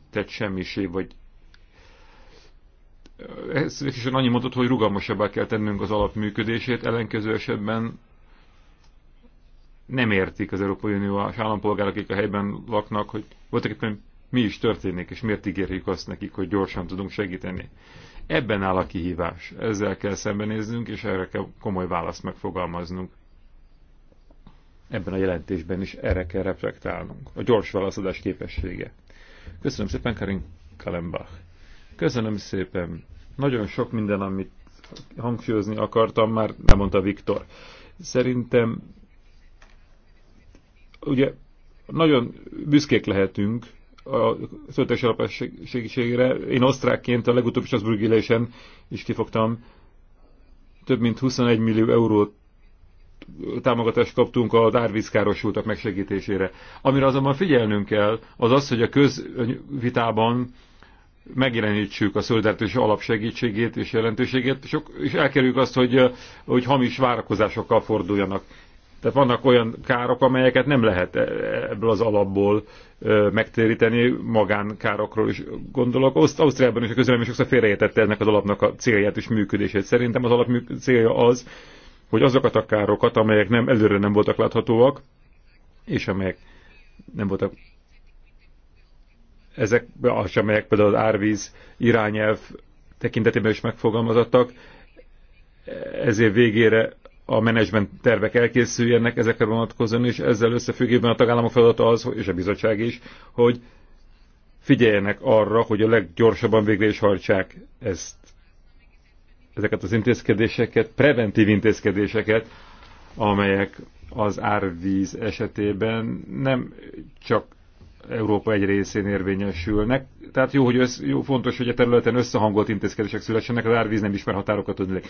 [SPEAKER 2] tett semmisé, vagy ez is annyi mondott, hogy rugalmasabbá kell tennünk az alap működését, ellenkező esetben nem értik az Európai Unió állampolgárok, akik a helyben laknak, hogy voltak éppen mi is történik, és miért ígérjük azt nekik, hogy gyorsan tudunk segíteni. Ebben áll a kihívás. Ezzel kell szembenéznünk, és erre kell komoly választ megfogalmaznunk. Ebben a jelentésben is erre kell reflektálnunk. A gyors válaszadás képessége. Köszönöm szépen, Karin Kalembach. Köszönöm szépen. Nagyon sok minden, amit hangsúlyozni akartam, már nem mondta Viktor. Szerintem ugye nagyon büszkék lehetünk a szöltes alapességére. Én osztrákként a legutóbbi Strasbourg ülésen is kifogtam. Több mint 21 millió eurót támogatást kaptunk az árvízkárosultak megsegítésére. Amire azonban figyelnünk kell, az az, hogy a közvitában megjelenítsük a szolidaritás alapsegítségét és jelentőségét, és elkerüljük azt, hogy, hogy hamis várakozásokkal forduljanak tehát vannak olyan károk, amelyeket nem lehet e- e- ebből az alapból megtéríteni, magánkárokról is gondolok. Ausztriában is a közölemény sokszor félreértette ennek az alapnak a célját és működését. Szerintem az alap célja az, hogy azokat a károkat, amelyek nem, előre nem voltak láthatóak, és amelyek nem voltak ezek, az, amelyek például az árvíz irányelv tekintetében is megfogalmazottak, e- ezért végére a menedzsment tervek elkészüljenek ezekre vonatkozóan, és ezzel összefüggében a tagállamok feladata az, és a bizottság is, hogy figyeljenek arra, hogy a leggyorsabban végre is hajtsák ezt, ezeket az intézkedéseket, preventív intézkedéseket, amelyek az árvíz esetében nem csak Európa egy részén érvényesülnek. Tehát jó, hogy össz, jó, fontos, hogy a területen összehangolt intézkedések szülessenek, az árvíz nem ismer határokat tudni.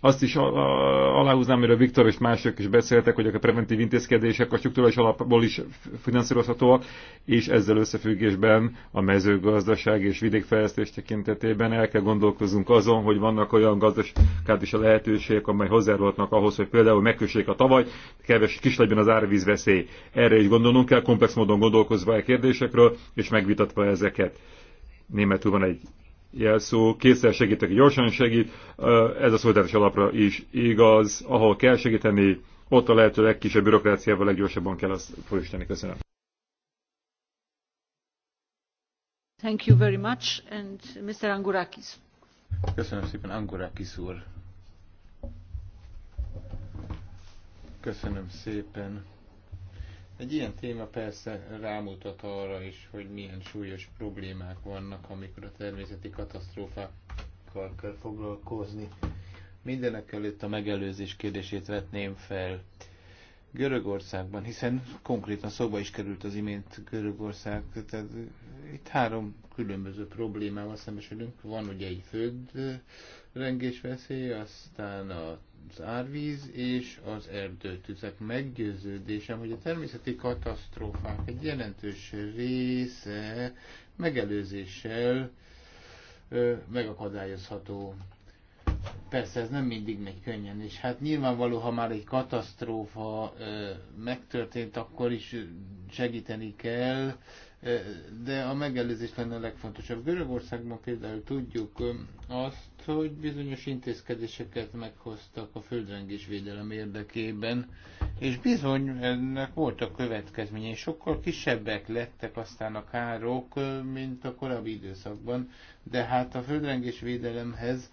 [SPEAKER 2] Azt is a, a, aláhúznám, amiről Viktor és mások is beszéltek, hogy a preventív intézkedések a struktúrális alapból is finanszírozhatóak, és ezzel összefüggésben a mezőgazdaság és vidékfejlesztés tekintetében el kell gondolkozunk azon, hogy vannak olyan is a lehetőségek, amely hozzájárulhatnak ahhoz, hogy például megkössék a tavaly, keves kis legyen az árvíz veszély. Erre is gondolnunk kell, komplex módon gondolkozva el kérdésekről, és megvitatva ezeket. Németül van egy jelszó, kétszer segítek, gyorsan segít, ez a szolidáris alapra is igaz, ahol kell segíteni, ott a lehető legkisebb bürokráciával leggyorsabban kell azt folyosítani. Köszönöm. Thank you very much, and Mr. Angurakis. Köszönöm szépen, Angurakis úr.
[SPEAKER 3] Köszönöm szépen. Egy ilyen téma persze rámutat arra is, hogy milyen súlyos problémák vannak, amikor a természeti katasztrófákkal kell foglalkozni. Mindenek előtt a megelőzés kérdését vetném fel Görögországban, hiszen konkrétan szóba is került az imént Görögország, tehát itt három különböző problémával szembesülünk. Van ugye egy föld veszély, aztán a az árvíz és az erdőtüzek. Meggyőződésem, hogy a természeti katasztrófák egy jelentős része megelőzéssel ö, megakadályozható. Persze ez nem mindig megy könnyen, és hát nyilvánvaló, ha már egy katasztrófa ö, megtörtént, akkor is segíteni kell, E, de a megelőzés lenne a legfontosabb. Görögországban például tudjuk azt, hogy bizonyos intézkedéseket meghoztak a földrengés védelem érdekében, és bizony ennek voltak következményei. Sokkal kisebbek lettek aztán a károk, mint a korábbi időszakban, de hát a földrengés védelemhez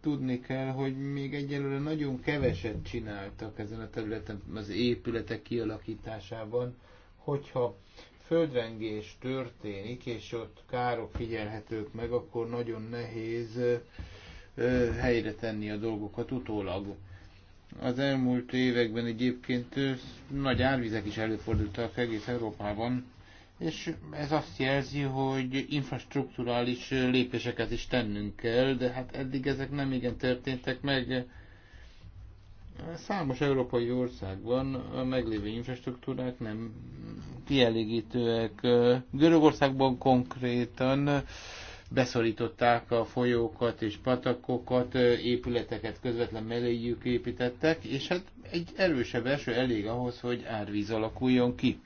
[SPEAKER 3] tudni kell, hogy még egyelőre nagyon keveset csináltak ezen a területen az épületek kialakításában, hogyha földrengés történik, és ott károk figyelhetők meg, akkor nagyon nehéz helyre tenni a dolgokat utólag. Az elmúlt években egyébként nagy árvizek is előfordultak egész Európában, és ez azt jelzi, hogy infrastruktúrális lépéseket is tennünk kell, de hát eddig ezek nem igen történtek meg. Számos európai országban a meglévő infrastruktúrák nem kielégítőek. Görögországban konkrétan beszorították a folyókat és patakokat, épületeket közvetlen melléjük építettek, és hát egy erősebb eső elég ahhoz, hogy árvíz alakuljon ki.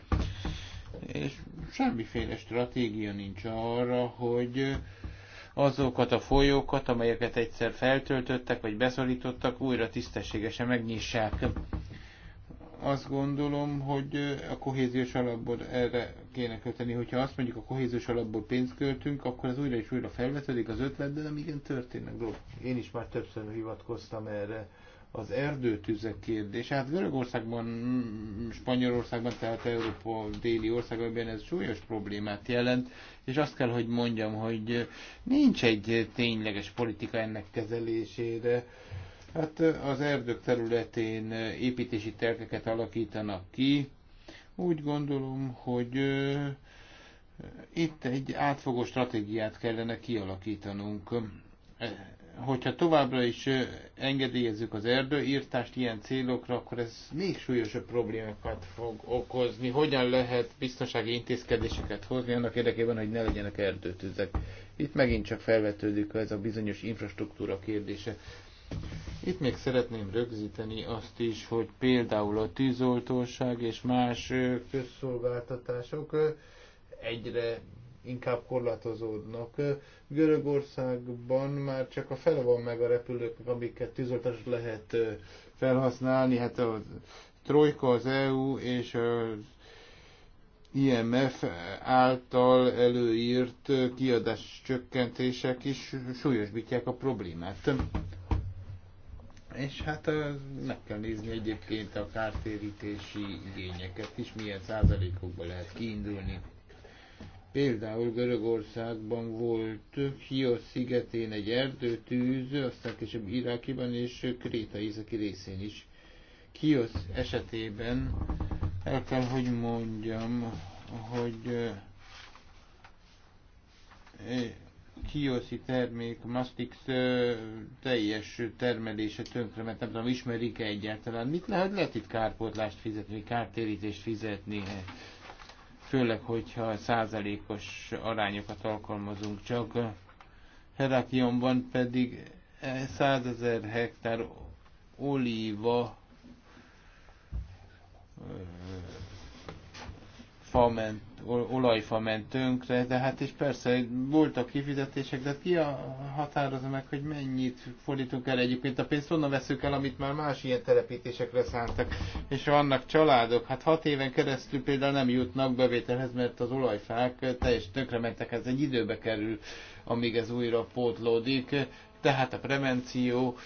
[SPEAKER 3] És semmiféle stratégia nincs arra, hogy azokat a folyókat, amelyeket egyszer feltöltöttek vagy beszorítottak, újra tisztességesen megnyissák. Azt gondolom, hogy a kohéziós alapból erre kéne költeni. Hogyha azt mondjuk a kohéziós alapból pénzt költünk, akkor az újra és újra felvetődik az ötlet, de nem igen történnek dolgok. Én is már többször hivatkoztam erre az erdőtüzek kérdése. Hát Görögországban, Spanyolországban, tehát Európa déli országokban ez súlyos problémát jelent, és azt kell, hogy mondjam, hogy nincs egy tényleges politika ennek kezelésére. Hát az erdők területén építési terveket alakítanak ki. Úgy gondolom, hogy itt egy átfogó stratégiát kellene kialakítanunk hogyha továbbra is engedélyezzük az erdőírtást ilyen célokra, akkor ez még súlyosabb problémákat fog okozni. Hogyan lehet biztonsági intézkedéseket hozni annak érdekében, hogy ne legyenek erdőtüzek? Itt megint csak felvetődik ez a bizonyos infrastruktúra kérdése. Itt még szeretném rögzíteni azt is, hogy például a tűzoltóság és más közszolgáltatások egyre inkább korlátozódnak. Görögországban már csak a fele van meg a repülőknek, amiket tűzoltásra lehet felhasználni. Hát a Trojka, az EU és az IMF által előírt kiadás csökkentések is súlyosbítják a problémát. És hát meg kell nézni egyébként a kártérítési igényeket is, milyen százalékokba lehet kiindulni. Például Görögországban volt Hios szigetén egy erdőtűz, aztán később Irákiban és Kréta északi részén is. Kios esetében el kell, hogy mondjam, hogy eh, eh, kioszi termék, Mastix eh, teljes termelése tönkre, mert nem tudom, ismerik-e egyáltalán. Mit lehet, lehet itt kárpótlást fizetni, kártérítést fizetni főleg, hogyha százalékos arányokat alkalmazunk csak. Herakionban pedig 100 eh, ezer hektár olíva eh, fament, olajfa ment tönkre, de hát és persze voltak kifizetések, de hát ki a határozza meg, hogy mennyit fordítunk el egyébként a pénzt, onnan veszük el, amit már más ilyen telepítésekre szántak. És vannak családok, hát hat éven keresztül például nem jutnak bevételhez, mert az olajfák teljes tönkre mentek, ez egy időbe kerül, amíg ez újra pótlódik. Tehát a prevenció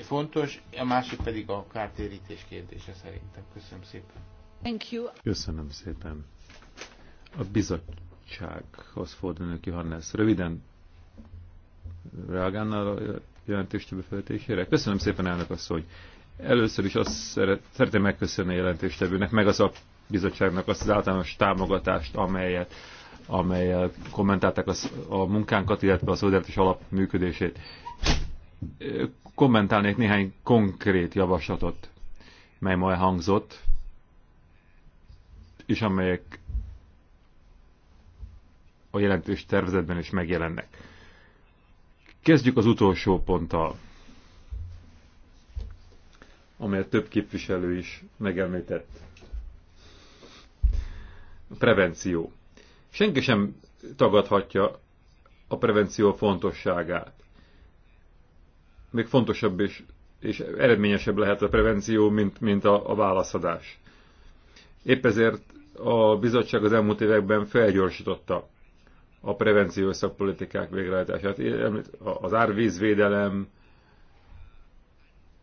[SPEAKER 3] fontos, a másik pedig a kártérítés kérdése szerintem. Köszönöm szépen. Thank you.
[SPEAKER 2] Köszönöm szépen. A bizottsághoz fordulnak Johannes. Röviden reagálnál a jelentéstevő feltésére? Köszönöm szépen, elnök hogy Először is azt szeretném megköszönni a jelentéstevőnek, meg az a bizottságnak azt az általános támogatást, amelyet amelyel kommentálták az, a munkánkat, illetve a szolidaritási alap működését. Kommentálnék néhány konkrét javaslatot, mely ma elhangzott, és amelyek a jelentős tervezetben is megjelennek. Kezdjük az utolsó ponttal, amelyet több képviselő is megemlített. A prevenció. Senki sem tagadhatja a prevenció fontosságát. Még fontosabb is és eredményesebb lehet a prevenció, mint, mint a, a válaszadás. Épp ezért a bizottság az elmúlt években felgyorsította a prevenciós szakpolitikák végrehajtását, az árvízvédelem,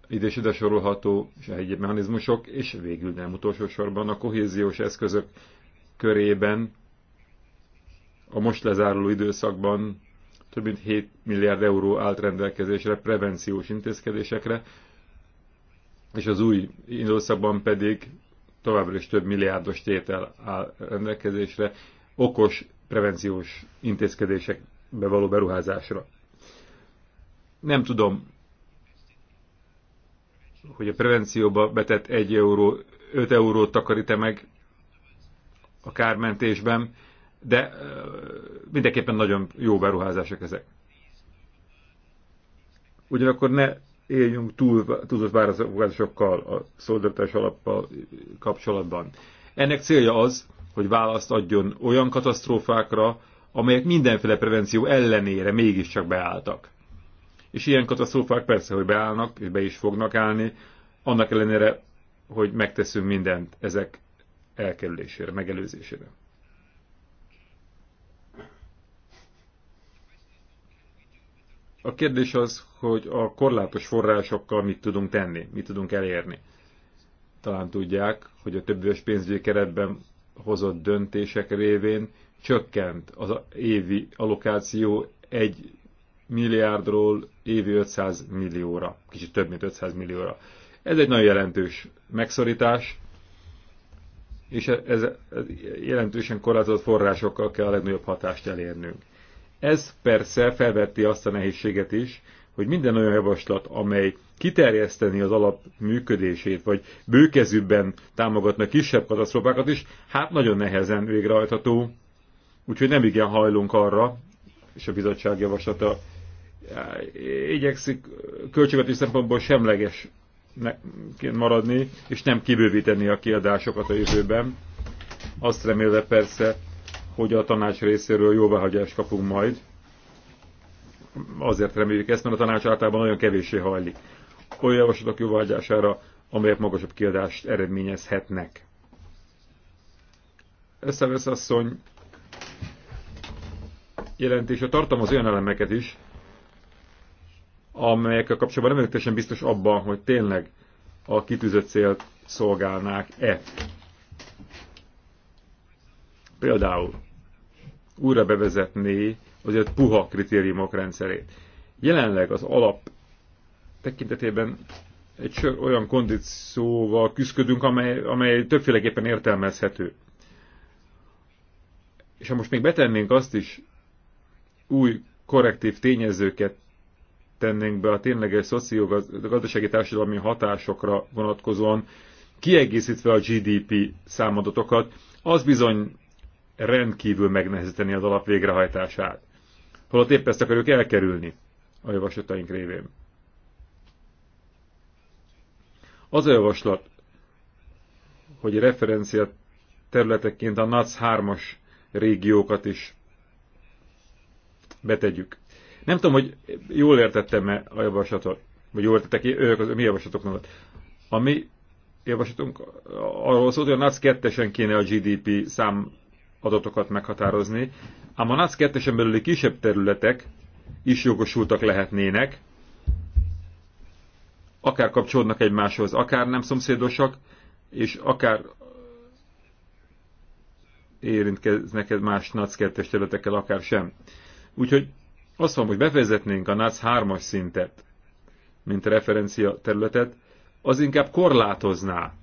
[SPEAKER 2] ide is ide sorolható, és egyéb mechanizmusok, és végül nem utolsó sorban a kohéziós eszközök körében a most lezáruló időszakban több mint 7 milliárd euró állt rendelkezésre prevenciós intézkedésekre, és az új időszakban pedig továbbra is több milliárdos tétel áll rendelkezésre, okos prevenciós intézkedésekbe való beruházásra. Nem tudom, hogy a prevencióba betett 1 euró, 5 eurót takarít-e meg a kármentésben, de mindenképpen nagyon jó beruházások ezek. Ugyanakkor ne éljünk túl, túlzott várakozásokkal a szolidaritás alappal kapcsolatban. Ennek célja az, hogy választ adjon olyan katasztrófákra, amelyek mindenféle prevenció ellenére mégiscsak beálltak. És ilyen katasztrófák persze, hogy beállnak, és be is fognak állni, annak ellenére, hogy megteszünk mindent ezek elkerülésére, megelőzésére. A kérdés az, hogy a korlátos forrásokkal mit tudunk tenni, mit tudunk elérni. Talán tudják, hogy a többős pénzügyi keretben hozott döntések révén csökkent az évi allokáció egy milliárdról évi 500 millióra, kicsit több, mint 500 millióra. Ez egy nagyon jelentős megszorítás, és e- ez, ez jelentősen korlátozott forrásokkal kell a legnagyobb hatást elérnünk. Ez persze felvetti azt a nehézséget is, hogy minden olyan javaslat, amely kiterjeszteni az alap működését, vagy bőkezűbben támogatna kisebb katasztrófákat is, hát nagyon nehezen végrehajtható. Úgyhogy nem igen hajlunk arra, és a bizottság javaslata igyekszik költségvetés szempontból semleges maradni, és nem kibővíteni a kiadásokat a jövőben. Azt remélve persze, hogy a tanács részéről jóváhagyást kapunk majd. Azért reméljük ezt, mert a tanács általában nagyon kevéssé hajlik olyan javaslatok jóvágyására, amelyek magasabb kiadást eredményezhetnek. Összevesz asszony jelentése tartalmaz olyan elemeket is, amelyekkel kapcsolatban nem teljesen biztos abban, hogy tényleg a kitűzött célt szolgálnák-e. Például újra bevezetné azért puha kritériumok rendszerét. Jelenleg az alap tekintetében egy olyan kondícióval küzdködünk, amely, amely többféleképpen értelmezhető. És ha most még betennénk azt is, új korrektív tényezőket tennénk be a tényleges szociogazdasági társadalmi hatásokra vonatkozóan, kiegészítve a GDP számadatokat, az bizony rendkívül megnehezíteni az alap végrehajtását. Holott épp ezt akarjuk elkerülni a javaslataink révén. Az a javaslat, hogy referencia területeként a NAC 3-as régiókat is betegyük. Nem tudom, hogy jól értettem-e a javaslatot, vagy jól értettek ők az mi javaslatoknak. A mi javaslatunk arról szólt, hogy a NAC 2-esen kéne a GDP szám adatokat meghatározni, ám a NAC 2-esen belüli kisebb területek is jogosultak lehetnének akár kapcsolódnak egymáshoz, akár nem szomszédosak, és akár érintkeznek más NAC 2 területekkel, akár sem. Úgyhogy azt mondom, hogy bevezetnénk a NAC 3-as szintet, mint referencia területet, az inkább korlátozná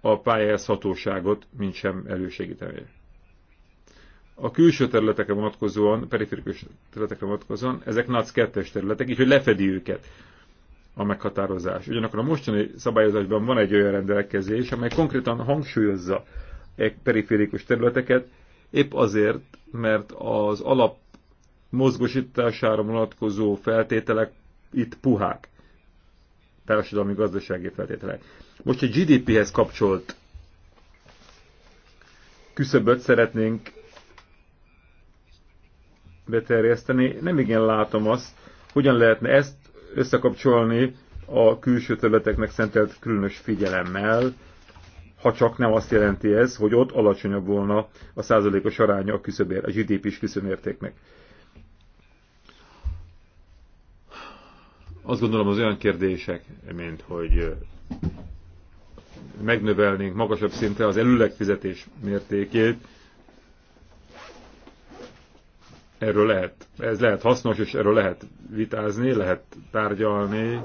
[SPEAKER 2] a pályához hatóságot, mint sem elősegítené. A külső területekre vonatkozóan, periférikus területekre vonatkozóan, ezek NAC 2 területek, így hogy lefedi őket a meghatározás. Ugyanakkor a mostani szabályozásban van egy olyan rendelkezés, amely konkrétan hangsúlyozza e periférikus területeket, épp azért, mert az alap mozgósítására vonatkozó feltételek itt puhák, társadalmi-gazdasági feltételek. Most a GDP-hez kapcsolt küszöböt szeretnénk beterjeszteni. Nem igen látom azt, hogyan lehetne ezt összekapcsolni a külső területeknek szentelt különös figyelemmel, ha csak nem azt jelenti ez, hogy ott alacsonyabb volna a százalékos aránya a küszöbér, a gdp is küszöbértéknek. Azt gondolom az olyan kérdések, mint hogy megnövelnénk magasabb szintre az előlegfizetés fizetés mértékét, erről lehet, ez lehet hasznos, és erről lehet vitázni, lehet tárgyalni,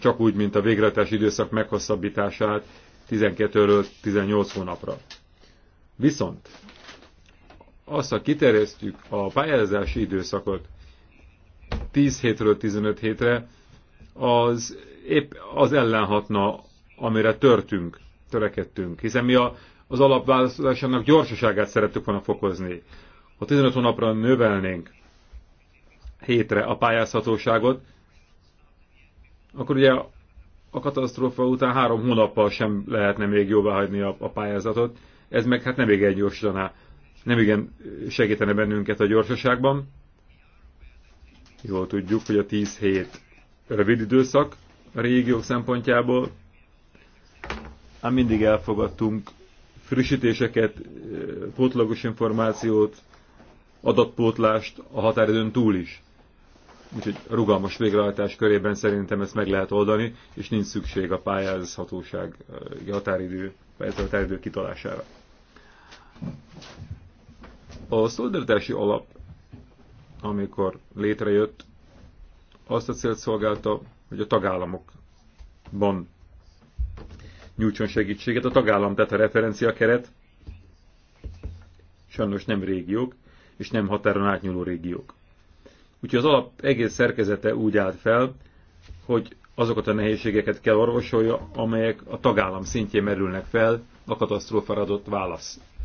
[SPEAKER 2] csak úgy, mint a végletes időszak meghosszabbítását 12-ről 18 hónapra. Viszont azt, ha kiterjesztjük a pályázási időszakot 10 hétről 15 hétre, az épp az ellenhatna, amire törtünk, törekedtünk, hiszen mi a, az alapválasztásának gyorsaságát szerettük volna fokozni. Ha 15 hónapra növelnénk hétre a pályázhatóságot, akkor ugye a katasztrófa után három hónappal sem lehetne még jóvá hagyni a, a pályázatot. Ez meg hát nem igen gyorsítaná, nem igen segítene bennünket a gyorsaságban. Jól tudjuk, hogy a 10 hét rövid időszak a régiók szempontjából, ám mindig elfogadtunk frissítéseket, pótlagos információt, adatpótlást a határidőn túl is. Úgyhogy rugalmas végrehajtás körében szerintem ezt meg lehet oldani, és nincs szükség a pályázhatóság eh, határidő, határidő kitolására. A szolidaritási alap, amikor létrejött, azt a célt szolgálta, hogy a tagállamokban nyújtson segítséget. A tagállam, tehát a referencia keret, sajnos nem régiók, és nem határon átnyúló régiók. Úgyhogy az alap egész szerkezete úgy állt fel, hogy azokat a nehézségeket kell orvosolja, amelyek a tagállam szintjén merülnek fel a katasztrófára adott válaszban.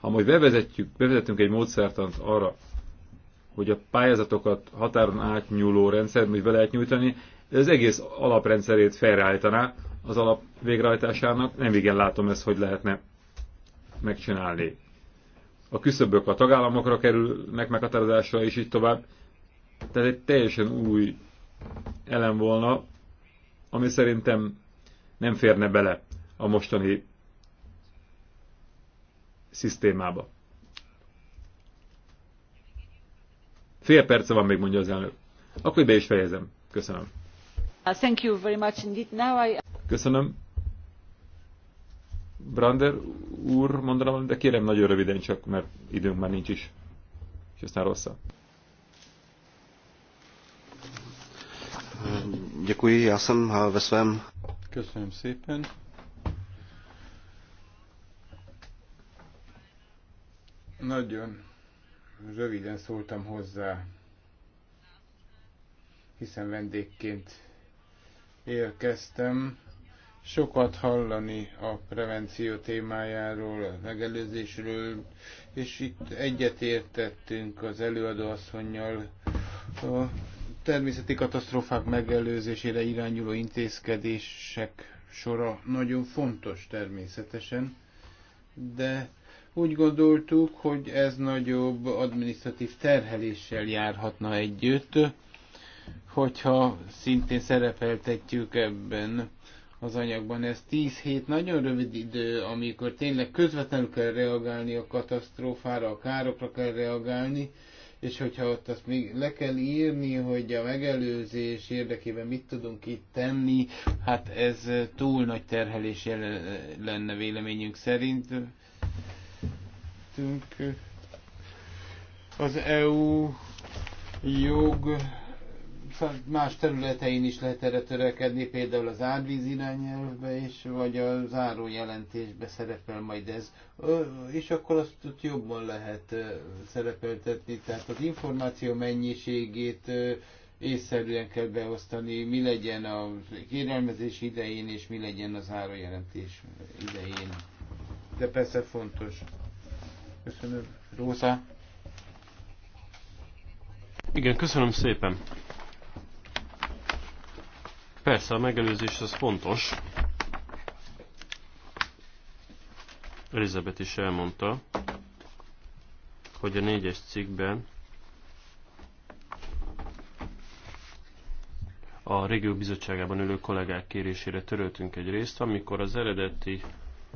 [SPEAKER 2] Ha most bevezetjük, bevezetünk egy módszertant arra, hogy a pályázatokat határon átnyúló rendszerben is be lehet nyújtani, ez az egész alaprendszerét felreállítaná az alap végrehajtásának. Nem igen látom ezt, hogy lehetne megcsinálni a küszöbök a tagállamokra kerülnek meghatározásra, és így tovább. Tehát egy teljesen új elem volna, ami szerintem nem férne bele a mostani szisztémába. Fél perce van még, mondja az elnök. Akkor be is fejezem. Köszönöm. Uh, Köszönöm. Brander úr mondaná valamit, de kérem nagyon röviden csak, mert időnk már nincs is, és aztán rosszabb.
[SPEAKER 3] Děkuji, já jsem eh, ve svém... Köszönöm szépen. Nagyon röviden szóltam hozzá, hiszen vendégként érkeztem sokat hallani a prevenció témájáról, a megelőzésről, és itt egyetértettünk az előadóasszonynal a természeti katasztrófák megelőzésére irányuló intézkedések sora nagyon fontos természetesen, de úgy gondoltuk, hogy ez nagyobb administratív terheléssel járhatna együtt, hogyha szintén szerepeltetjük ebben az anyagban. Ez 10 hét nagyon rövid idő, amikor tényleg közvetlenül kell reagálni a katasztrófára, a károkra kell reagálni, és hogyha ott azt még le kell írni, hogy a megelőzés érdekében mit tudunk itt tenni, hát ez túl nagy terhelés lenne véleményünk szerint. Az EU jog más területein is lehet erre törekedni, például az árvíz irányelvbe, és vagy a záró jelentésbe szerepel majd ez, és akkor azt ott jobban lehet szerepeltetni, tehát az információ mennyiségét észszerűen kell beosztani, mi legyen a kérelmezés idején, és mi legyen a jelentés idején. De persze fontos. Köszönöm. Róza.
[SPEAKER 1] Igen, köszönöm szépen. Persze a megelőzés az fontos. Elizabeth is elmondta, hogy a négyes cikkben a régió bizottságában ülő kollégák kérésére töröltünk egy részt, amikor az eredeti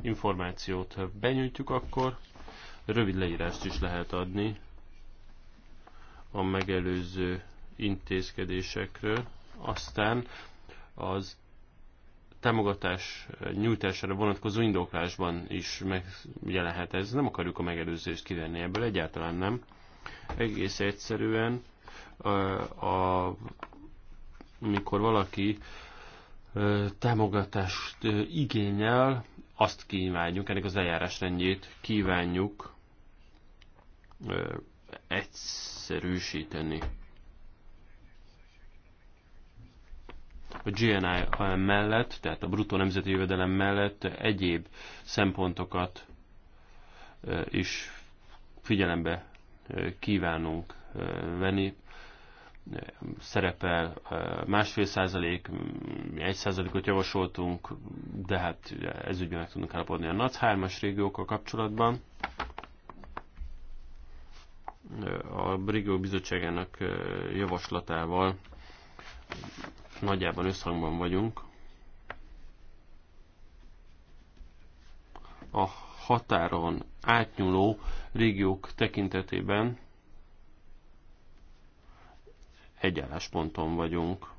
[SPEAKER 1] információt benyújtjuk, akkor rövid leírást is lehet adni a megelőző intézkedésekről, aztán az támogatás nyújtására vonatkozó indoklásban is megjelenhet ez. Nem akarjuk a megelőzést kivenni ebből, egyáltalán nem. Egész egyszerűen, a, a, amikor valaki támogatást igényel, azt kívánjuk, ennek az eljárásrendjét kívánjuk egyszerűsíteni. a GNI mellett, tehát a bruttó nemzeti jövedelem mellett egyéb szempontokat is figyelembe kívánunk venni. Szerepel másfél százalék, egy százalékot javasoltunk, de hát ez ügyben meg tudunk állapodni a NAC 3-as régiókkal kapcsolatban. A Brigó Bizottságának javaslatával nagyjában összhangban vagyunk. A határon átnyúló régiók tekintetében egy állásponton vagyunk.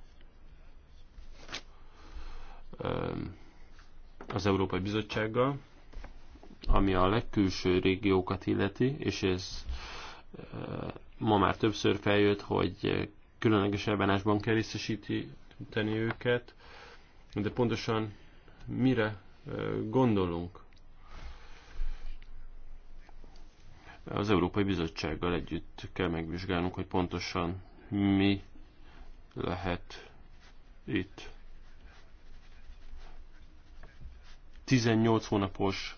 [SPEAKER 1] Az Európai Bizottsággal, ami a legkülső régiókat illeti, és ez ma már többször feljött, hogy különleges elbánásban kell részesíti érteni őket, de pontosan mire gondolunk. Az Európai Bizottsággal együtt kell megvizsgálnunk, hogy pontosan mi lehet itt. 18 hónapos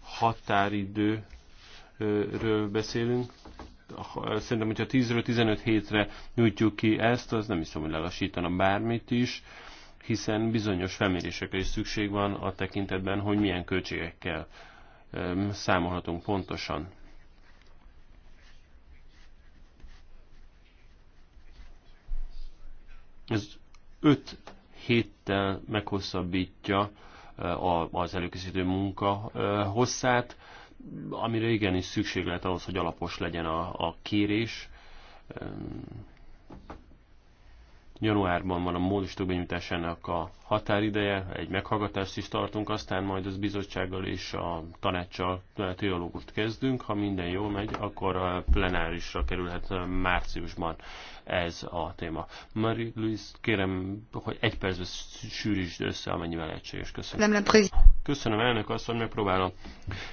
[SPEAKER 1] határidőről beszélünk, szerintem, hogyha 10-ről 15 hétre nyújtjuk ki ezt, az nem hiszem, hogy lelassítana bármit is, hiszen bizonyos felmérésekre is szükség van a tekintetben, hogy milyen költségekkel számolhatunk pontosan. Ez 5 héttel meghosszabbítja e, az előkészítő munka e, hosszát, amire igenis szükség lehet ahhoz, hogy alapos legyen a, a kérés, Januárban van a módosítók benyújtásának a határideje, egy meghallgatást is tartunk, aztán majd az bizottsággal és a tanácssal teológust kezdünk. Ha minden jól megy, akkor a plenárisra kerülhet márciusban ez a téma. Mari Louise, kérem, hogy egy percbe sűrítsd össze, amennyivel lehetséges. Köszönöm. Köszönöm, elnök azt, hogy megpróbálom.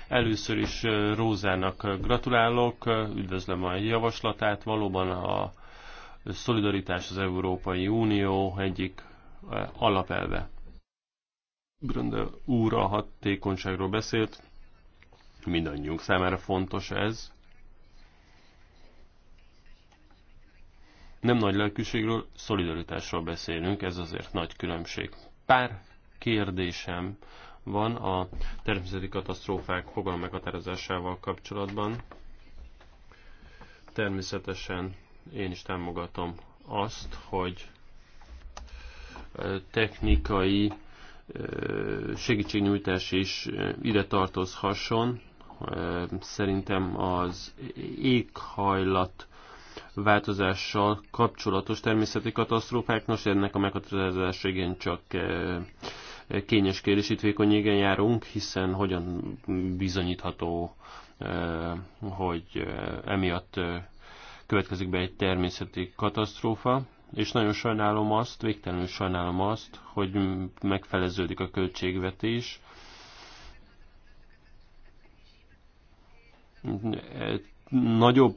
[SPEAKER 1] Először is Rózának gratulálok, üdvözlöm a javaslatát, valóban a szolidaritás az Európai Unió egyik eh, alapelve. Brönde úr a hatékonyságról beszélt, mindannyiunk számára fontos ez. Nem nagy lelkűségről, szolidaritásról beszélünk, ez azért nagy különbség. Pár kérdésem van a természeti katasztrófák fogalmeghatározásával kapcsolatban. Természetesen én is támogatom azt, hogy technikai segítségnyújtás is ide tartozhasson. Szerintem az éghajlat változással kapcsolatos természeti katasztrófák, nos ennek a meghatározása igen csak kényes kérdés, itt vékony igen járunk, hiszen hogyan bizonyítható, hogy emiatt következik be egy természeti katasztrófa, és nagyon sajnálom azt, végtelenül sajnálom azt, hogy megfeleződik a költségvetés. E, nagyobb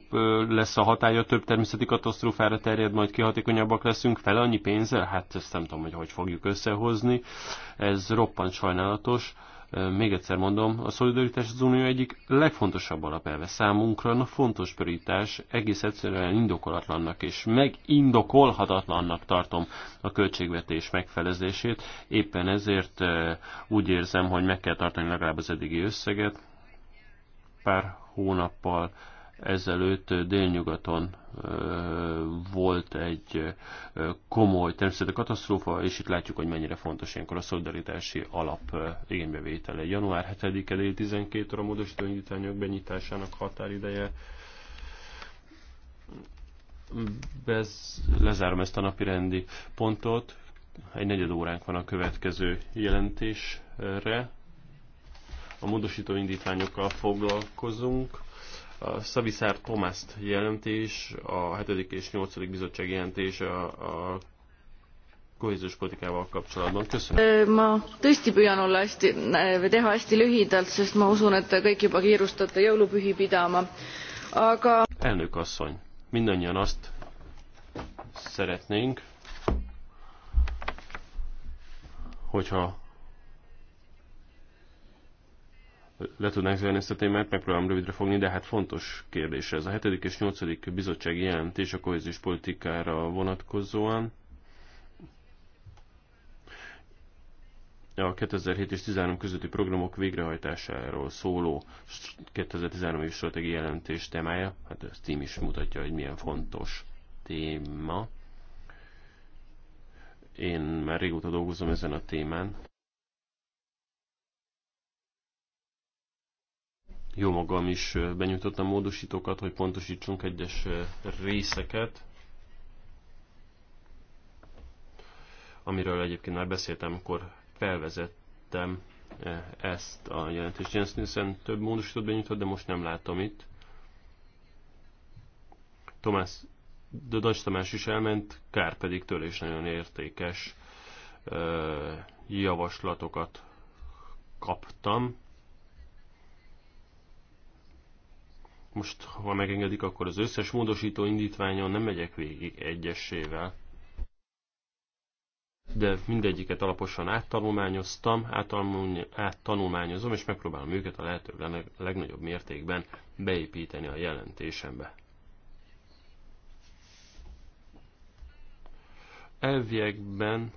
[SPEAKER 1] lesz a hatája, több természeti katasztrófára terjed, majd kihatékonyabbak leszünk fel annyi pénzzel? Hát ezt nem tudom, hogy hogy fogjuk összehozni. Ez roppant sajnálatos. Még egyszer mondom, a szolidaritás az unió egyik legfontosabb alapelve számunkra, a fontos prioritás egész egyszerűen indokolatlannak és megindokolhatatlannak tartom a költségvetés megfelezését. Éppen ezért úgy érzem, hogy meg kell tartani legalább az eddigi összeget. Pár hónappal ezelőtt délnyugaton volt egy komoly természeti katasztrófa, és itt látjuk, hogy mennyire fontos ilyenkor a szolidaritási alap igénybevétele. Január 7-e dél 12 óra módosító indítványok benyitásának határideje. Bez, lezárom ezt a napi rendi pontot. Egy negyed óránk van a következő jelentésre. A módosító indítványokkal foglalkozunk. A Szabiszár Tomászt jelentés, a 7. és 8. bizottság jelentés a, a kohéziós politikával kapcsolatban. Köszönöm.
[SPEAKER 2] Ma tõesti püüan olla hästi, teha hästi lühidalt, sest ma usun, et kõik juba kiirustate jõulupühi pidama. Aga...
[SPEAKER 1] Elnök asszony, mindannyian azt szeretnénk, hogyha le tudnánk zárni ezt a témát, megpróbálom rövidre fogni, de hát fontos kérdés ez. A 7. és 8. bizottsági jelentés a kohéziós politikára vonatkozóan. A 2007 és 13 közötti programok végrehajtásáról szóló 2013 es stratégiai jelentés témája, hát ez tím is mutatja, hogy milyen fontos téma. Én már régóta dolgozom ezen a témán, Jó magam is benyújtottam módosítókat, hogy pontosítsunk egyes részeket, amiről egyébként már beszéltem, amikor felvezettem ezt a jelentést. Jensen több módosítót benyújtott, de most nem látom itt. Tomás, de Dacs Tamás is elment, Kár pedig tőle is nagyon értékes javaslatokat kaptam. Most, ha megengedik, akkor az összes módosító indítványon nem megyek végig egyesével, de mindegyiket alaposan áttanulmányoztam, áttanulmányozom, és megpróbálom őket a lehető legnagyobb mértékben beépíteni a jelentésembe. Elviekben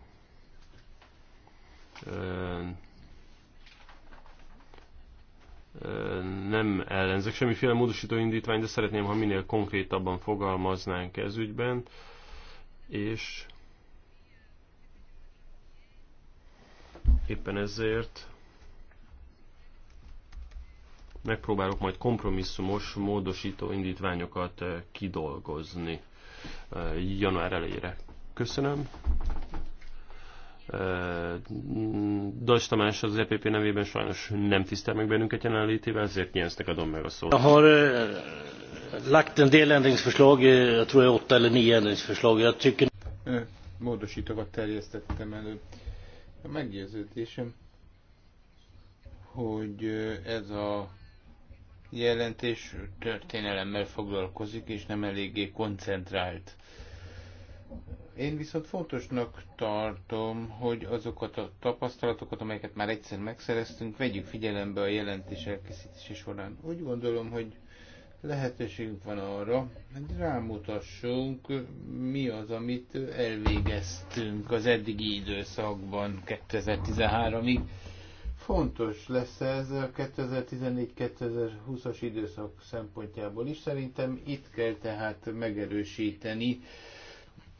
[SPEAKER 1] nem ellenzek semmiféle módosító indítvány, de szeretném, ha minél konkrétabban fogalmaznánk ez ügyben, és éppen ezért megpróbálok majd kompromisszumos módosító indítványokat kidolgozni eh, január elejére. Köszönöm. Dajs Tamás az EPP nevében sajnos nem tisztel meg bennünket jelenlétével, ezért nyelztek adom meg a szót. Ahol eh, lagt en del ändringsförslag, eh, jag tror jag åtta eller nio ändringsförslag. Jag tycker...
[SPEAKER 3] Módosítókat terjesztettem elő. A meggyőződésem, hogy ez a jelentés történelemmel foglalkozik, és nem eléggé koncentrált én viszont fontosnak tartom, hogy azokat a tapasztalatokat, amelyeket már egyszer megszereztünk, vegyük figyelembe a jelentés elkészítése során. Úgy gondolom, hogy lehetőségünk van arra, hogy rámutassunk, mi az, amit elvégeztünk az eddigi időszakban 2013-ig. Fontos lesz ez a 2014-2020-as időszak szempontjából is. Szerintem itt kell tehát megerősíteni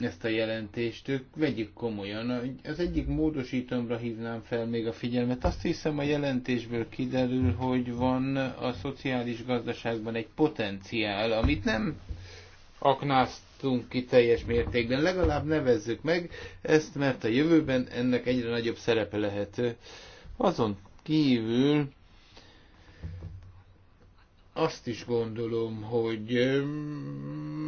[SPEAKER 3] ezt a jelentést, ők vegyük komolyan. Az egyik módosítomra hívnám fel még a figyelmet. Azt hiszem a jelentésből kiderül, hogy van a szociális gazdaságban egy potenciál, amit nem aknáztunk ki teljes mértékben. Legalább nevezzük meg ezt, mert a jövőben ennek egyre nagyobb szerepe lehet. Azon kívül azt is gondolom, hogy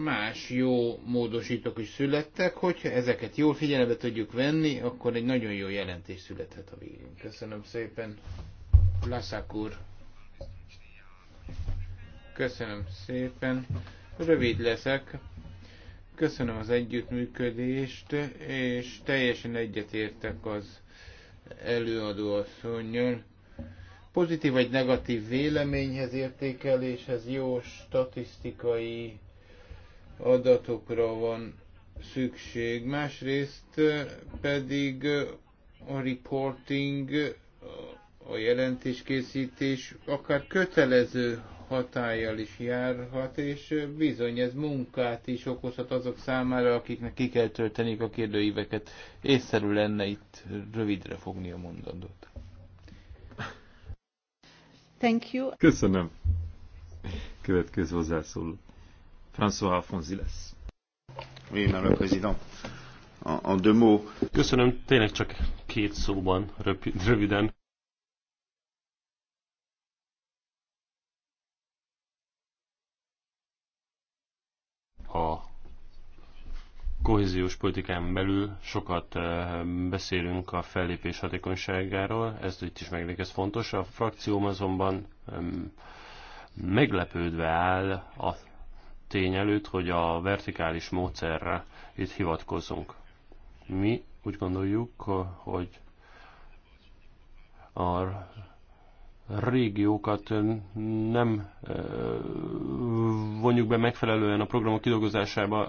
[SPEAKER 3] más jó módosítók is születtek, hogyha ezeket jól figyelembe tudjuk venni, akkor egy nagyon jó jelentés születhet a végén. Köszönöm szépen, Laszák úr. Köszönöm szépen. Rövid leszek. Köszönöm az együttműködést, és teljesen egyetértek az előadóasszonynal pozitív vagy negatív véleményhez, értékeléshez, jó statisztikai adatokra van szükség. Másrészt pedig a reporting, a jelentéskészítés akár kötelező hatállyal is járhat, és bizony ez munkát is okozhat azok számára, akiknek ki kell tölteni a kérdőíveket. Észszerű lenne itt rövidre fogni a mondandót.
[SPEAKER 2] Thank you. Köszönöm. Következő hozzászóló. François Alfonsi lesz. Oui, madame la présidente. En, en deux mots. Köszönöm, tényleg csak két szóban, röpid, röviden.
[SPEAKER 1] kohéziós politikán belül sokat eh, beszélünk a fellépés hatékonyságáról, ez itt is megnék, ez fontos. A frakcióm azonban meglepődve áll a tény előtt, hogy a vertikális módszerre itt hivatkozunk. Mi úgy gondoljuk, hogy a régiókat nem vonjuk be megfelelően a programok kidolgozásába,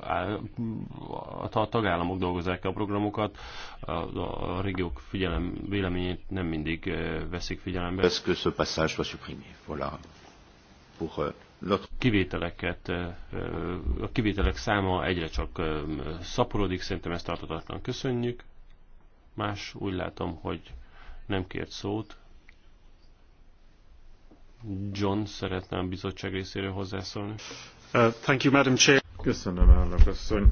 [SPEAKER 1] a tagállamok dolgozzák a programokat, a régiók figyelem, véleményét nem mindig veszik figyelembe. Est-ce passage Voilà. Pour euh, kivételeket, a kivételek száma egyre csak szaporodik, szerintem ezt tartatatlan köszönjük. Más úgy látom, hogy nem kért szót. John szeretne a bizottság részéről hozzászólni.
[SPEAKER 2] Uh, thank you, Madam Chair. Köszönöm, elnök asszony.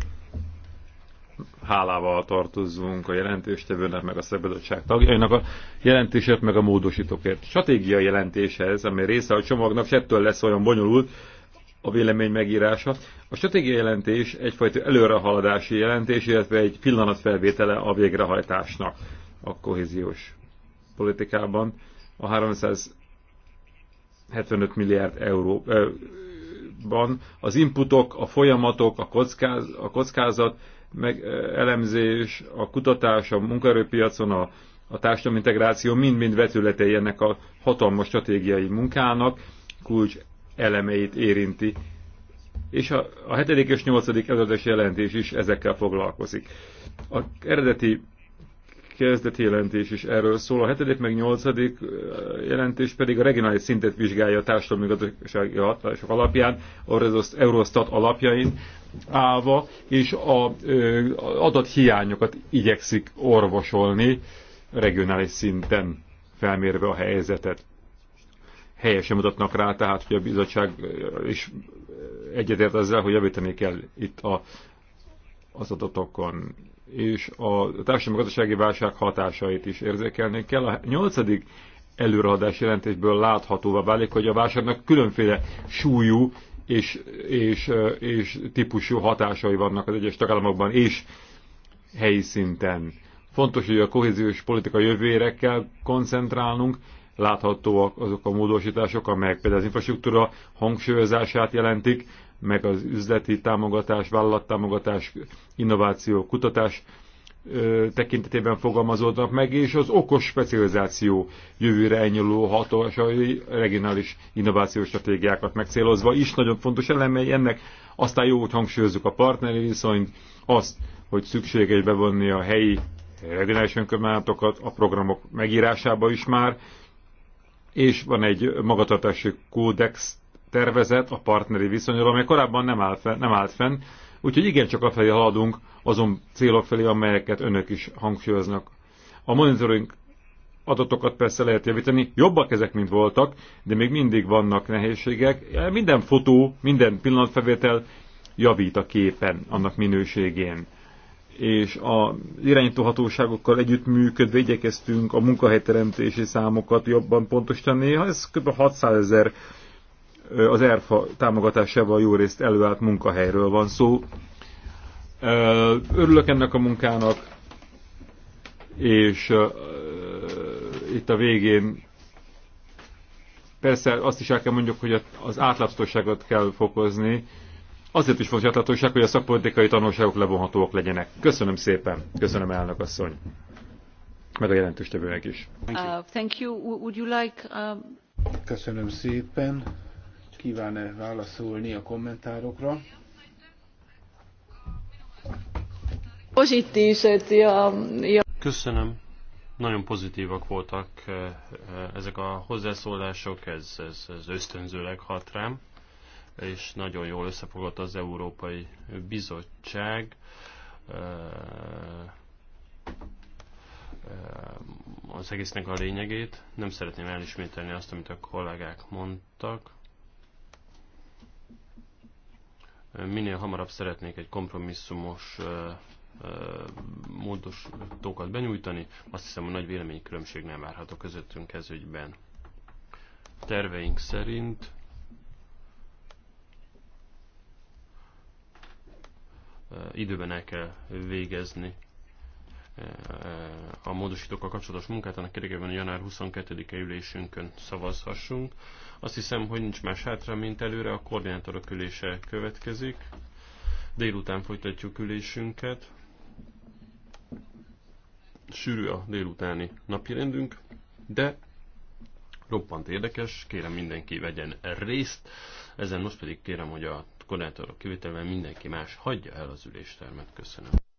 [SPEAKER 2] Hálával tartozunk a jelentéstevőnek, meg a szabadság tagjainak a jelentésért, meg a módosítókért. Stratégia jelentése ez, ami része a csomagnak, és ettől lesz olyan bonyolult, a vélemény megírása. A stratégia jelentés egyfajta előrehaladási jelentés, illetve egy pillanatfelvétele a végrehajtásnak a kohéziós politikában. A 300 75 milliárd euróban az inputok, a folyamatok, a, kockáz, a kockázat, meg elemzés, a kutatás, a munkaerőpiacon, a, a társadalmi integráció mind-mind vetületei ennek a hatalmas stratégiai munkának kulcs elemeit érinti. És a, a 7. és 8. előadási jelentés is ezekkel foglalkozik. A eredeti kezdeti jelentés is erről szól, a hetedik meg nyolcadik jelentés pedig a regionális szintet vizsgálja a társadalmi gazdasági hatások alapján, az Eurostat alapjain állva, és a adat adathiányokat igyekszik orvosolni regionális szinten felmérve a helyzetet. Helyesen mutatnak rá, tehát hogy a bizottság is egyetért ezzel, hogy javítani kell itt a, az adatokon és a társadalmi gazdasági válság hatásait is érzékelni kell. A nyolcadik előreadás jelentésből láthatóvá válik, hogy a válságnak különféle súlyú és, és, és típusú hatásai vannak az egyes tagállamokban és helyi szinten. Fontos, hogy a kohéziós politika jövőjére kell koncentrálnunk, láthatóak azok a módosítások, amelyek például az infrastruktúra hangsúlyozását jelentik, meg az üzleti támogatás, vállalattámogatás, innováció, kutatás tekintetében fogalmazódnak meg, és az okos specializáció jövőre elnyúló hatósai regionális innovációs stratégiákat megcélozva is nagyon fontos elemei ennek. Aztán jó, hogy hangsúlyozzuk a partneri viszonyt, azt, hogy szükséges bevonni a helyi regionális önkormányzatokat a programok megírásába is már, és van egy magatartási kódex tervezet, a partneri viszonyról, amely korábban nem, áll fenn, nem állt fenn, úgyhogy igencsak felé haladunk azon célok felé, amelyeket önök is hangsúlyoznak. A monitoring adatokat persze lehet javítani, jobbak ezek, mint voltak, de még mindig vannak nehézségek. Minden fotó, minden pillanatfelvétel javít a képen, annak minőségén. És a irányítóhatóságokkal együttműködve igyekeztünk a munkahelyteremtési számokat jobban pontosítani. Ez kb. 600 ezer az ERFA támogatásával jó részt előállt munkahelyről van szó. Örülök ennek a munkának, és itt a végén persze azt is el kell mondjuk, hogy az átlátszóságot kell fokozni. Azért is fontos átláthatóság, hogy a szakpolitikai tanulságok levonhatóak legyenek. Köszönöm szépen. Köszönöm elnök asszony. Meg a jelentőstevőnek is. Thank you. Uh, thank you. Would you like, um...
[SPEAKER 3] Köszönöm szépen kíván-e válaszolni a kommentárokra?
[SPEAKER 1] Köszönöm. Nagyon pozitívak voltak eh, eh, ezek a hozzászólások, ez, ez, ez ösztönzőleg hat rám, és nagyon jól összefogott az Európai Bizottság eh, az egésznek a lényegét. Nem szeretném elismételni azt, amit a kollégák mondtak. Minél hamarabb szeretnék egy kompromisszumos módosítókat benyújtani. Azt hiszem, hogy nagy véleménykülönbség nem várható közöttünk kezügyben. Terveink szerint időben el kell végezni a módosítókkal kapcsolatos munkát, annak érdekében január 22-e ülésünkön szavazhassunk. Azt hiszem, hogy nincs más hátra, mint előre, a koordinátorok ülése következik. Délután folytatjuk ülésünket. Sűrű a délutáni napirendünk, de roppant érdekes, kérem mindenki vegyen részt. Ezen most pedig kérem, hogy a koordinátorok kivételben mindenki más hagyja el az üléstermet. Köszönöm.